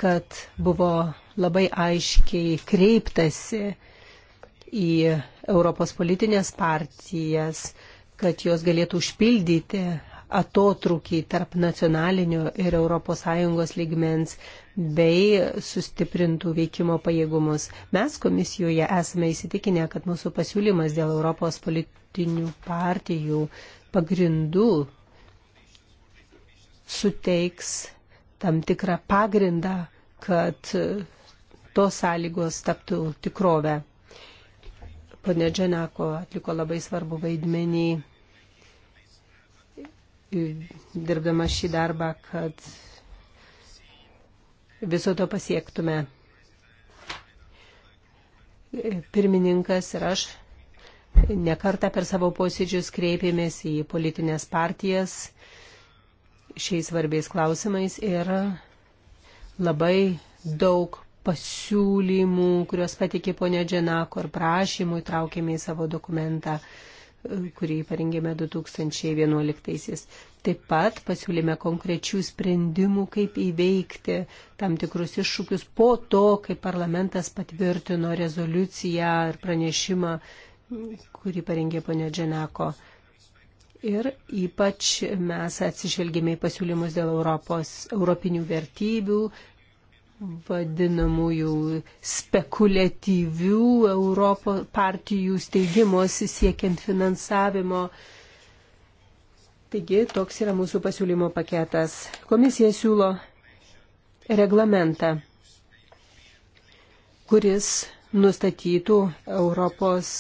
kad buvo labai aiškiai kreiptasi į Europos politinės partijas, kad jos galėtų užpildyti atotrukį tarp nacionalinio ir ES lygmens bei sustiprintų veikimo pajėgumus. Mes komisijoje esame įsitikinę, kad mūsų pasiūlymas dėl Europos politinių partijų pagrindų suteiks tam tikrą pagrindą, kad tos sąlygos taptų tikrovę. Pane Dženako atliko labai svarbu vaidmenį, dirbdama šį darbą, kad viso to pasiektume. Pirmininkas ir aš nekartą per savo posėdžius kreipėmės į politinės partijas šiais svarbiais klausimais ir labai daug pasiūlymų, kuriuos patikė ponė Dženako ir prašymų įtraukėme į savo dokumentą, kurį parengėme 2011-aisiais. Taip pat pasiūlėme konkrečių sprendimų, kaip įveikti tam tikrus iššūkius po to, kai parlamentas patvirtino rezoliuciją ir pranešimą, kurį parengė ponė Dženako. Ir ypač mes atsižvelgėme į pasiūlymus dėl Europos, europinių vertybių, vadinamųjų spekuliatyvių Europos partijų steigimosi siekiant finansavimo. Taigi toks yra mūsų pasiūlymo paketas. Komisija siūlo reglamentą, kuris nustatytų Europos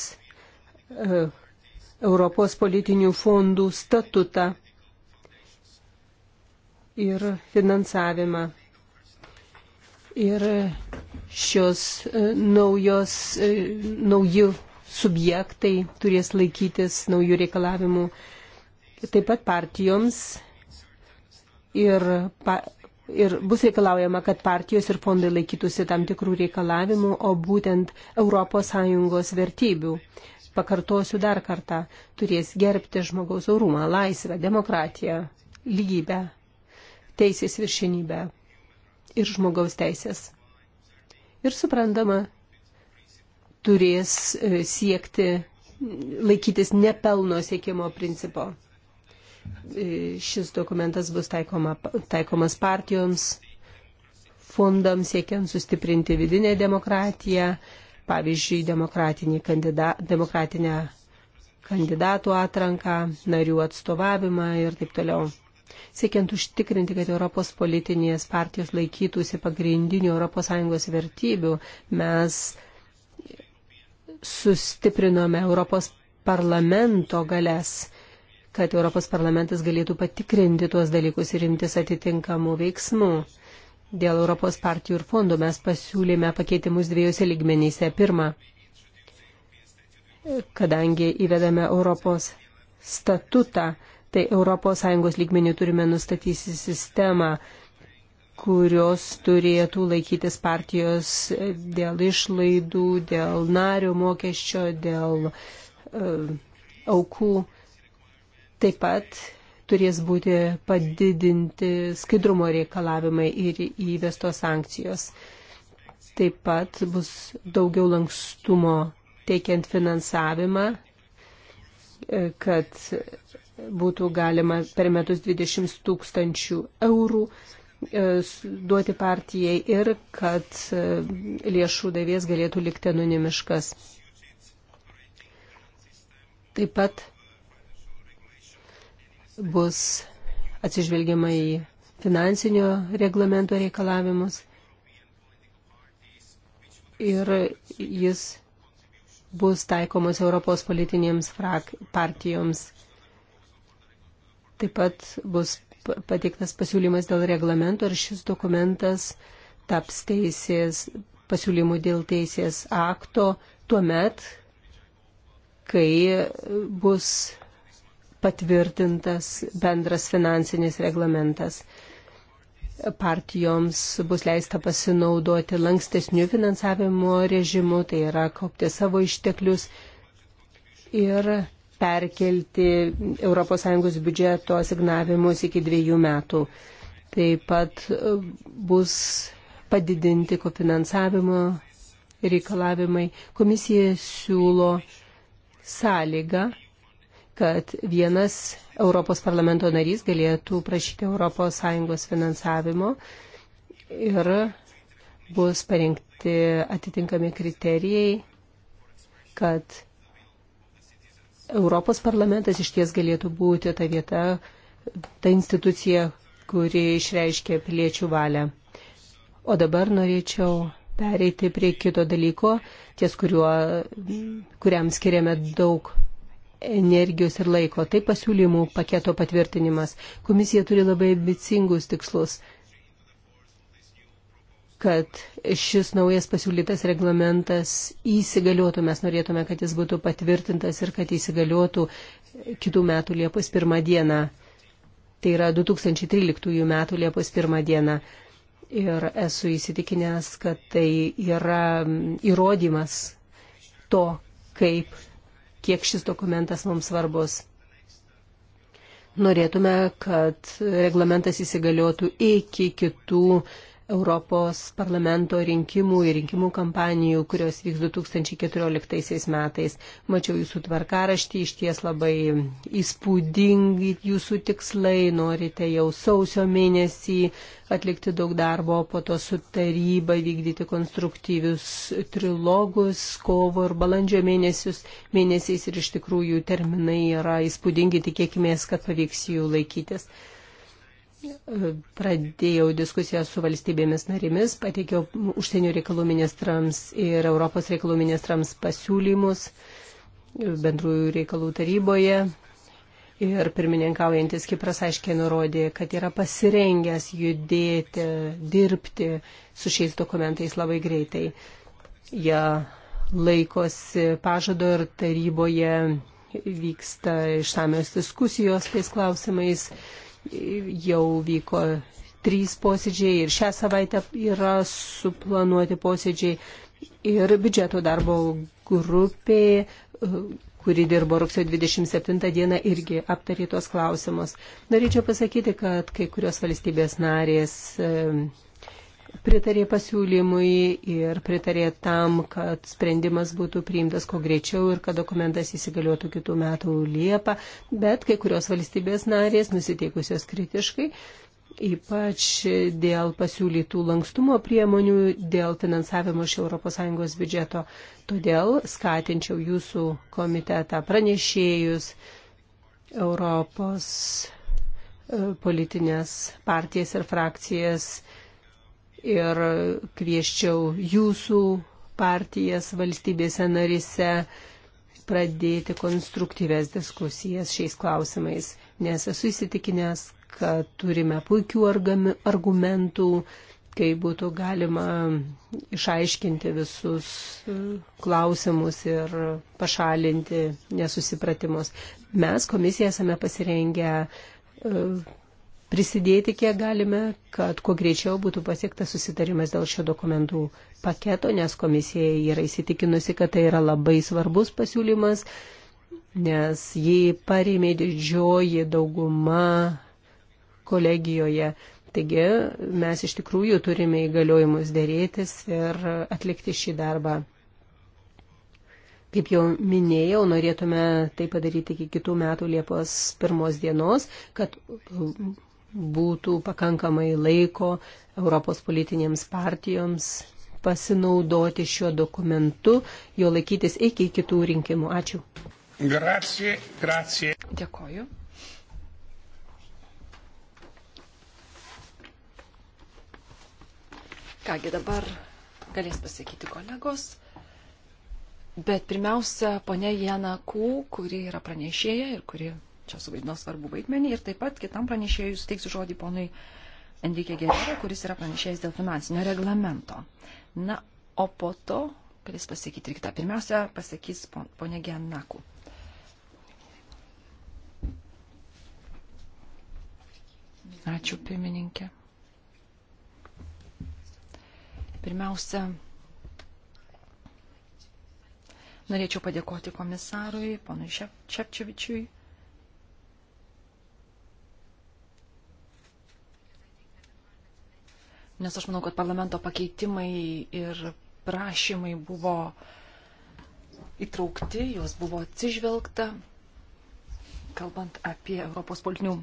e, Europos politinių fondų statutą ir finansavimą. Ir šios e, naujos, e, nauji subjektai turės laikytis naujų reikalavimų. Taip pat partijoms ir, pa, ir bus reikalaujama, kad partijos ir fondai laikytųsi tam tikrų reikalavimų, o būtent ES vertybių pakartosiu dar kartą, turės gerbti žmogaus orumą, laisvę, demokratiją, lygybę, teisės viršinybę ir žmogaus teisės. Ir suprantama, turės e, siekti, laikytis nepelno siekimo principo. E, šis dokumentas bus taikoma, taikomas partijoms, fondams siekiant sustiprinti vidinę demokratiją, pavyzdžiui, kandida, demokratinę kandidatų atranką, narių atstovavimą ir taip toliau. Siekiant užtikrinti, kad Europos politinės partijos laikytųsi pagrindinių ES vertybių, mes sustiprinome Europos parlamento galės, kad Europos parlamentas galėtų patikrinti tuos dalykus ir imtis atitinkamų veiksmų. Dėl Europos partijų ir fondų mes pasiūlėme pakeitimus dviejose lygmenyse. Pirma, kadangi įvedame Europos statutą, tai ES lygmenį turime nustatyti sistemą, kurios turėtų laikytis partijos dėl išlaidų, dėl nario mokesčio, dėl uh, aukų. Taip pat turės būti padidinti skaidrumo reikalavimai ir įvestos sankcijos. Taip pat bus daugiau lankstumo teikiant finansavimą, e, kad būtų galima per metus 20 tūkstančių eurų e, duoti partijai ir kad e, lėšų davės galėtų likti anonimiškas. Taip pat bus atsižvelgiama į finansinio reglamento reikalavimus ir jis bus taikomas Europos politinėms frak, partijoms. Taip pat bus pateiktas pasiūlymas dėl reglamento ir šis dokumentas taps teisės pasiūlymų dėl teisės akto tuo met, kai bus patvirtintas bendras finansinis reglamentas. Partijoms bus leista pasinaudoti lankstesnių finansavimo režimų, tai yra kopti savo išteklius ir perkelti ES biudžeto asignavimus iki dviejų metų. Taip pat e, bus padidinti kofinansavimo reikalavimai. Komisija siūlo sąlygą, kad vienas Europos parlamento narys galėtų prašyti ES finansavimo ir bus parengti atitinkami kriterijai, kad Europos parlamentas iš ties galėtų būti ta vieta, ta institucija, kuri išreiškia piliečių valią. O dabar norėčiau pereiti prie kito dalyko, ties kuriuo, kuriam skiriame daug energijos ir laiko. Tai pasiūlymų paketo patvirtinimas. Komisija turi labai ambicingus tikslus kad šis naujas pasiūlytas reglamentas įsigaliotų. Mes norėtume, kad jis būtų patvirtintas ir kad įsigaliotų kitų metų Liepos pirmą dieną. Tai yra 2013 metų Liepos pirmą dieną. Ir esu įsitikinęs, kad tai yra mm, įrodymas to, kaip kiek šis dokumentas mums svarbus. Norėtume, kad reglamentas įsigaliotų iki kitų Europos parlamento rinkimų ir rinkimų kampanijų, kurios vyks 2014 metais. Mačiau jūsų tvarkaraštį, iš ties labai įspūdingi jūsų tikslai, norite jau sausio mėnesį atlikti daug darbo, po to su taryba vykdyti konstruktyvius trilogus, kovo ir balandžio mėnesius, mėnesiais ir iš tikrųjų terminai yra įspūdingi, tikėkime, kad pavyks jų laikytis pradėjau diskusiją su valstybėmis narimis, pateikiau užsienio reikalų ministrams ir Europos reikalų ministrams pasiūlymus bendrųjų reikalų taryboje. Ir pirmininkaujantis Kipras aiškiai nurodė, kad yra pasirengęs judėti, dirbti su šiais dokumentais labai greitai. Jie laikosi pažado ir taryboje vyksta išsamios diskusijos tais klausimais jau vyko trys posėdžiai ir šią savaitę yra suplanuoti posėdžiai. Ir biudžeto darbo grupė, kuri dirbo rugsėjo 27 dieną, irgi aptarė tuos klausimus. Norėčiau pasakyti, kad kai kurios valstybės narės pritarė pasiūlymui ir pritarė tam, kad sprendimas būtų priimtas kuo greičiau ir kad dokumentas įsigaliotų kitų metų Liepą, bet kai kurios valstybės narės nusiteikusios kritiškai, ypač dėl pasiūlytų lankstumo priemonių, dėl finansavimo iš ES biudžeto. Todėl skatinčiau jūsų komitetą pranešėjus Europos e, politinės partijas ir frakcijas ir kvieščiau jūsų partijas valstybėse narise pradėti konstruktyves diskusijas šiais klausimais, nes esu įsitikinęs, kad turime puikių argumentų, kai būtų galima išaiškinti visus e, klausimus ir pašalinti nesusipratimus. Mes komisija esame pasirengę e, prisidėti, kiek galime, kad kuo greičiau būtų pasiektas susitarimas dėl šio dokumentų paketo, nes komisija yra įsitikinusi, kad tai yra labai svarbus pasiūlymas, nes jį parėmė didžioji dauguma kolegijoje. Taigi mes iš tikrųjų turime įgaliojimus dėrėtis ir atlikti šį darbą. Kaip jau minėjau, norėtume tai padaryti iki kitų metų Liepos pirmos dienos, kad būtų pakankamai laiko Europos politinėms partijoms pasinaudoti šiuo dokumentu, jo laikytis iki kitų rinkimų. Ačiū. Grazie, grazie. Dėkoju. Kągi dabar galės pasakyti kolegos. Bet pirmiausia, ponia Jana Kū, kuri yra pranešėja ir kuri čia suvaidino svarbu vaidmenį. Ir taip pat kitam pranešėjui suteiksiu žodį ponui Enrique Gerero, kuris yra pranešėjęs dėl finansinio reglamento. Na, o po to galės pasakyti ir kitą. Pirmiausia, pasakys ponė Gennaku. Ačiū, pirmininkė. Pirmiausia, norėčiau padėkoti komisarui, ponui Šepčevičiui. nes aš manau, kad parlamento pakeitimai ir prašymai buvo įtraukti, juos buvo atsižvelgta, kalbant apie Europos politinių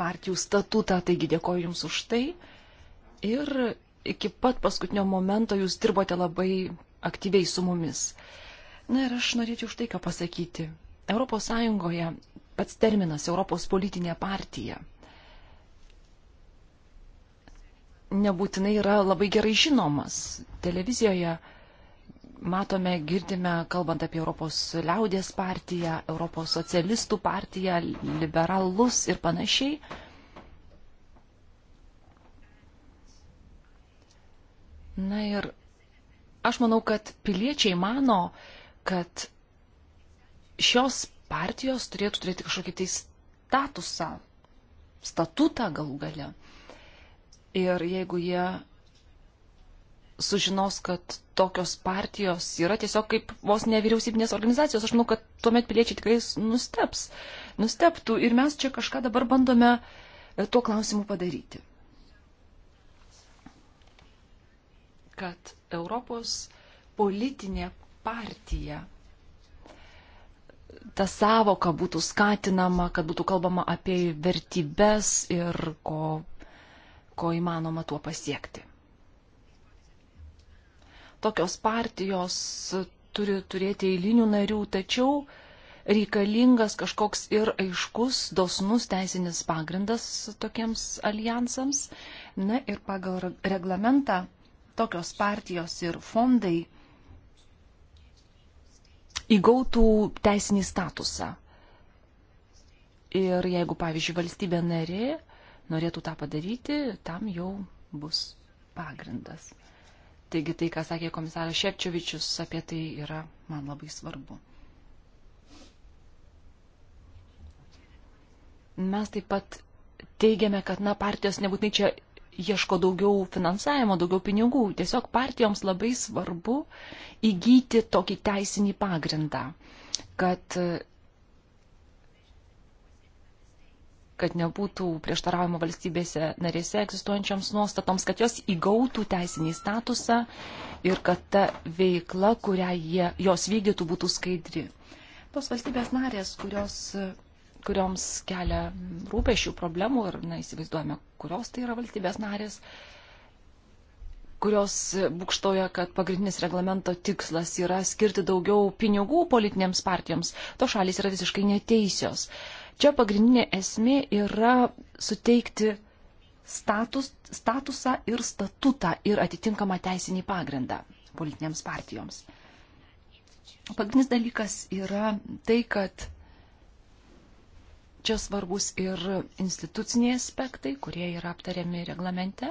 partijų statutą, taigi dėkoju Jums už tai. Ir iki pat paskutinio momento Jūs dirbote labai aktyviai su mumis. Na ir aš norėčiau už tai ką pasakyti. Europos Sąjungoje pats terminas Europos politinė partija – nebūtinai yra labai gerai žinomas. Televizijoje matome, girdime, kalbant apie Europos liaudės partiją, Europos socialistų partiją, liberalus ir panašiai. Na ir aš manau, kad piliečiai mano, kad šios partijos turėtų turėti kažkokį tai statusą, statutą galų gale. Ir jeigu jie sužinos, kad tokios partijos yra tiesiog kaip vos nevyriausybinės organizacijos, aš manau, kad tuomet piliečiai tikrai nusteps, nusteptų ir mes čia kažką dabar bandome e, tuo klausimu padaryti. Kad Europos politinė partija, ta savoka būtų skatinama, kad būtų kalbama apie vertybės ir ko ko įmanoma tuo pasiekti. Tokios partijos turi turėti eilinių narių, tačiau reikalingas kažkoks ir aiškus, dosnus teisinis pagrindas tokiems alijansams. Na ir pagal reglamentą tokios partijos ir fondai įgautų teisinį statusą. Ir jeigu, pavyzdžiui, valstybė narė norėtų tą padaryti, tam jau bus pagrindas. Taigi tai, ką sakė komisaras Šepčiovičius, apie tai yra man labai svarbu. Mes taip pat teigiame, kad, na, partijos nebūtinai čia ieško daugiau finansavimo, daugiau pinigų. Tiesiog partijoms labai svarbu įgyti tokį teisinį pagrindą, kad kad nebūtų prieštaravimo valstybėse narėse egzistuojančioms nuostatoms, kad jos įgautų teisinį statusą ir kad ta veikla, kurią jie, jos vykdytų, būtų skaidri. Tos valstybės narės, kurios, kurioms kelia rūpešių problemų ir na, įsivaizduojame, kurios tai yra valstybės narės, kurios būkštoja, kad pagrindinis reglamento tikslas yra skirti daugiau pinigų politinėms partijoms, to šalis yra visiškai neteisios. Čia pagrindinė esmė yra suteikti status, statusą ir statutą ir atitinkamą teisinį pagrindą politinėms partijoms. Pagrindinis dalykas yra tai, kad čia svarbus ir instituciniai aspektai, kurie yra aptariami reglamente.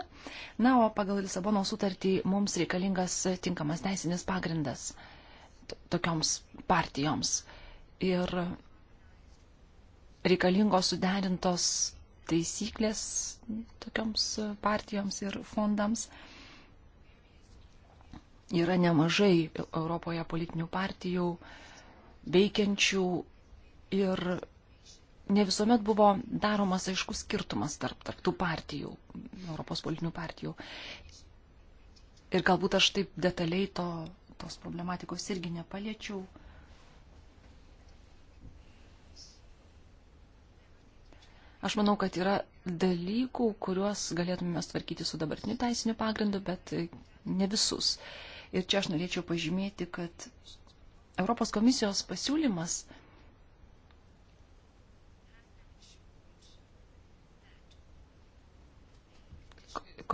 Na, o pagal Lisabono sutartį mums reikalingas tinkamas teisinis pagrindas tokioms partijoms. Ir reikalingos suderintos taisyklės tokioms partijoms ir fondams. Yra nemažai Europoje politinių partijų veikiančių ir ne visuomet buvo daromas aiškus skirtumas tarp, tarp tų partijų, Europos politinių partijų. Ir galbūt aš taip detaliai to, tos problematikos irgi nepaliečiau. Uh, Aš manau, kad yra dalykų, kuriuos galėtume mes tvarkyti su dabartiniu teisiniu pagrindu, bet ne visus. Ir čia aš norėčiau pažymėti, kad Europos komisijos pasiūlymas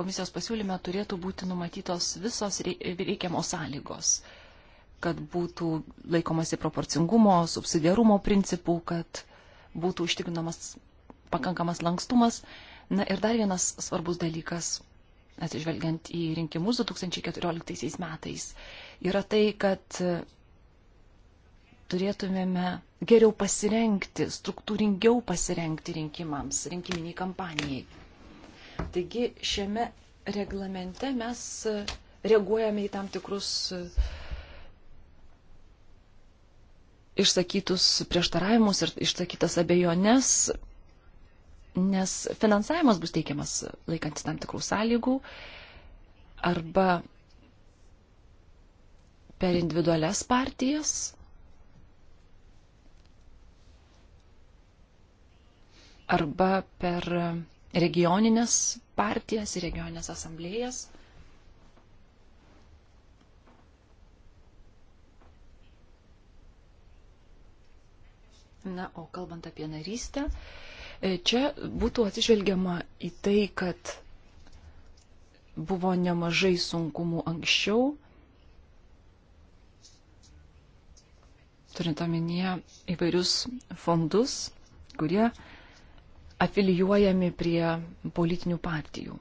komisijos pasiūlyme turėtų būti numatytos visos reikiamos sąlygos, kad būtų laikomasi proporcingumo, subsidiarumo principų, kad būtų užtikrinamas pakankamas lankstumas. Na ir dar vienas svarbus dalykas, atsižvelgiant į rinkimus 2014 metais, yra tai, kad e, turėtumėme geriau pasirenkti, struktūringiau pasirenkti rinkimams, rinkiminiai kampanijai. Taigi šiame reglamente mes e, reaguojame į tam tikrus e, išsakytus prieštaravimus ir išsakytas abejones, nes finansavimas bus teikiamas laikantis tam tikrų sąlygų arba per individualias partijas. Arba per regioninės partijas ir regioninės asamblėjas. Na, o kalbant apie narystę, uh, E, čia būtų atsižvelgiama į tai, kad buvo nemažai sunkumų anksčiau, turint omenyje įvairius fondus, kurie afilijuojami prie politinių partijų.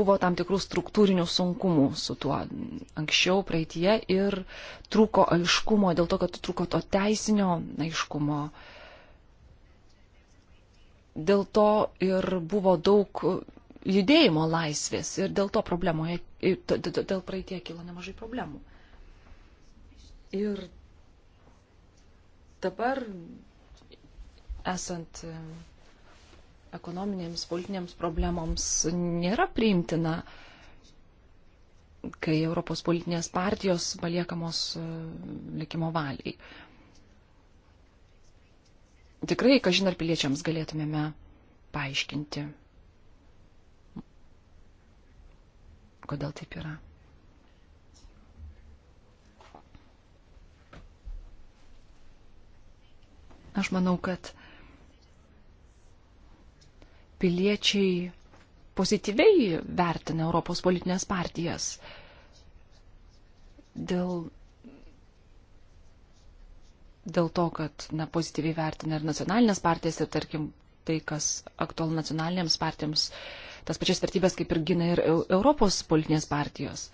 Buvo tam tikrų struktūrinių sunkumų su tuo anksčiau, praeitie ir trūko aiškumo dėl to, kad trūko to teisinio aiškumo, uh, dėl to ir buvo daug judėjimo laisvės ir dėl to problemoje, dėl praeitie kilo nemažai problemų. Ir dabar, esant e, ekonominėms, politinėms problemoms, nėra priimtina, kai Europos politinės partijos paliekamos e, likimo valiai tikrai, kažin ar piliečiams galėtumėme paaiškinti, kodėl taip yra. Aš manau, kad piliečiai pozityviai vertina Europos politinės partijas dėl dėl to, kad na, pozityviai vertina ir nacionalinės partijas, ir tarkim tai, kas aktualu nacionalinėms partijoms, tas pačias vertybės kaip ir gina ir Europos politinės partijos.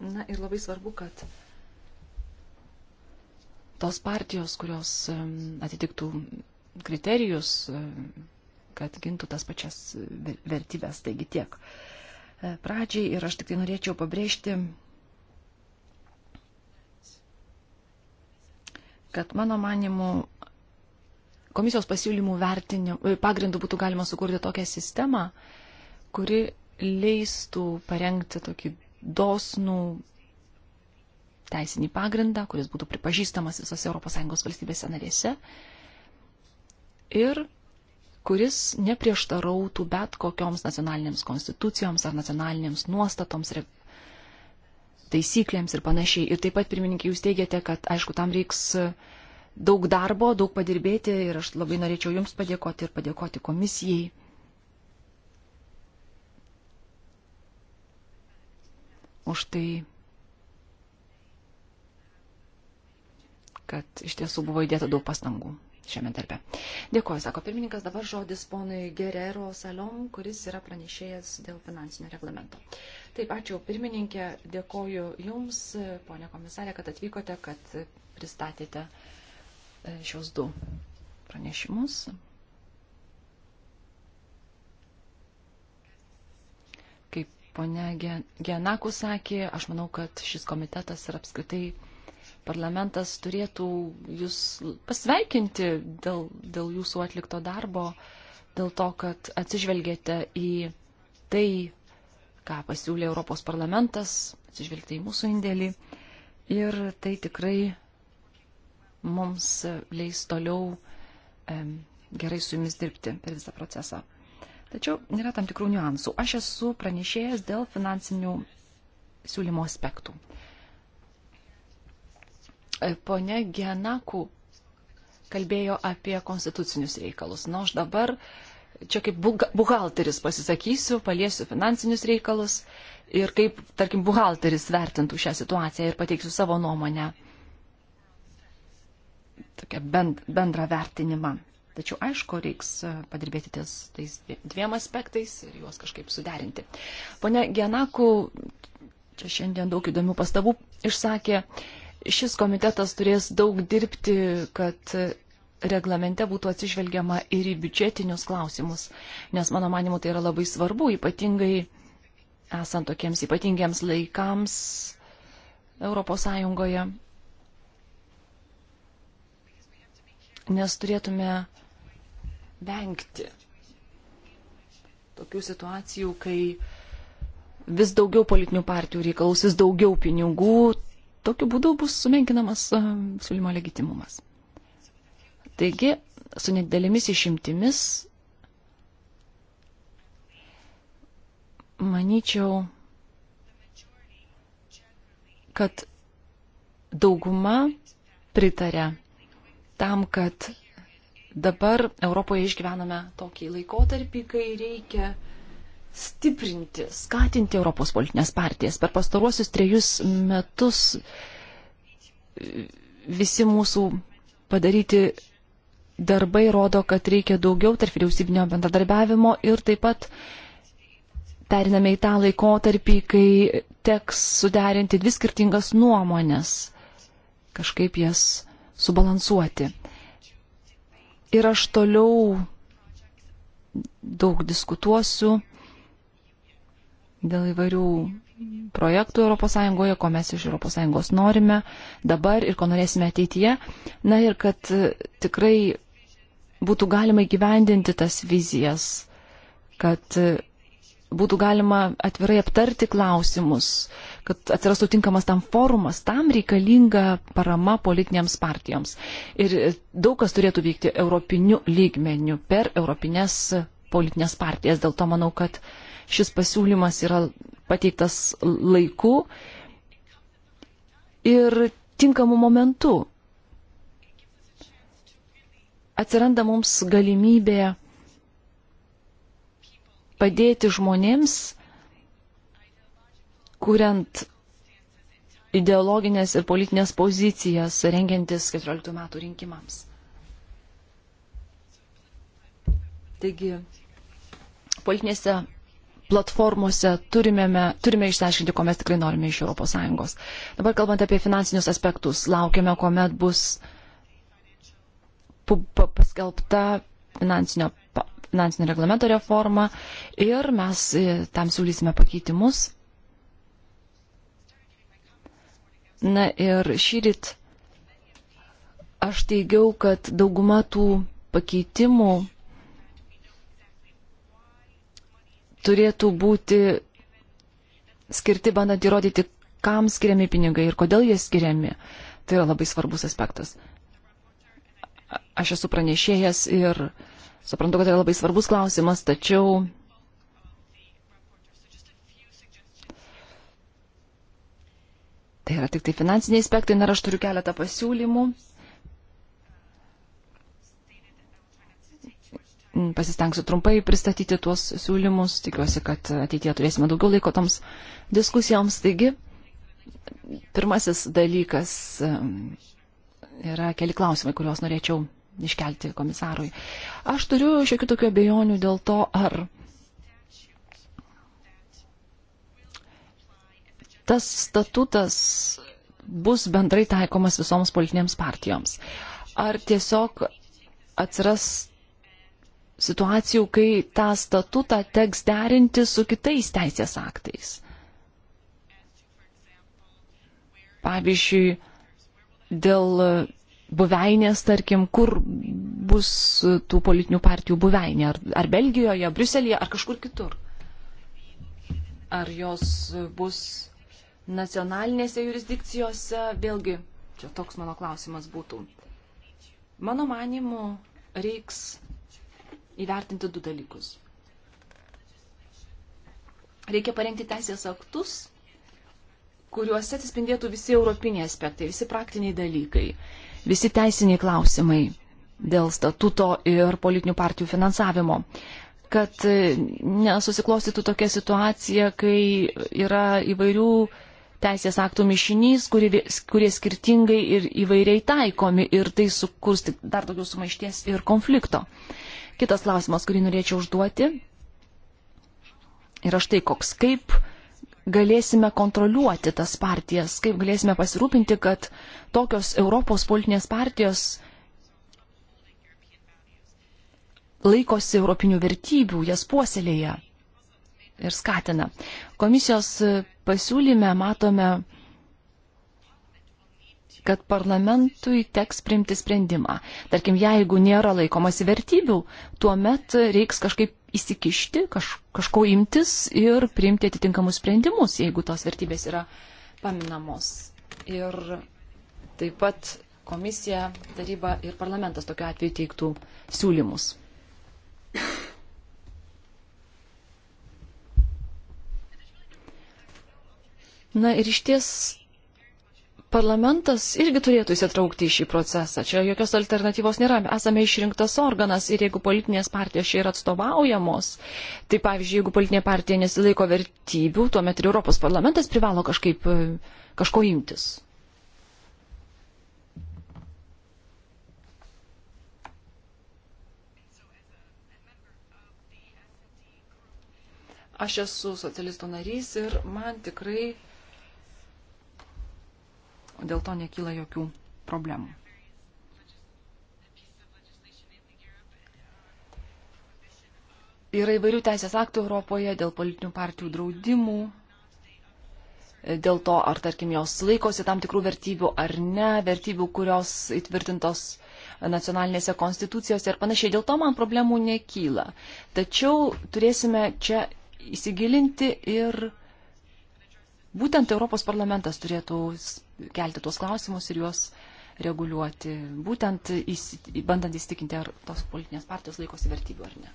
Na ir labai svarbu, kad tos partijos, kurios atitiktų kriterijus, kad gintų tas pačias vertybės, taigi tiek. E, pradžiai ir aš tik tai norėčiau pabrėžti kad mano manimu komisijos pasiūlymų e, pagrindų būtų galima sukurti tokią sistemą, kuri leistų parengti tokį dosnų teisinį pagrindą, kuris būtų pripažįstamas visose ES valstybėse narėse ir kuris neprieštarautų bet kokioms nacionalinėms konstitucijoms ar nacionalinėms nuostatoms taisyklėms ir panašiai. Ir taip pat, pirmininkai, jūs teigiate, kad, aišku, tam reiks e, daug darbo, daug padirbėti ir aš labai norėčiau Jums padėkoti ir padėkoti komisijai. Už tai, kad iš tiesų buvo įdėta daug pastangų šiame darbe. Dėkuoju, sako pirmininkas, dabar žodis ponui Gerero Salom, kuris yra pranešėjas dėl finansinio reglamento. Taip, ačiū pirmininkė, dėkuoju Jums, ponė komisarė, kad atvykote, kad pristatėte e, šios du pranešimus. Kaip ponia Genaku sakė, aš manau, kad šis komitetas ir apskritai parlamentas turėtų jūs pasveikinti dėl, dėl jūsų atlikto darbo, dėl to, kad atsižvelgėte į tai, ką pasiūlė Europos parlamentas, atsižvelgti į mūsų indėlį. Ir tai tikrai mums leis toliau gerai su jumis dirbti per visą procesą. Tačiau yra tam tikrų niuansų. Aš esu pranešėjęs dėl finansinių siūlymo aspektų. E, Pone Genaku kalbėjo apie konstitucinius reikalus. Na, aš dabar čia kaip buhalteris pasisakysiu, paliesiu finansinius reikalus ir kaip, tarkim, buhalteris vertintų šią situaciją ir pateiksiu savo nuomonę. Tokia bend, bendra vertinimą. Tačiau, aišku, reiks e, padirbėti ties tais dviem aspektais ir juos kažkaip suderinti. Pone Genaku, čia šiandien daug įdomių pastabų išsakė. Uh, šis komitetas turės daug dirbti, kad reglamente būtų atsižvelgiama ir į biudžetinius klausimus, nes mano manimu tai yra labai svarbu, ypatingai esant tokiems ypatingiems laikams Europos Sąjungoje, nes turėtume vengti tokių situacijų, kai vis daugiau politinių partijų reikalausis daugiau pinigų, Tokiu būdu bus sumenkinamas siūlymo legitimumas. Taigi, su nedidelėmis išimtimis, manyčiau, kad dauguma pritarė tam, kad dabar Europoje išgyvename tokį laikotarpį, kai reikia uh, stiprinti, skatinti Europos politinės partijas. Per pastaruosius trejus metus visi mūsų padaryti darbai rodo, kad reikia daugiau tarp vyriausybinio bendradarbiavimo ir taip pat periname į tą laikotarpį, kai teks suderinti dvi skirtingas nuomonės, kažkaip jas subalansuoti. Ir aš toliau daug diskutuosiu dėl įvairių projektų ES, ko mes iš ES norime dabar ir ko norėsime ateityje. Na ir kad e, tikrai būtų galima įgyvendinti tas vizijas, kad e, būtų galima atvirai aptarti klausimus, kad atsirastų tinkamas tam forumas, tam reikalinga parama politinėms partijoms. Ir e, daug kas turėtų vykti europiniu lygmeniu per europinės politinės partijas. Dėl to manau, kad uh, šis pasiūlymas yra pateiktas laiku ir tinkamu momentu. Atsiranda mums galimybė padėti žmonėms, kuriant ideologinės ir politinės pozicijas, rengiantis 14 metų rinkimams. Taigi, politinėse platformose turime, turime išsiaiškinti, ko mes tikrai norime iš ES. Dabar kalbant apie finansinius aspektus, laukiame, kuomet bus paskelbta finansinio, finansinio reglamento reforma ir mes e, tam siūlysime pakeitimus. Na ir šį rytą aš teigiau, kad dauguma tų pakeitimų turėtų būti skirti bandant įrodyti, kam skiriami pinigai ir kodėl jie skiriami. Tai yra labai svarbus aspektas. Aš esu pranešėjas ir suprantu, kad tai yra labai svarbus klausimas, tačiau tai yra tik tai finansiniai aspektai, ir aš turiu keletą pasiūlymų. Mm, pasistengsiu trumpai pristatyti tuos siūlymus. Tikiuosi, kad ateityje turėsime daugiau laiko toms diskusijoms. Taigi, pirmasis dalykas mm, yra keli klausimai, kuriuos norėčiau iškelti komisarui. Aš turiu šiokių tokių abejonių dėl to, ar tas statutas bus bendrai taikomas visoms politinėms partijoms. Ar tiesiog atsiras situacijų, kai tą statutą teks derinti su kitais teisės aktais. Pavyzdžiui, dėl buveinės, tarkim, kur bus tų politinių partijų buveinė, ar, ar Belgijoje, Bruselėje, ar kažkur kitur. Ar jos bus nacionalinėse jurisdikcijose, vėlgi, čia toks mano klausimas būtų. Mano manimu, reiks įvertinti du dalykus. Reikia parengti teisės aktus, kuriuose atsispindėtų visi europiniai aspektai, visi praktiniai dalykai, visi teisiniai klausimai dėl statuto ir politinių partijų finansavimo kad e, nesusiklostytų tokia situacija, kai yra įvairių teisės aktų mišinys, kurie, kurie skirtingai ir įvairiai taikomi ir tai sukursti dar daugiau sumaišties ir konflikto. Uh, Kitas klausimas, kurį norėčiau užduoti, yra štai koks. Kaip galėsime kontroliuoti tas partijas, kaip galėsime pasirūpinti, kad tokios Europos politinės partijos laikosi europinių vertybių, jas puoselėja ir skatina. Komisijos pasiūlyme matome kad parlamentui teks priimti sprendimą. Tarkim, jeigu nėra laikomasi vertybių, tuomet reiks kažkaip įsikišti, kaž, kažko imtis ir priimti atitinkamus sprendimus, jeigu tos vertybės yra paminamos. Ir taip pat komisija, taryba ir parlamentas tokiu atveju teiktų siūlymus. Na ir iš ties parlamentas irgi turėtų įsitraukti į šį procesą. Čia jokios alternatyvos nėra. Esame išrinktas organas ir jeigu politinės partijos čia yra atstovaujamos, tai pavyzdžiui, jeigu politinė partija nesilaiko vertybių, tuomet ir Europos parlamentas privalo kažkaip e, kažko imtis. Aš esu socialisto narys ir man tikrai dėl to nekyla jokių problemų. Yra įvairių teisės aktų Europoje dėl politinių partijų draudimų, dėl to, ar tarkim jos laikosi tam tikrų vertybių ar ne, vertybių, kurios įtvirtintos nacionalinėse konstitucijose ir panašiai. Dėl to man problemų nekyla. Tačiau turėsime čia įsigilinti ir būtent Europos parlamentas turėtų kelti tuos klausimus ir juos reguliuoti, būtent įsit, bandant įstikinti, ar tos politinės partijos laikosi vertybių ar ne.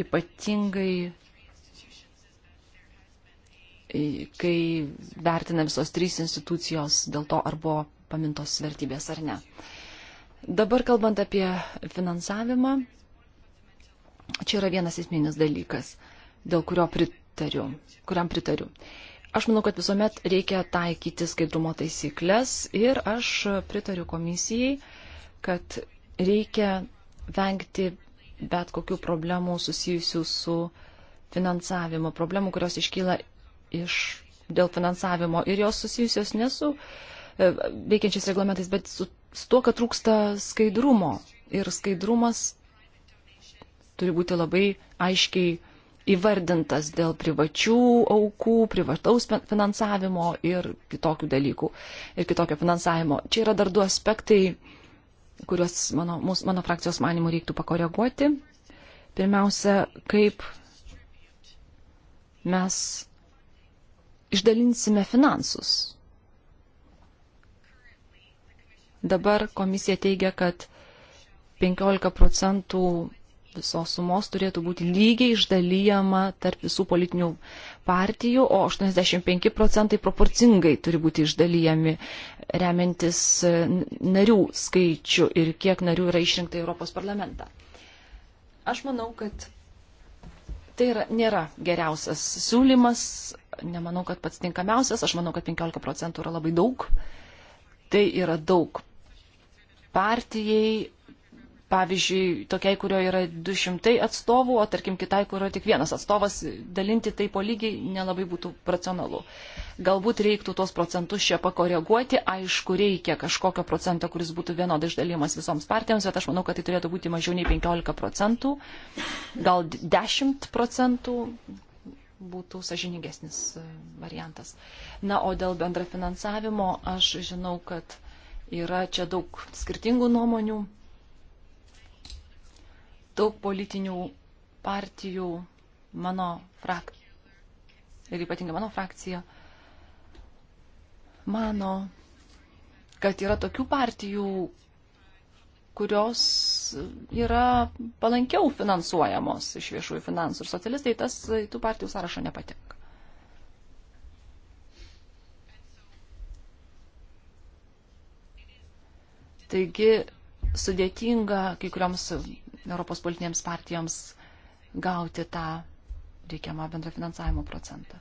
Ypatingai, kai vertina visos trys institucijos dėl to, ar buvo pamintos vertybės ar ne. Dabar kalbant apie finansavimą, čia yra vienas esminis dalykas – dėl kurio pritariu, kuriam pritariu. Aš manau, kad visuomet reikia taikyti skaidrumo taisyklės ir aš pritariu komisijai, kad reikia vengti bet kokių problemų susijusių su finansavimo, problemų, kurios iškyla iš, dėl finansavimo ir jos susijusios ne su e, veikiančiais reglamentais, bet su, su tuo, kad trūksta skaidrumo. Ir skaidrumas turi būti labai aiškiai įvardintas dėl privačių aukų, privataus finansavimo ir kitokių dalykų ir kitokio finansavimo. Čia yra dar du aspektai, kuriuos mano, mūs, mano frakcijos manimų reiktų pakoreguoti. Pirmiausia, kaip mes išdalinsime finansus. Dabar komisija teigia, kad 15 procentų visos sumos turėtų būti lygiai išdalyjama tarp visų politinių partijų, o 85 procentai proporcingai turi būti išdalyjami remiantis e, narių skaičių ir kiek narių yra išrinkta Europos parlamentą. Aš manau, kad tai yra, nėra geriausias siūlymas, nemanau, kad pats tinkamiausias, aš manau, kad 15 procentų yra labai daug. Tai yra daug partijai, pavyzdžiui, tokiai, kurioje yra 200 atstovų, o tarkim kitai, kurioje tik vienas atstovas, dalinti tai po lygiai nelabai būtų racionalu. Galbūt reiktų tuos procentus čia pakoreguoti, aišku, reikia kažkokio procento, kuris būtų vienodai išdalymas visoms partijoms, bet aš manau, kad tai turėtų būti mažiau nei 15 procentų, gal 10 procentų būtų sažiningesnis e, variantas. Na, o dėl bendrafinansavimo aš žinau, kad yra čia daug skirtingų nuomonių daug politinių partijų mano frak ir ypatingai mano frakcija mano, kad yra tokių partijų, kurios yra palankiau finansuojamos iš viešųjų finansų ir socialistai tas tų partijų sąrašo nepatinka. Taigi sudėtinga kai kurioms Europos politinėms partijoms gauti tą reikiamą bendrafinansavimo procentą.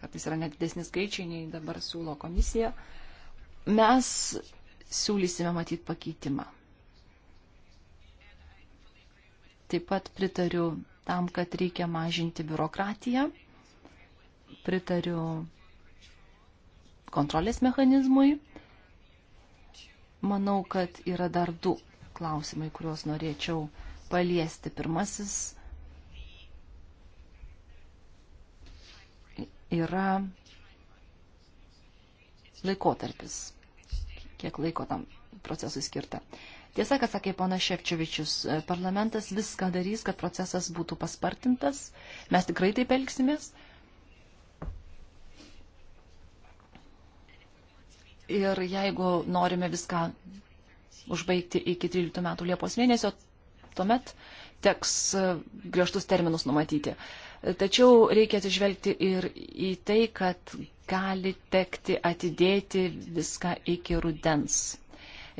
Kartais yra net didesnis skaičiai, nei dabar siūlo komisija. Mes siūlysime matyti pakeitimą. Taip pat pritariu tam, kad reikia mažinti biurokratiją. Pritariu kontrolės mechanizmui. Manau, kad yra dar du klausimai, kuriuos norėčiau paliesti. Pirmasis yra laikotarpis, kiek laiko tam procesui skirta. Tiesa, kad sakė pana Šepčiovičius, parlamentas viską darys, kad procesas būtų paspartintas. Mes tikrai taip elgsimės. Ir jeigu norime viską užbaigti iki 13 metų Liepos mėnesio, tuomet teks e, griežtus terminus numatyti. Tačiau reikia atsižvelgti ir į tai, kad gali tekti atidėti viską iki rudens.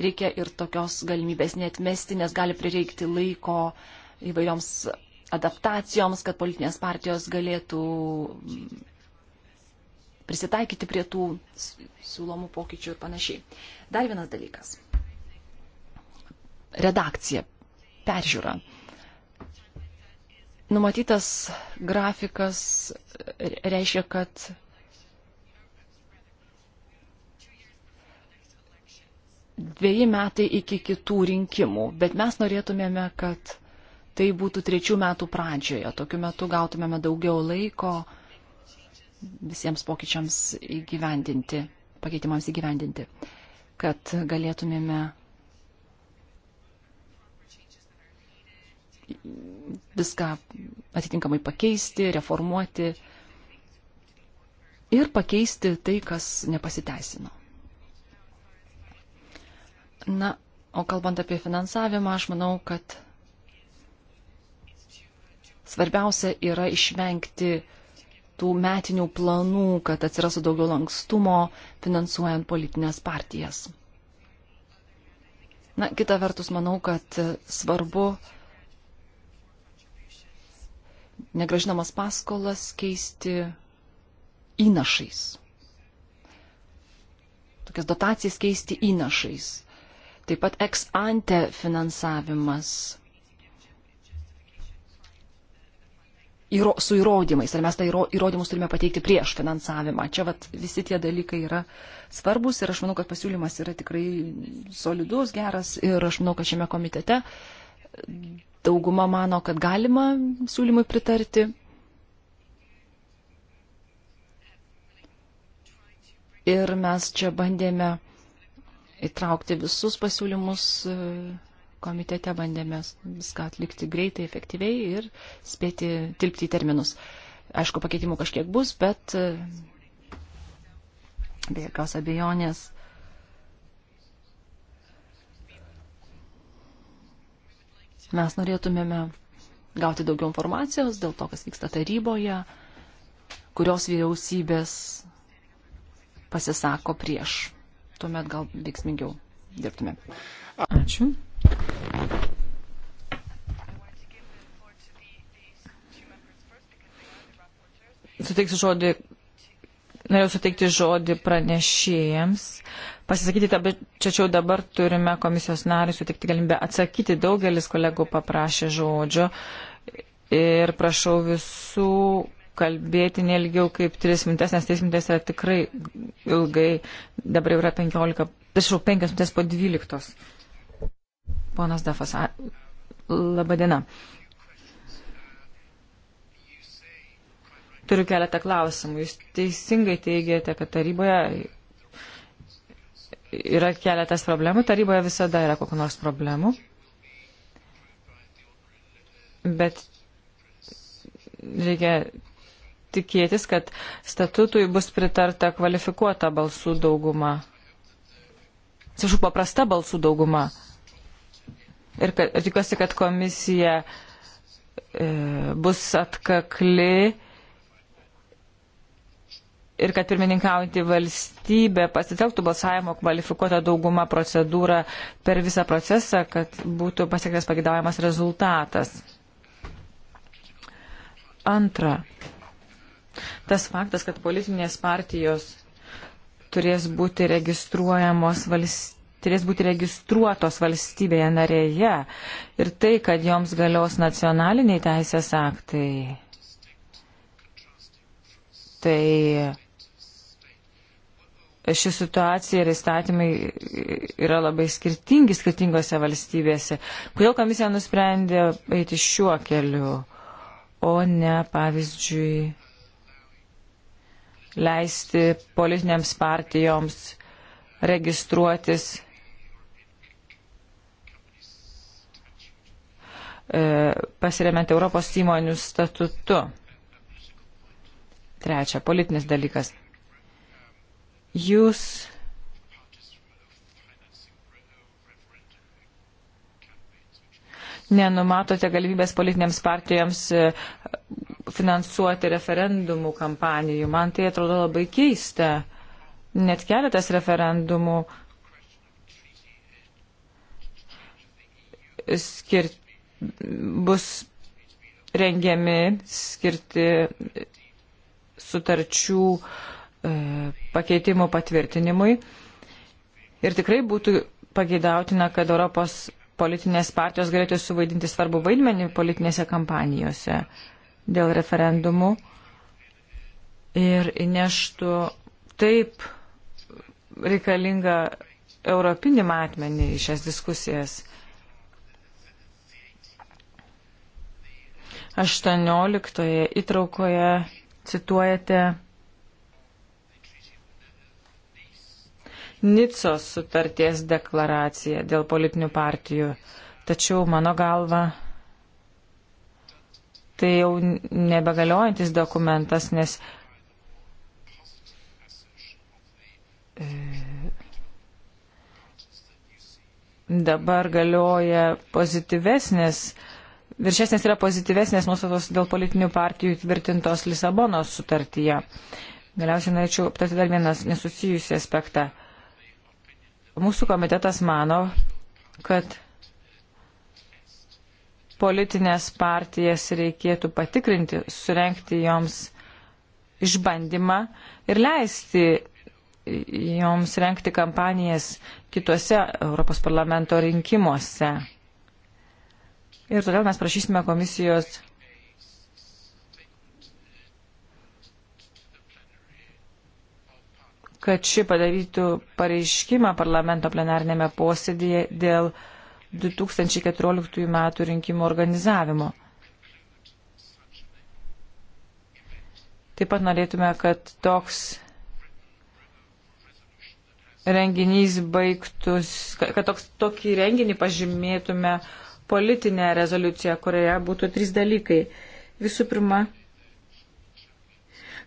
Reikia ir tokios galimybės netmesti, nes gali prireikti laiko įvairioms adaptacijoms, kad politinės partijos galėtų prisitaikyti prie tų siūlomų pokyčių ir panašiai. Dar vienas dalykas. Redakcija, peržiūra. Numatytas grafikas reiškia, kad dviejai metai iki kitų rinkimų, bet mes norėtumėme, kad tai būtų trečių metų pradžioje. Tokiu metu gautumėme daugiau laiko visiems pokyčiams įgyvendinti, pakeitimams įgyvendinti, kad galėtumėme viską atitinkamai pakeisti, reformuoti ir pakeisti tai, kas nepasiteisino. Na, o kalbant apie finansavimą, aš manau, kad svarbiausia yra išvengti tų metinių planų, kad atsirastų daugiau lankstumo finansuojant politinės partijas. Na, kita vertus, manau, kad svarbu negražinamas paskolas keisti įnašais. Tokias dotacijas keisti įnašais. Taip pat ex ante finansavimas įro, su įrodymais, ar mes tą įro, įrodymus turime pateikti prieš finansavimą. Čia vat, visi tie dalykai yra svarbus ir aš manau, kad pasiūlymas yra tikrai solidus, geras ir aš manau, kad šiame komitete dauguma mano, kad galima siūlymui pritarti. Ir mes čia bandėme įtraukti visus pasiūlymus komitete bandėme viską atlikti greitai, efektyviai ir spėti tilpti į terminus. Aišku, pakeitimų kažkiek bus, bet e, be jokios abejonės. Mes norėtumėme gauti daugiau informacijos dėl to, kas vyksta taryboje, kurios vyriausybės pasisako prieš. Tuomet gal veiksmingiau dirbtume. Ačiū. Suteiksiu žodį, norėjau suteikti žodį pranešėjams, pasisakyti, bet tačiau dabar turime komisijos nariui suteikti galimybę atsakyti. Daugelis kolegų paprašė žodžio ir prašau visų kalbėti nelgiau kaip 3 minutės, nes 3 minutės yra tikrai ilgai, dabar jau yra 15, tačiau 5 minutės po 12. Ponas Dafas, labadiena. Turiu keletą klausimų. Jūs teisingai teigiate, kad taryboje yra keletas problemų, taryboje visada yra kokiu nors problemų. Bet reikia tikėtis, kad statutui bus pritarta kvalifikuota balsų dauguma. Atsiprašau, paprasta balsų dauguma ir kad, tikiuosi, kad komisija e, bus atkakli ir kad pirmininkaujantį valstybę pasitelktų balsavimo kvalifikuotą daugumą procedūrą per visą procesą, kad būtų pasiektas pagidaujamas rezultatas. Antra. Tas faktas, kad politinės partijos turės būti registruojamos valstybės turės būti registruotos valstybėje narėje ir tai, kad joms galios nacionaliniai teisės aktai, tai ši situacija ir įstatymai yra labai skirtingi skirtingose valstybėse. Kodėl komisija nusprendė eiti šiuo keliu, o ne, pavyzdžiui, leisti politinėms partijoms registruotis E, pasiremiant Europos įmonių statutu. Trečia, politinis dalykas. Jūs nenumatote galimybės politinėms partijoms e, finansuoti referendumų kampanijų. Man tai atrodo labai keista. Net keletas referendumų skirti bus rengiami skirti sutarčių e, pakeitimų patvirtinimui. Ir tikrai būtų pageidautina, kad Europos politinės partijos galėtų suvaidinti svarbu vaidmenį politinėse kampanijose dėl referendumų ir įneštų taip reikalingą europinį matmenį į šias diskusijas. 18 įtraukoje cituojate Nicos sutarties deklaraciją dėl politinių partijų. Tačiau mano galva tai jau nebegaliojantis dokumentas, nes e, dabar galioja pozityvesnės viršesnės yra pozityvesnės nuostatos dėl politinių partijų tvirtintos Lisabonos sutartyje. Galiausiai norėčiau aptarti dar vieną nesusijusį aspektą. Mūsų komitetas mano, kad politinės partijas reikėtų patikrinti, surenkti joms išbandymą ir leisti joms renkti kampanijas kitose Europos parlamento rinkimuose. Ir todėl mes prašysime komisijos kad ši padarytų pareiškimą parlamento plenarnėme posėdėje dėl 2014 metų rinkimų organizavimo. Taip pat norėtume, kad toks renginys baigtus, kad toks, tokį renginį pažymėtume uh, politinę rezoliuciją, kurioje būtų trys dalykai. Visų pirma,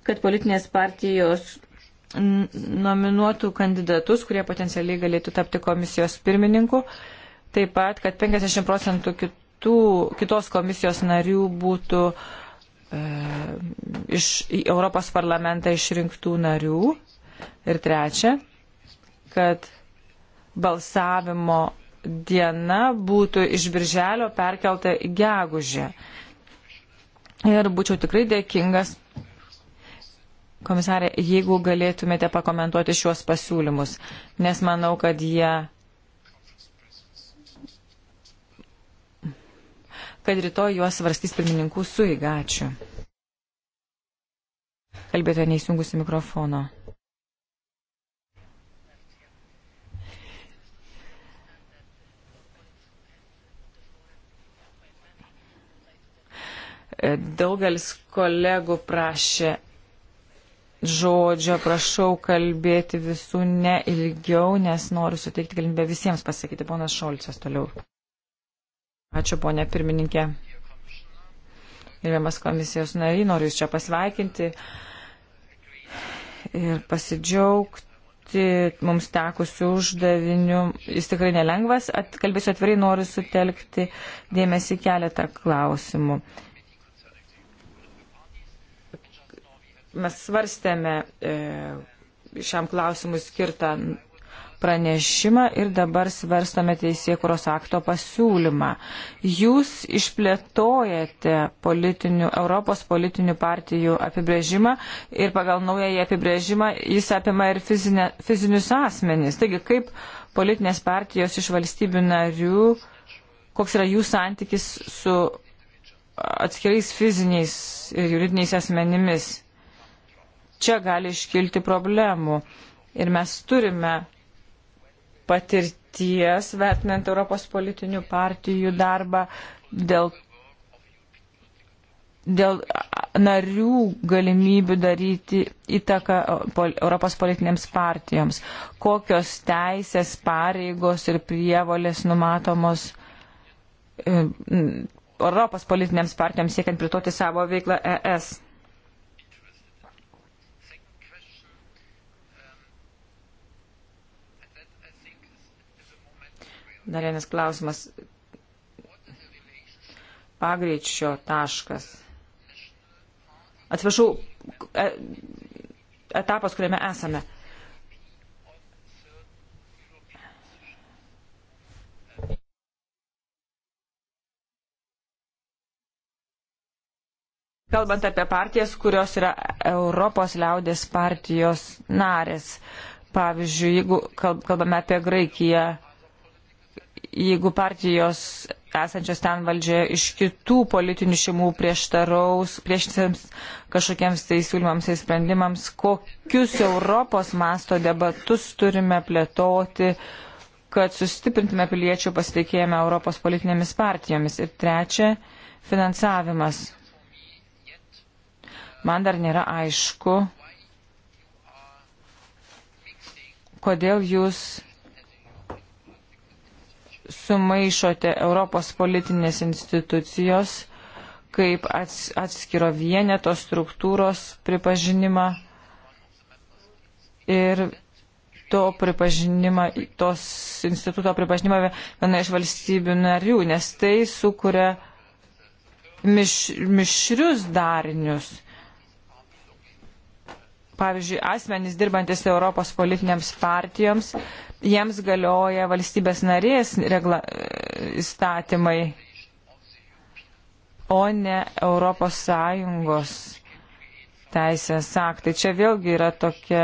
kad politinės partijos nominuotų kandidatus, kurie potencialiai galėtų tapti komisijos pirmininku. Taip pat, kad 50 procentų kitų, kitos komisijos narių būtų e, iš Europos parlamentą išrinktų narių. Ir trečia, kad balsavimo diena būtų iš birželio perkelta į gegužę. Ir būčiau tikrai dėkingas, komisarė, jeigu galėtumėte pakomentuoti šiuos pasiūlymus, nes manau, kad jie. kad rytoj juos svarstys pirmininkų suigačių. Kalbėtoja neįsijungusi mikrofono. Daugelis kolegų prašė žodžio, prašau kalbėti visų ne ilgiau, nes noriu suteikti galimybę visiems pasakyti. Ponas Šolcas toliau. Ačiū, ponė pirmininkė. Gerbiamas komisijos nariai, noriu Jūs čia pasveikinti ir pasidžiaugti mums tekusių uždavinių. Jis tikrai nelengvas. At, kalbėsiu atvirai, noriu sutelkti dėmesį keletą klausimų. mes svarstėme e, šiam klausimui skirtą pranešimą ir dabar svarstame teisėkuros akto pasiūlymą. Jūs išplėtojate politinių, Europos politinių partijų apibrėžimą ir pagal naująjį apibrėžimą jis apima ir fizinė, fizinius asmenys. Taigi, kaip politinės partijos iš valstybių narių, koks yra jų santykis su atskiriais fiziniais ir juridiniais asmenimis? čia gali iškilti problemų. Ir mes turime patirties, vertinant Europos politinių partijų darbą dėl, dėl narių galimybių daryti įtaką Europos politinėms partijoms. Kokios teisės, pareigos ir prievolės numatomos e, Europos politinėms partijoms siekiant plėtoti savo veiklą ES. Dar vienas klausimas. Pagreičio taškas. Atsiprašau, e, etapas, kuriame esame. kalbant apie partijas, kurios yra Europos liaudės partijos narės. Pavyzdžiui, jeigu kalbame apie Graikiją, jeigu partijos esančios ten valdžioje iš kitų politinių šeimų prieštaraus, prieštams kažkokiems tai siūlymams ir sprendimams, kokius Europos masto debatus turime plėtoti, kad sustiprintume piliečių pasitikėjimą Europos politinėmis partijomis. Ir trečia, finansavimas. Man dar nėra aišku, kodėl jūs sumaišote Europos politinės institucijos kaip ats, atskiro vieneto struktūros pripažinimą ir to pripažinimą, tos instituto pripažinimą viena iš valstybių narių, nes tai sukuria miš, mišrius darinius. Pavyzdžiui, asmenys dirbantis Europos politinėms partijoms jiems galioja valstybės narės regla, įstatymai, o ne Europos Sąjungos teisės aktai. Čia vėlgi yra tokia,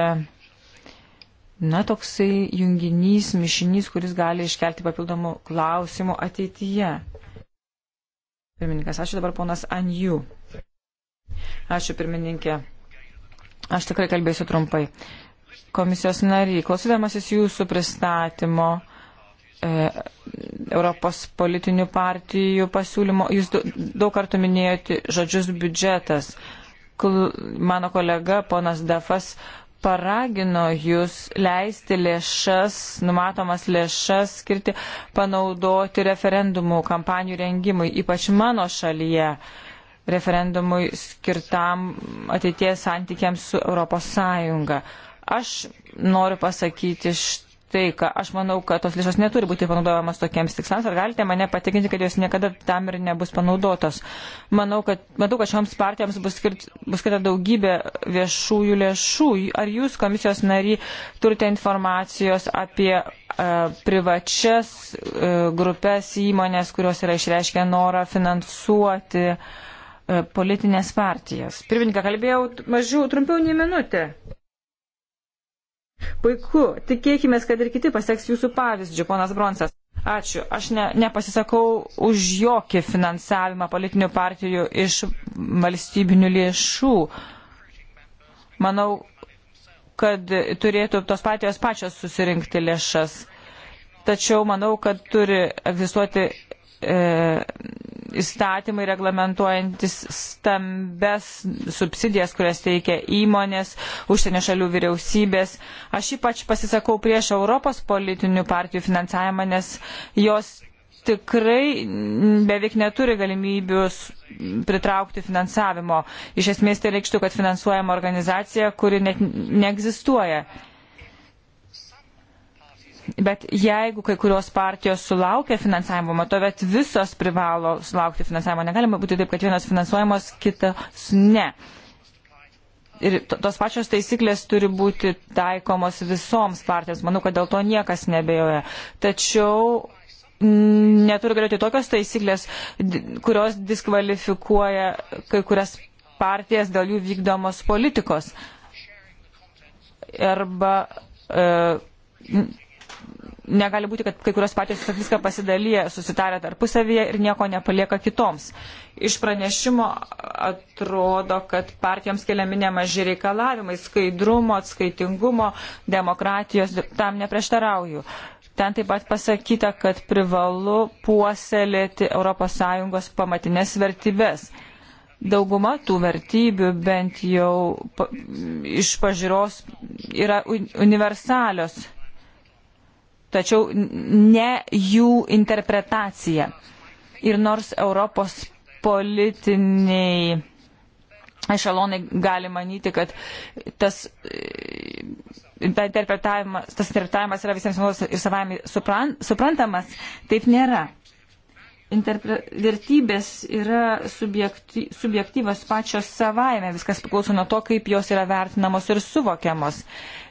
na, toksai junginys, mišinys, kuris gali iškelti papildomų klausimų ateityje. Pirmininkas, ačiū dabar ponas Anju. Ačiū pirmininkė. Aš tikrai kalbėsiu trumpai komisijos nariai, klausydamasis jūsų pristatymo e, Europos politinių partijų pasiūlymo, jūs daug kartų minėjote žodžius biudžetas. Kl, mano kolega ponas Dafas paragino jūs leisti lėšas, numatomas lėšas skirti, panaudoti referendumų kampanijų rengimui, ypač mano šalyje referendumui skirtam ateities santykiams su Europos Sąjunga. Aš noriu pasakyti štai, ką aš manau, kad tos lėšos neturi būti panaudojamas tokiems tikslams. Ar galite mane patikinti, kad jos niekada tam ir nebus panaudotos? Manau, kad, matau, kad šioms partijoms bus, skirt, bus skirta daugybė viešųjų lėšų. Ar jūs, komisijos nariai, turite informacijos apie e, privačias e, grupės įmonės, kurios yra išreiškę norą finansuoti e, politinės partijas. Pirmininką kalbėjau mažiau, trumpiau nei minutę. Puiku, tikėkime, kad ir kiti paseks jūsų pavyzdžių, ponas Bronsas. Ačiū. Aš ne, nepasisakau už jokį finansavimą politinių partijų iš valstybinių lėšų. Manau, kad turėtų tos partijos pačios susirinkti lėšas. Tačiau manau, kad turi egzistuoti e, įstatymai reglamentuojantis stambes subsidijas, kurias teikia įmonės, užsienio šalių vyriausybės. Aš ypač pasisakau prieš Europos politinių partijų finansavimą, nes jos tikrai beveik neturi galimybių pritraukti finansavimo. Iš esmės tai reikštų, kad finansuojama organizacija, kuri net neegzistuoja. Bet jeigu kai kurios partijos sulaukia finansavimo, matau, bet visos privalo sulaukti finansavimo. Negalima būti taip, kad vienos finansuojamos, kitos ne. Ir tos pačios taisyklės turi būti taikomos visoms partijoms. Manau, kad dėl to niekas nebejoja. Tačiau neturi galėti tokios taisyklės, kurios diskvalifikuoja kai kurias partijas dėl jų vykdomos politikos. Arba e, negali būti, kad kai kurios partijos viską pasidalyja, susitarė tarpusavyje ir nieko nepalieka kitoms. Iš pranešimo atrodo, kad partijoms keliami nemaži reikalavimai - skaidrumo, atskaitingumo, demokratijos, tam neprieštarauju. Ten taip pat pasakyta, kad privalu puoselėti ES pamatinės vertybės. Dauguma tų vertybių bent jau iš pažiūros yra universalios tačiau ne jų interpretacija. Ir nors Europos politiniai ešalonai gali manyti, kad tas, e, ta interpretavimas, tas interpretavimas yra visiems nuolos ir savami suprantamas, taip nėra. Interpre, vertybės yra subjekty, subjektyvas pačios savaime, viskas priklauso nuo to, kaip jos yra vertinamos ir suvokiamos.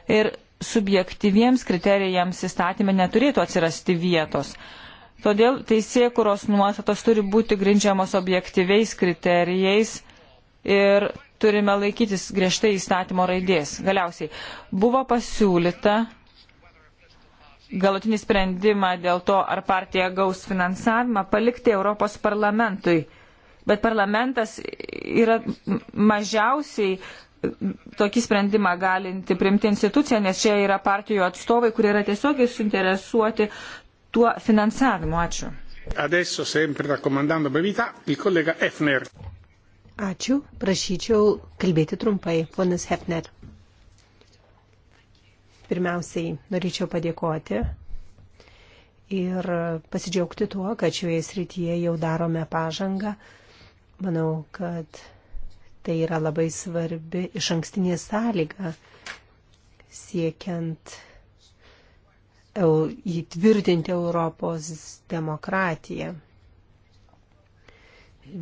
Ir subjektyviems kriterijams įstatymė neturėtų atsirasti vietos. Todėl teisėkuros nuostatos turi būti grindžiamos objektyviais kriterijais ir turime laikytis griežtai įstatymo raidės. Galiausiai buvo pasiūlyta galutinį sprendimą dėl to, ar partija gaus finansavimą, palikti Europos parlamentui. Bet parlamentas yra mažiausiai tokį sprendimą galinti primti institucija, nes čia yra partijų atstovai, kurie yra tiesiogiai suinteresuoti tuo finansavimu. Ačiū. Adesso sempre raccomandando brevità il collega Hefner. Ačiū, prašyčiau kalbėti trumpai, ponas Hefner. Pirmiausiai norėčiau padėkoti ir pasidžiaugti tuo, kad šioje srityje jau darome pažangą. Manau, kad Tai yra labai svarbi iš ankstinė sąlyga siekiant įtvirtinti Europos demokratiją.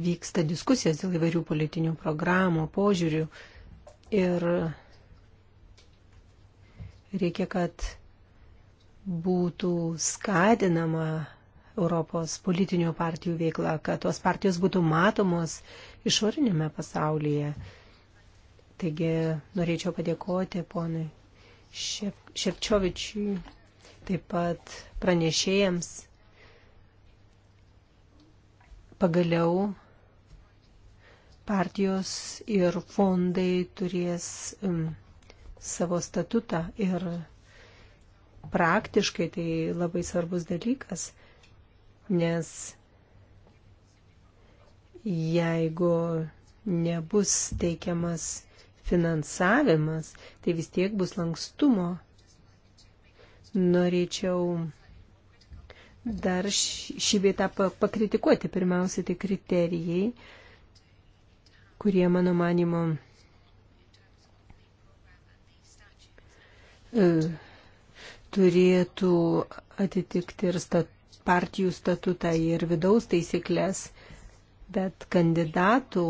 Vyksta diskusijas dėl įvairių politinių programų, požiūrių ir reikia, kad būtų skatinama Europos politinių partijų veikla, kad tos partijos būtų matomos išorinėme pasaulyje. Taigi norėčiau padėkoti ponui Šep Šepčiovičiui, taip pat pranešėjams. Pagaliau partijos ir fondai turės um, savo statutą ir praktiškai tai labai svarbus dalykas, nes jeigu nebus teikiamas finansavimas, tai vis tiek bus lankstumo. Norėčiau dar šį vietą pakritikuoti. Pirmiausia, tai kriterijai, kurie, mano manimo, e, turėtų atitikti ir stat, partijų statutą ir vidaus taisyklės bet kandidatų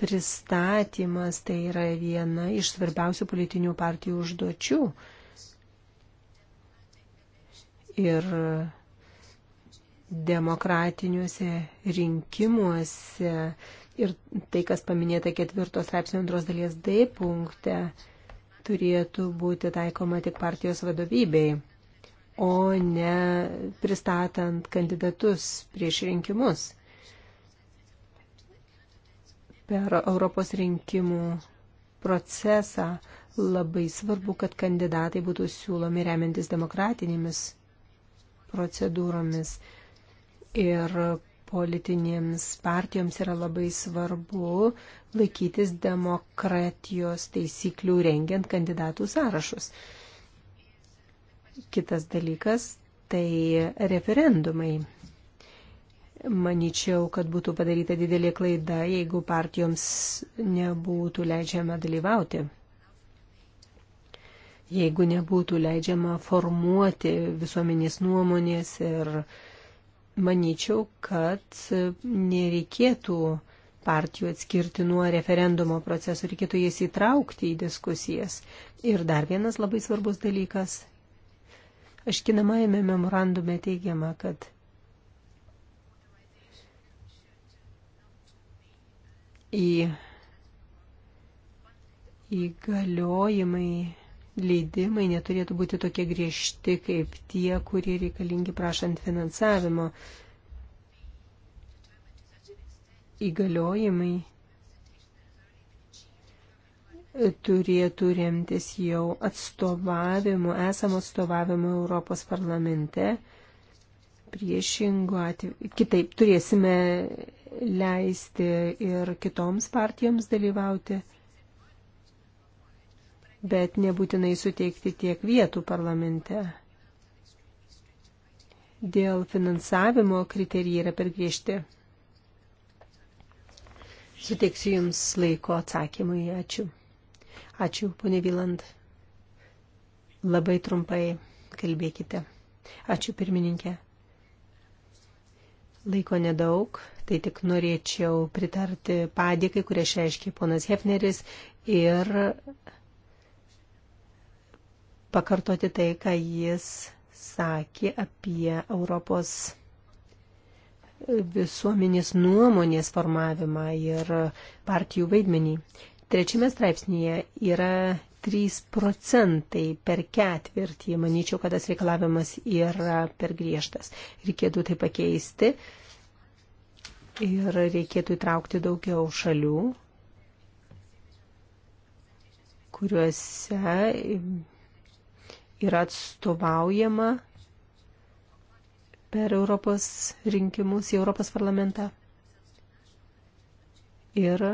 pristatymas tai yra viena iš svarbiausių politinių partijų užduočių. Ir demokratiniuose rinkimuose ir tai, kas paminėta ketvirtos straipsnio antros dalies D punkte, turėtų būti taikoma tik partijos vadovybei o ne pristatant kandidatus prieš rinkimus. Per Europos rinkimų procesą labai svarbu, kad kandidatai būtų siūlomi remiantis demokratinėmis procedūromis. Ir politinėms partijoms yra labai svarbu laikytis demokratijos taisyklių rengiant kandidatų sąrašus. Kitas dalykas - tai referendumai. Maničiau, kad būtų padaryta didelė klaida, jeigu partijoms nebūtų leidžiama dalyvauti. Jeigu nebūtų leidžiama formuoti visuomenės nuomonės ir manyčiau, kad nereikėtų partijų atskirti nuo referendumo procesų, reikėtų jas įtraukti į diskusijas. Ir dar vienas labai svarbus dalykas Aškinamajame memorandume teigiama, kad į įgaliojimai, leidimai neturėtų būti tokie griežti kaip tie, kurie reikalingi prašant finansavimo. Įgaliojimai turėtų remtis jau atstovavimu, esamu atstovavimu Europos parlamente. Priešingo atveju, kitaip turėsime leisti ir kitoms partijoms dalyvauti, bet nebūtinai suteikti tiek vietų parlamente. Dėl finansavimo kriterijai yra per griežti. Suteiksiu Jums laiko atsakymui. Ačiū. Ačiū, ponė Vyland. Labai trumpai kalbėkite. Ačiū, pirmininkė. Laiko nedaug, tai tik norėčiau pritarti padėkai, kurią išreiškė ponas Hefneris ir pakartoti tai, ką jis sakė apie Europos visuomenės nuomonės formavimą ir partijų vaidmenį. Trečiame straipsnėje yra 3 procentai per ketvirtį. Manyčiau, kad tas reikalavimas yra per griežtas. Reikėtų tai pakeisti ir reikėtų įtraukti daugiau šalių, kuriuose yra atstovaujama per Europos rinkimus į Europos parlamentą. Ir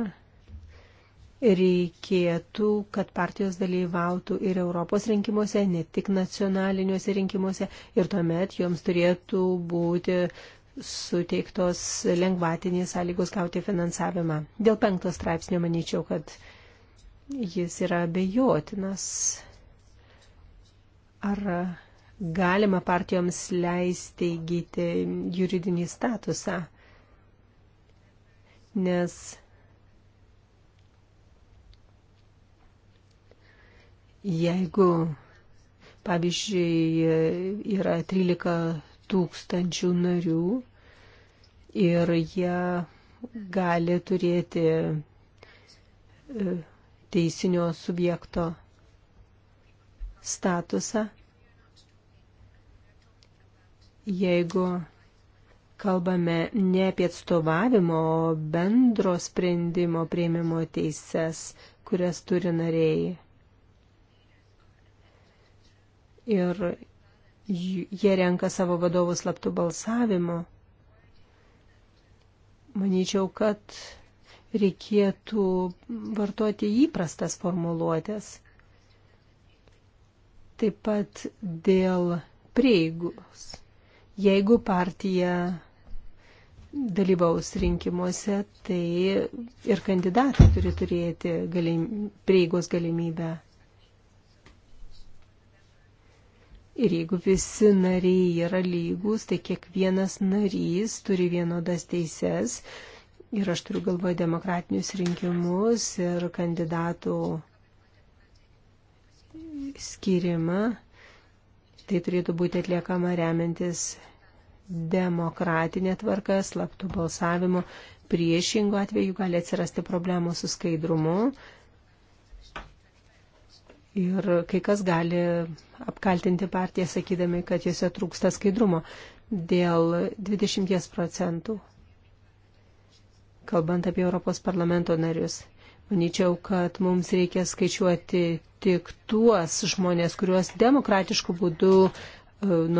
reikėtų, kad partijos dalyvautų ir Europos rinkimuose, ne tik nacionaliniuose rinkimuose ir tuomet joms turėtų būti suteiktos lengvatinės sąlygos gauti finansavimą. Dėl penkto straipsnio manyčiau, kad jis yra abejotinas. Ar galima partijoms leisti įgyti juridinį statusą? Nes Jeigu, pavyzdžiui, yra 13 tūkstančių narių ir jie gali turėti e, teisinio subjekto statusą, jeigu kalbame ne apie atstovavimo, o bendro sprendimo prieimimo teises, kurias turi nariai ir jie renka savo vadovų slaptų balsavimo, manyčiau, kad reikėtų vartoti įprastas formuluotės. Taip pat dėl prieigos. Jeigu partija dalyvaus rinkimuose, tai ir kandidatai turi turėti galim, prieigos galimybę Ir jeigu visi nariai yra lygus, tai kiekvienas narys turi vienodas teises. Ir aš turiu galvoje demokratinius rinkimus ir kandidatų skirimą. Tai turėtų būti atliekama remiantis demokratinė tvarka, slaptų balsavimo. Priešingų atveju gali atsirasti problemų su skaidrumu, Ir kai kas gali apkaltinti partiją, sakydami, kad jose trūksta skaidrumo dėl 20 procentų. Kalbant apie Europos parlamento narius, manyčiau, kad mums reikia skaičiuoti tik tuos žmonės, kuriuos demokratiškų būdų e,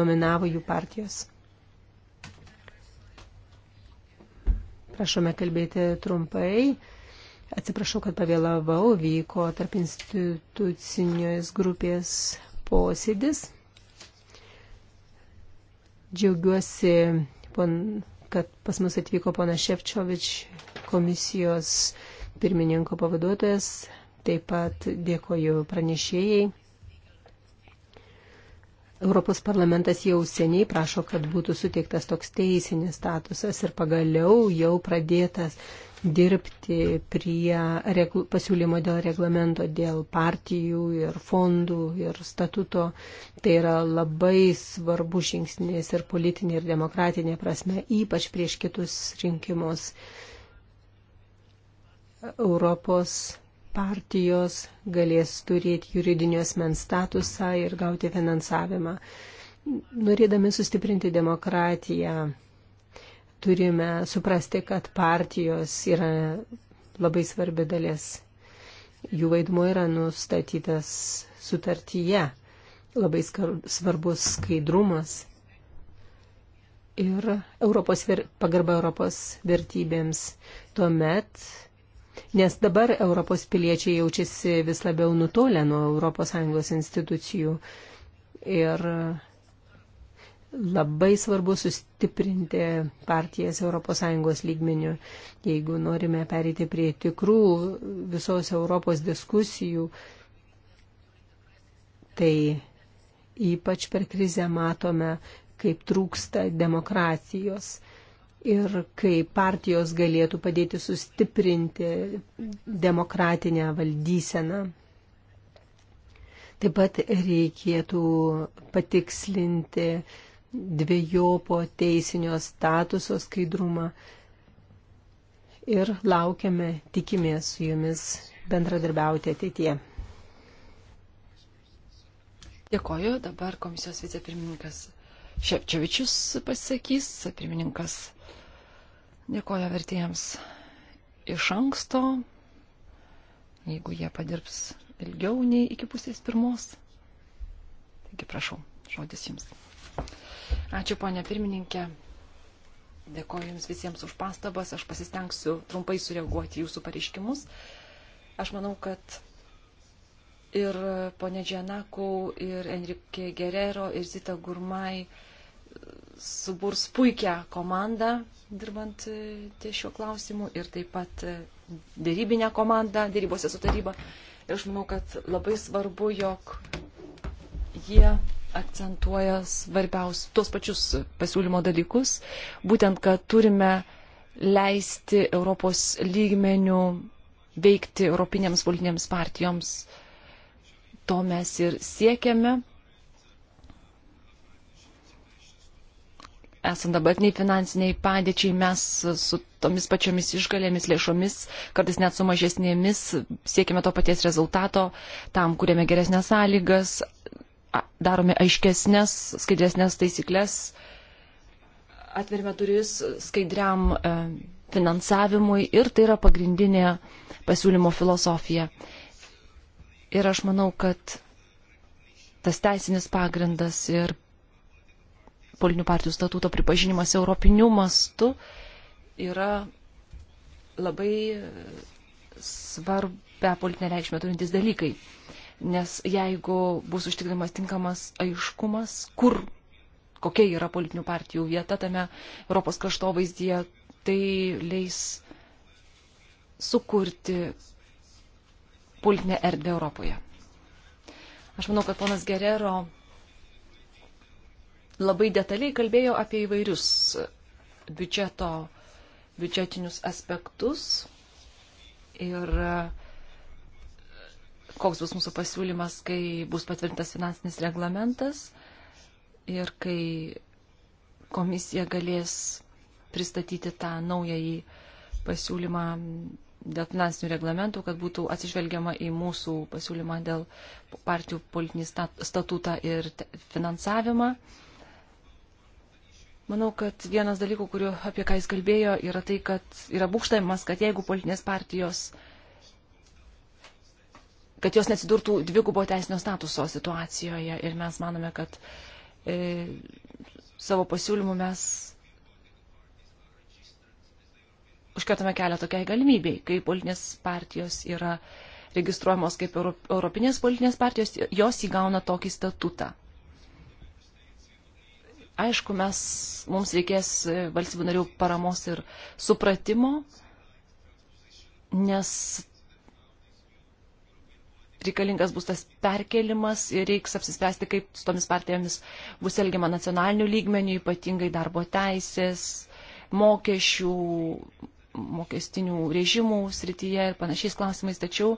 nominavo jų partijos. Prašome kalbėti trumpai Atsiprašau, kad pavėlavau, vyko tarp institucinės grupės posėdis. Džiaugiuosi, kad pas mus atvyko pana Ševčiovič, komisijos pirmininko pavaduotojas. Taip pat dėkoju pranešėjai. Europos parlamentas jau seniai prašo, kad būtų suteiktas toks teisinis statusas ir pagaliau jau pradėtas dirbti prie pasiūlymo dėl reglamento, dėl partijų ir fondų ir statuto. Tai yra labai svarbu žingsnis ir politinė ir demokratinė prasme, ypač prieš kitus rinkimus. Europos partijos galės turėti juridinio asmens statusą ir gauti finansavimą. Norėdami sustiprinti demokratiją, turime suprasti, kad partijos yra labai svarbi dalis. Jų vaidmuo yra nustatytas sutartyje. Labai svarbus skaidrumas ir Europos ver, pagarba Europos vertybėms. Tuomet, nes dabar Europos piliečiai jaučiasi vis labiau nutolę nuo ES institucijų ir labai svarbu sustiprinti partijas ES lygmenių, jeigu norime perėti prie tikrų visos Europos diskusijų. Tai ypač per krizę matome, kaip trūksta demokratijos ir kaip partijos galėtų padėti sustiprinti demokratinę valdyseną. Taip pat reikėtų patikslinti dviejopo teisinio statuso skaidrumą ir laukiame, tikimės su jumis bendradarbiauti ateitie. Dėkoju, dabar komisijos vicepirmininkas Šepčiovičius pasisakys, pirmininkas dėkoja vertėjams iš anksto, jeigu jie padirbs ilgiau nei iki pusės pirmos. Taigi prašau, žodis jums. Ačiū, ponė pirmininkė. Dėkoju Jums visiems už pastabas. Aš pasistengsiu trumpai sureaguoti Jūsų pareiškimus. Aš manau, kad ir ponė Džianaku, ir Enrique Gerero, ir Zita Gurmai suburs puikią komandą dirbant e, ties šiuo klausimu ir taip pat e, dėrybinę komandą dėrybose su taryba. Ir aš manau, kad labai svarbu, jog jie akcentuoja svarbiaus, tuos pačius pasiūlymo dalykus, būtent, kad turime leisti Europos lygmenių veikti Europinėms politinėms partijoms. To mes ir siekiame. esant dabartiniai finansiniai padėčiai, mes su tomis pačiomis išgalėmis lėšomis, kartais net su mažesnėmis, siekime to paties rezultato, tam kuriame geresnės sąlygas, darome aiškesnės, skaidresnės taisyklės, atverime duris skaidriam e, finansavimui ir tai yra pagrindinė pasiūlymo filosofija. Ir aš manau, kad tas teisinis pagrindas ir politinių partijų statuto pripažinimas europiniu mastu yra labai svarbia politinė reikšmė turintis dalykai nes jeigu bus užtikrinamas tinkamas aiškumas, kur, kokia yra politinių partijų vieta tame Europos kraštovaizdyje, tai leis sukurti politinę erdvę Europoje. Aš manau, kad ponas Gerero labai detaliai kalbėjo apie įvairius biudžeto, biudžetinius aspektus ir uh, koks bus mūsų pasiūlymas, kai bus patvirtintas finansinis reglamentas ir kai komisija galės pristatyti tą naująjį pasiūlymą dėl finansinių reglamentų, kad būtų atsižvelgiama į mūsų pasiūlymą dėl partijų politinį statutą ir finansavimą. Manau, kad vienas dalykų, kuriuo, apie ką jis kalbėjo, yra tai, kad yra būkštavimas, kad jeigu politinės partijos uh, kad jos nesidurtų dvigubo teisinio statuso situacijoje. Ir mes manome, kad e, savo pasiūlymų mes užkertame kelią tokiai galimybei, kai politinės partijos yra registruojamos kaip europinės politinės partijos, jos įgauna tokį statutą. Aišku, mes, mums reikės e, valstybių narių paramos ir supratimo, nes reikalingas bus tas perkelimas ir reiks apsispręsti, kaip su tomis partijomis bus elgiama nacionaliniu lygmeniu, ypatingai darbo teisės, mokesčių, mokestinių režimų srityje ir panašiais klausimais. Tačiau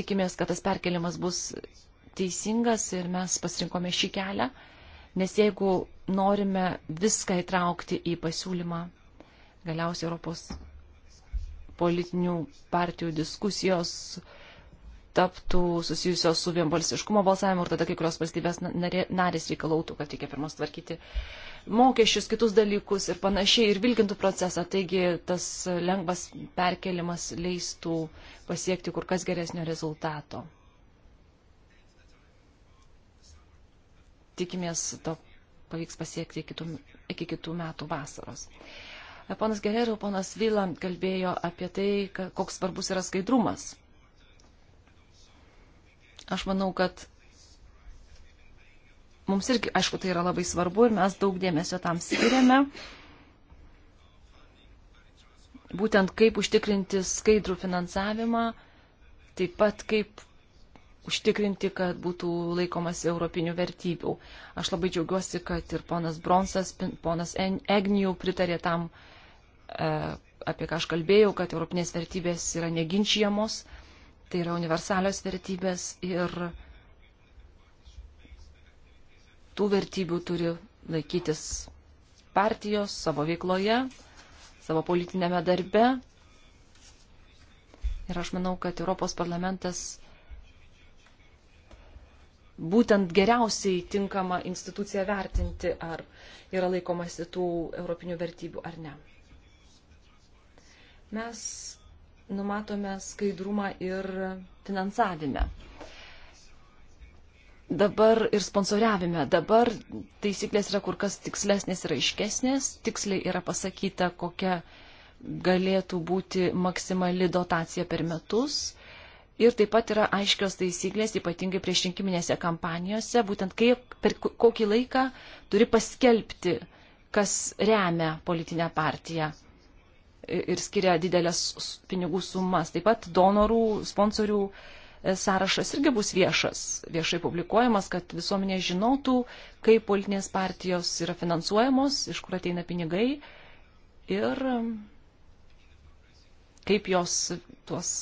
tikimės, kad tas perkelimas bus teisingas ir mes pasirinkome šį kelią, nes jeigu norime viską įtraukti į pasiūlymą, galiausiai Europos politinių partijų diskusijos taptų susijusios su vienbalsiškumo balsavimu ir tada kai kurios valstybės narės reikalautų, kad reikia pirmas tvarkyti mokesčius, kitus dalykus ir panašiai ir vilkintų procesą. Taigi tas lengvas perkelimas leistų pasiekti kur kas geresnio rezultato. Tikimės to pavyks pasiekti iki kitų, iki kitų metų vasaros. Ponas Gerero, ponas Vyland kalbėjo apie tai, koks svarbus yra skaidrumas. Aš manau, kad mums irgi, aišku, tai yra labai svarbu ir mes daug dėmesio tam skiriame. Būtent kaip užtikrinti skaidrų finansavimą, taip pat kaip užtikrinti, kad būtų laikomasi europinių vertybių. Aš labai džiaugiuosi, kad ir ponas Bronsas, ponas Egnių pritarė tam, e, apie ką aš kalbėjau, kad europinės vertybės yra neginčiamos. Tai yra universalios vertybės ir tų vertybių turi laikytis partijos savo veikloje, savo politinėme darbe. Ir aš manau, kad Europos parlamentas būtent geriausiai tinkama institucija vertinti, ar yra laikomasi tų europinių vertybių ar ne. Mes numatome skaidrumą ir finansavime. Dabar ir sponsoriavime. Dabar taisyklės yra kur kas tikslesnės ir aiškesnės. Tiksliai yra pasakyta, kokia galėtų būti maksimali dotacija per metus. Ir taip pat yra aiškios taisyklės, ypatingai prieš rinkiminėse kampanijose, būtent kaip, per kokį laiką turi paskelbti, kas remia politinę partiją ir skiria didelės pinigų sumas. Taip pat donorų, sponsorių e, sąrašas irgi bus viešas, viešai publikuojamas, kad visuomenė žinotų, kaip politinės partijos yra finansuojamos, iš kur ateina pinigai ir um, kaip jos tuos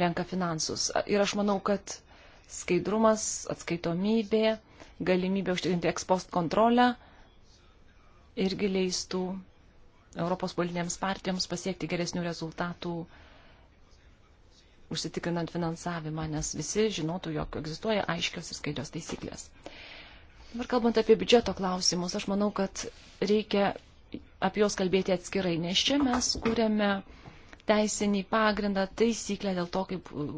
renka finansus. Ir aš manau, kad skaidrumas, atskaitomybė, galimybė užtikrinti ekspost kontrolę irgi leistų Europos politinėms partijoms pasiekti geresnių rezultatų, užsitikrinant finansavimą, nes visi žinotų, jog egzistuoja aiškios ir skaidrios taisyklės. Dabar kalbant apie biudžeto klausimus, aš manau, kad reikia apie juos kalbėti atskirai, nes čia mes kūrėme teisinį pagrindą, taisyklę dėl to, kaip uh,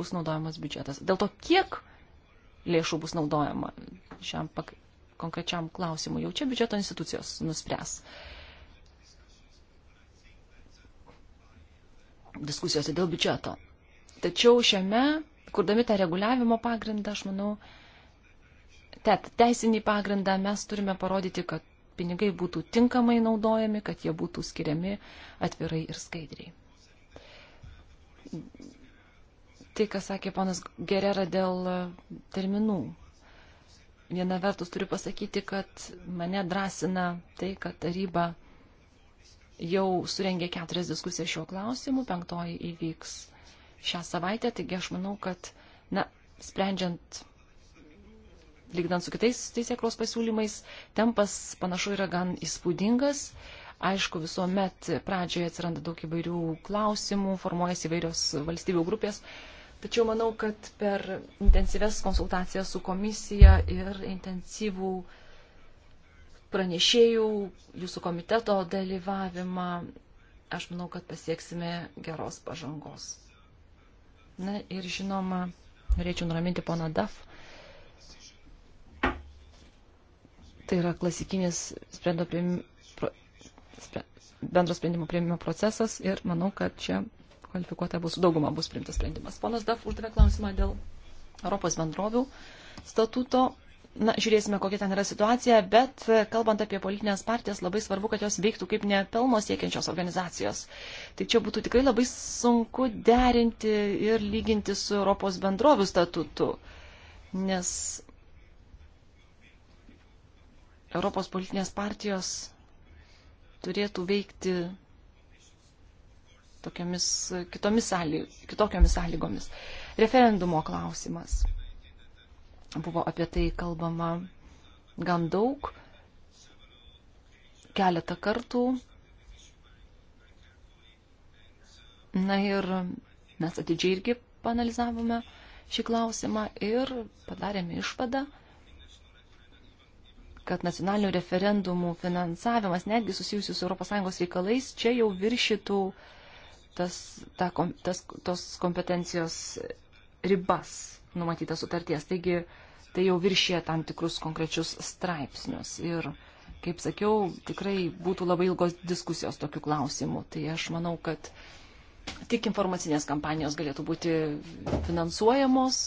bus naudojamas biudžetas. Dėl to, kiek lėšų bus naudojama šiam konkrečiam klausimui. Jau čia biudžeto institucijos nuspręs. Uh, diskusijose dėl biudžeto. Tačiau šiame, kurdami tą reguliavimo pagrindą, aš manau, te, teisinį pagrindą mes turime parodyti, kad pinigai būtų tinkamai naudojami, kad jie būtų skiriami atvirai ir skaidriai. Tai, ką sakė ponas Gerera dėl terminų. Viena vertus turiu pasakyti, kad mane drąsina tai, kad taryba jau surengė keturias diskusijas šiuo klausimu, penktoji įvyks šią savaitę, taigi aš manau, kad, na, sprendžiant, lygdant su kitais teisėkros pasiūlymais, tempas panašu yra gan įspūdingas. Aišku, visuomet pradžioje atsiranda daug įvairių klausimų, formuojasi įvairios valstybių grupės, tačiau manau, kad per intensyves konsultacijas su komisija ir intensyvų uh, pranešėjų, jūsų komiteto dalyvavimą. Aš manau, kad pasieksime geros pažangos. Na ir žinoma, norėčiau nuraminti poną Daf. Tai yra klasikinis sprendo prieimimo bendro sprendimo prieimimo procesas ir manau, kad čia kvalifikuota bus dauguma bus priimtas sprendimas. Ponas Daf uždavė klausimą dėl Europos bendrovių statuto. Na, žiūrėsime, kokia ten yra situacija, bet e, kalbant apie politinės partijas, labai svarbu, kad jos veiktų kaip nepelno siekiančios organizacijos. Tai čia būtų tikrai labai sunku derinti ir lyginti su Europos bendrovių statutu, nes Europos politinės partijos turėtų veikti tokiamis kitomis sąlygomis. Referendumo klausimas. Buvo apie tai kalbama gan daug, keletą kartų. Na ir mes atidžiai irgi panalizavome šį klausimą ir padarėme išvadą, kad nacionalinių referendumų finansavimas netgi susijusius su ES reikalais čia jau viršytų tas, ta, tas, tos kompetencijos ribas numatyta sutarties. Taigi tai jau viršė tam tikrus konkrečius straipsnius. Ir, kaip sakiau, tikrai būtų labai ilgos diskusijos tokių klausimų. Tai aš manau, kad tik informacinės kampanijos galėtų būti finansuojamos.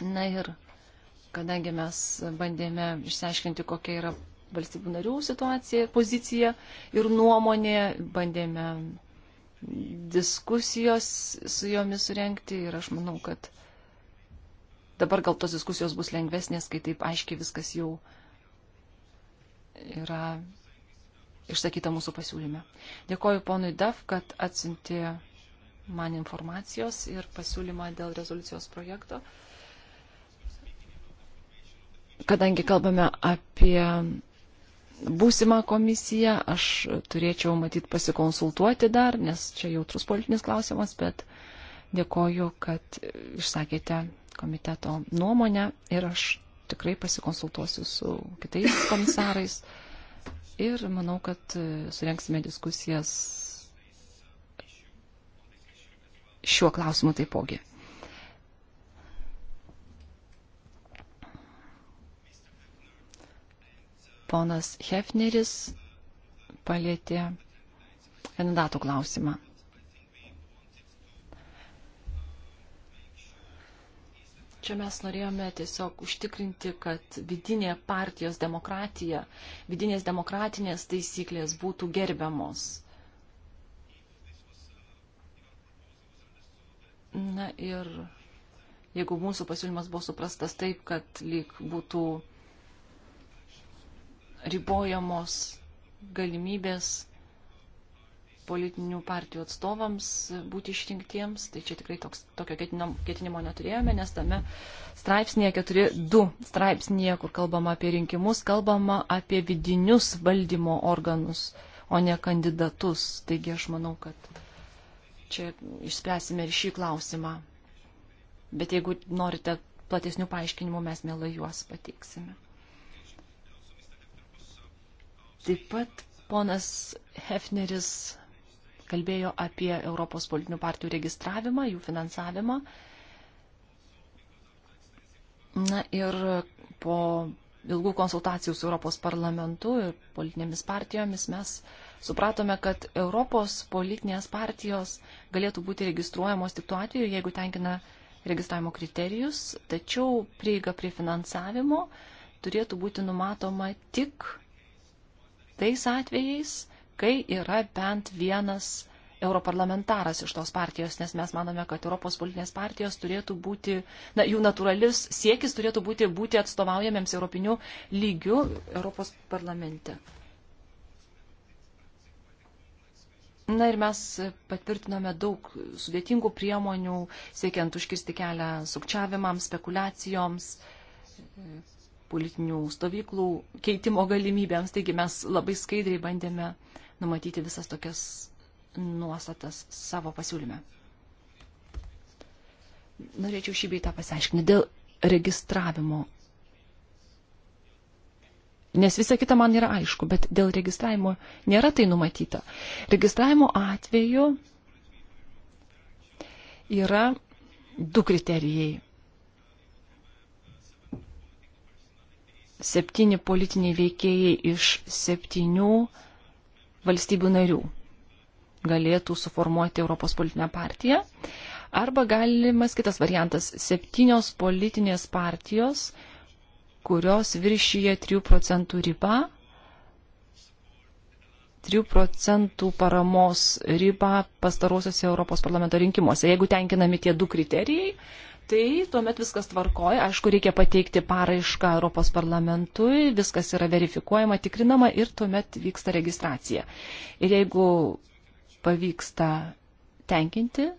Na ir kadangi mes bandėme išsiaiškinti, kokia yra valstybių narių situaciją, poziciją ir nuomonę, bandėme diskusijos su jomis surenkti ir aš manau, kad dabar gal tos diskusijos bus lengvesnės, kai taip aiškiai viskas jau yra išsakyta mūsų pasiūlyme. Dėkoju ponui DAF, kad atsinti man informacijos ir pasiūlymą dėl rezoliucijos projekto. Kadangi kalbame apie būsimą komisiją. Aš turėčiau matyt pasikonsultuoti dar, nes čia jautrus politinis klausimas, bet dėkoju, kad išsakėte komiteto nuomonę ir aš tikrai pasikonsultuosiu su kitais komisarais. Ir manau, kad surenksime diskusijas šiuo klausimu taipogi. Ponas Hefneris palėtė kandidatų klausimą. Čia mes norėjome tiesiog užtikrinti, kad vidinė partijos demokratija, vidinės demokratinės taisyklės būtų gerbiamos. Na ir jeigu mūsų pasiūlymas buvo suprastas taip, kad lyg būtų ribojamos galimybės politinių partijų atstovams būti išrinktiems. Tai čia tikrai toks, tokio ketinimo neturėjome, nes tame straipsnėje 4.2 straipsnėje, kur kalbama apie rinkimus, kalbama apie vidinius valdymo organus, o ne kandidatus. Taigi aš manau, kad čia išspręsime ir šį klausimą. Bet jeigu norite platesnių paaiškinimų, mes mielai juos pateiksime. Taip pat ponas Hefneris kalbėjo apie Europos politinių partijų registravimą, jų finansavimą. Na ir po ilgų konsultacijų su Europos parlamentu ir politinėmis partijomis mes supratome, kad Europos politinės partijos galėtų būti registruojamos tik tuo atveju, jeigu tenkina registravimo kriterijus, tačiau prieiga prie finansavimo turėtų būti numatoma tik tais atvejais, kai yra bent vienas europarlamentaras iš tos partijos, nes mes manome, kad Europos politinės partijos turėtų būti, na, jų natūralis siekis turėtų būti būti atstovaujamiems europinių lygių Europos parlamente. Na ir mes patvirtinome daug sudėtingų priemonių, siekiant užkirsti kelią sukčiavimams, spekulacijoms, politinių stovyklų keitimo galimybėms. Taigi mes labai skaidriai bandėme numatyti visas tokias nuostatas savo pasiūlyme. Norėčiau šį beitą pasiaiškinti dėl registravimo. Nes visa kita man yra aišku, bet dėl registravimo nėra tai numatyta. Registravimo atveju yra du kriterijai septyni politiniai veikėjai iš septynių valstybių narių galėtų suformuoti Europos politinę partiją. Arba galimas kitas variantas - septynios politinės partijos, kurios viršyje 3 procentų ribą, 3 procentų paramos ribą pastarosiuose Europos parlamento rinkimuose. Jeigu tenkinami tie du kriterijai, tai tuomet viskas tvarkoja. Aišku, reikia pateikti paraišką Europos parlamentui, viskas yra verifikuojama, tikrinama ir tuomet vyksta registracija. Ir jeigu pavyksta tenkinti e,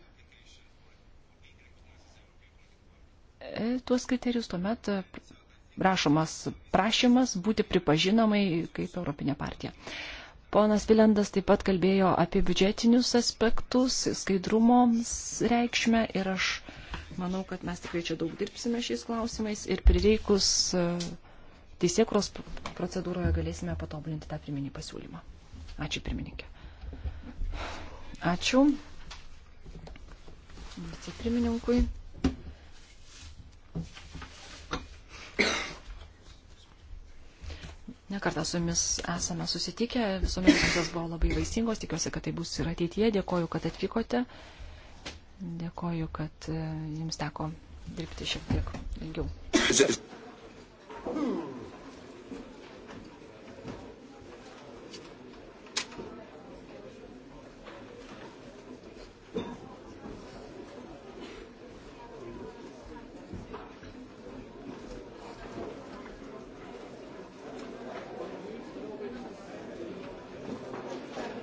tuos kriterijus, tuomet rašomas prašymas būti pripažinamai kaip Europinė partija. Ponas Vilendas taip pat kalbėjo apie biudžetinius aspektus, skaidrumo reikšmę ir aš Manau, kad mes tikrai čia daug dirbsime šiais klausimais ir prireikus e, teisėkros procedūroje galėsime patobulinti tą pirminį pasiūlymą. Ačiū pirmininkė. Ačiū vicepirmininkui. Nekartą su jumis esame susitikę, visuomet diskusijos buvo labai vaisingos, tikiuosi, kad tai bus ir ateityje. Dėkoju, kad atvykote. Dėkoju, kad e, jums teko dirbti šiek tiek ilgiau.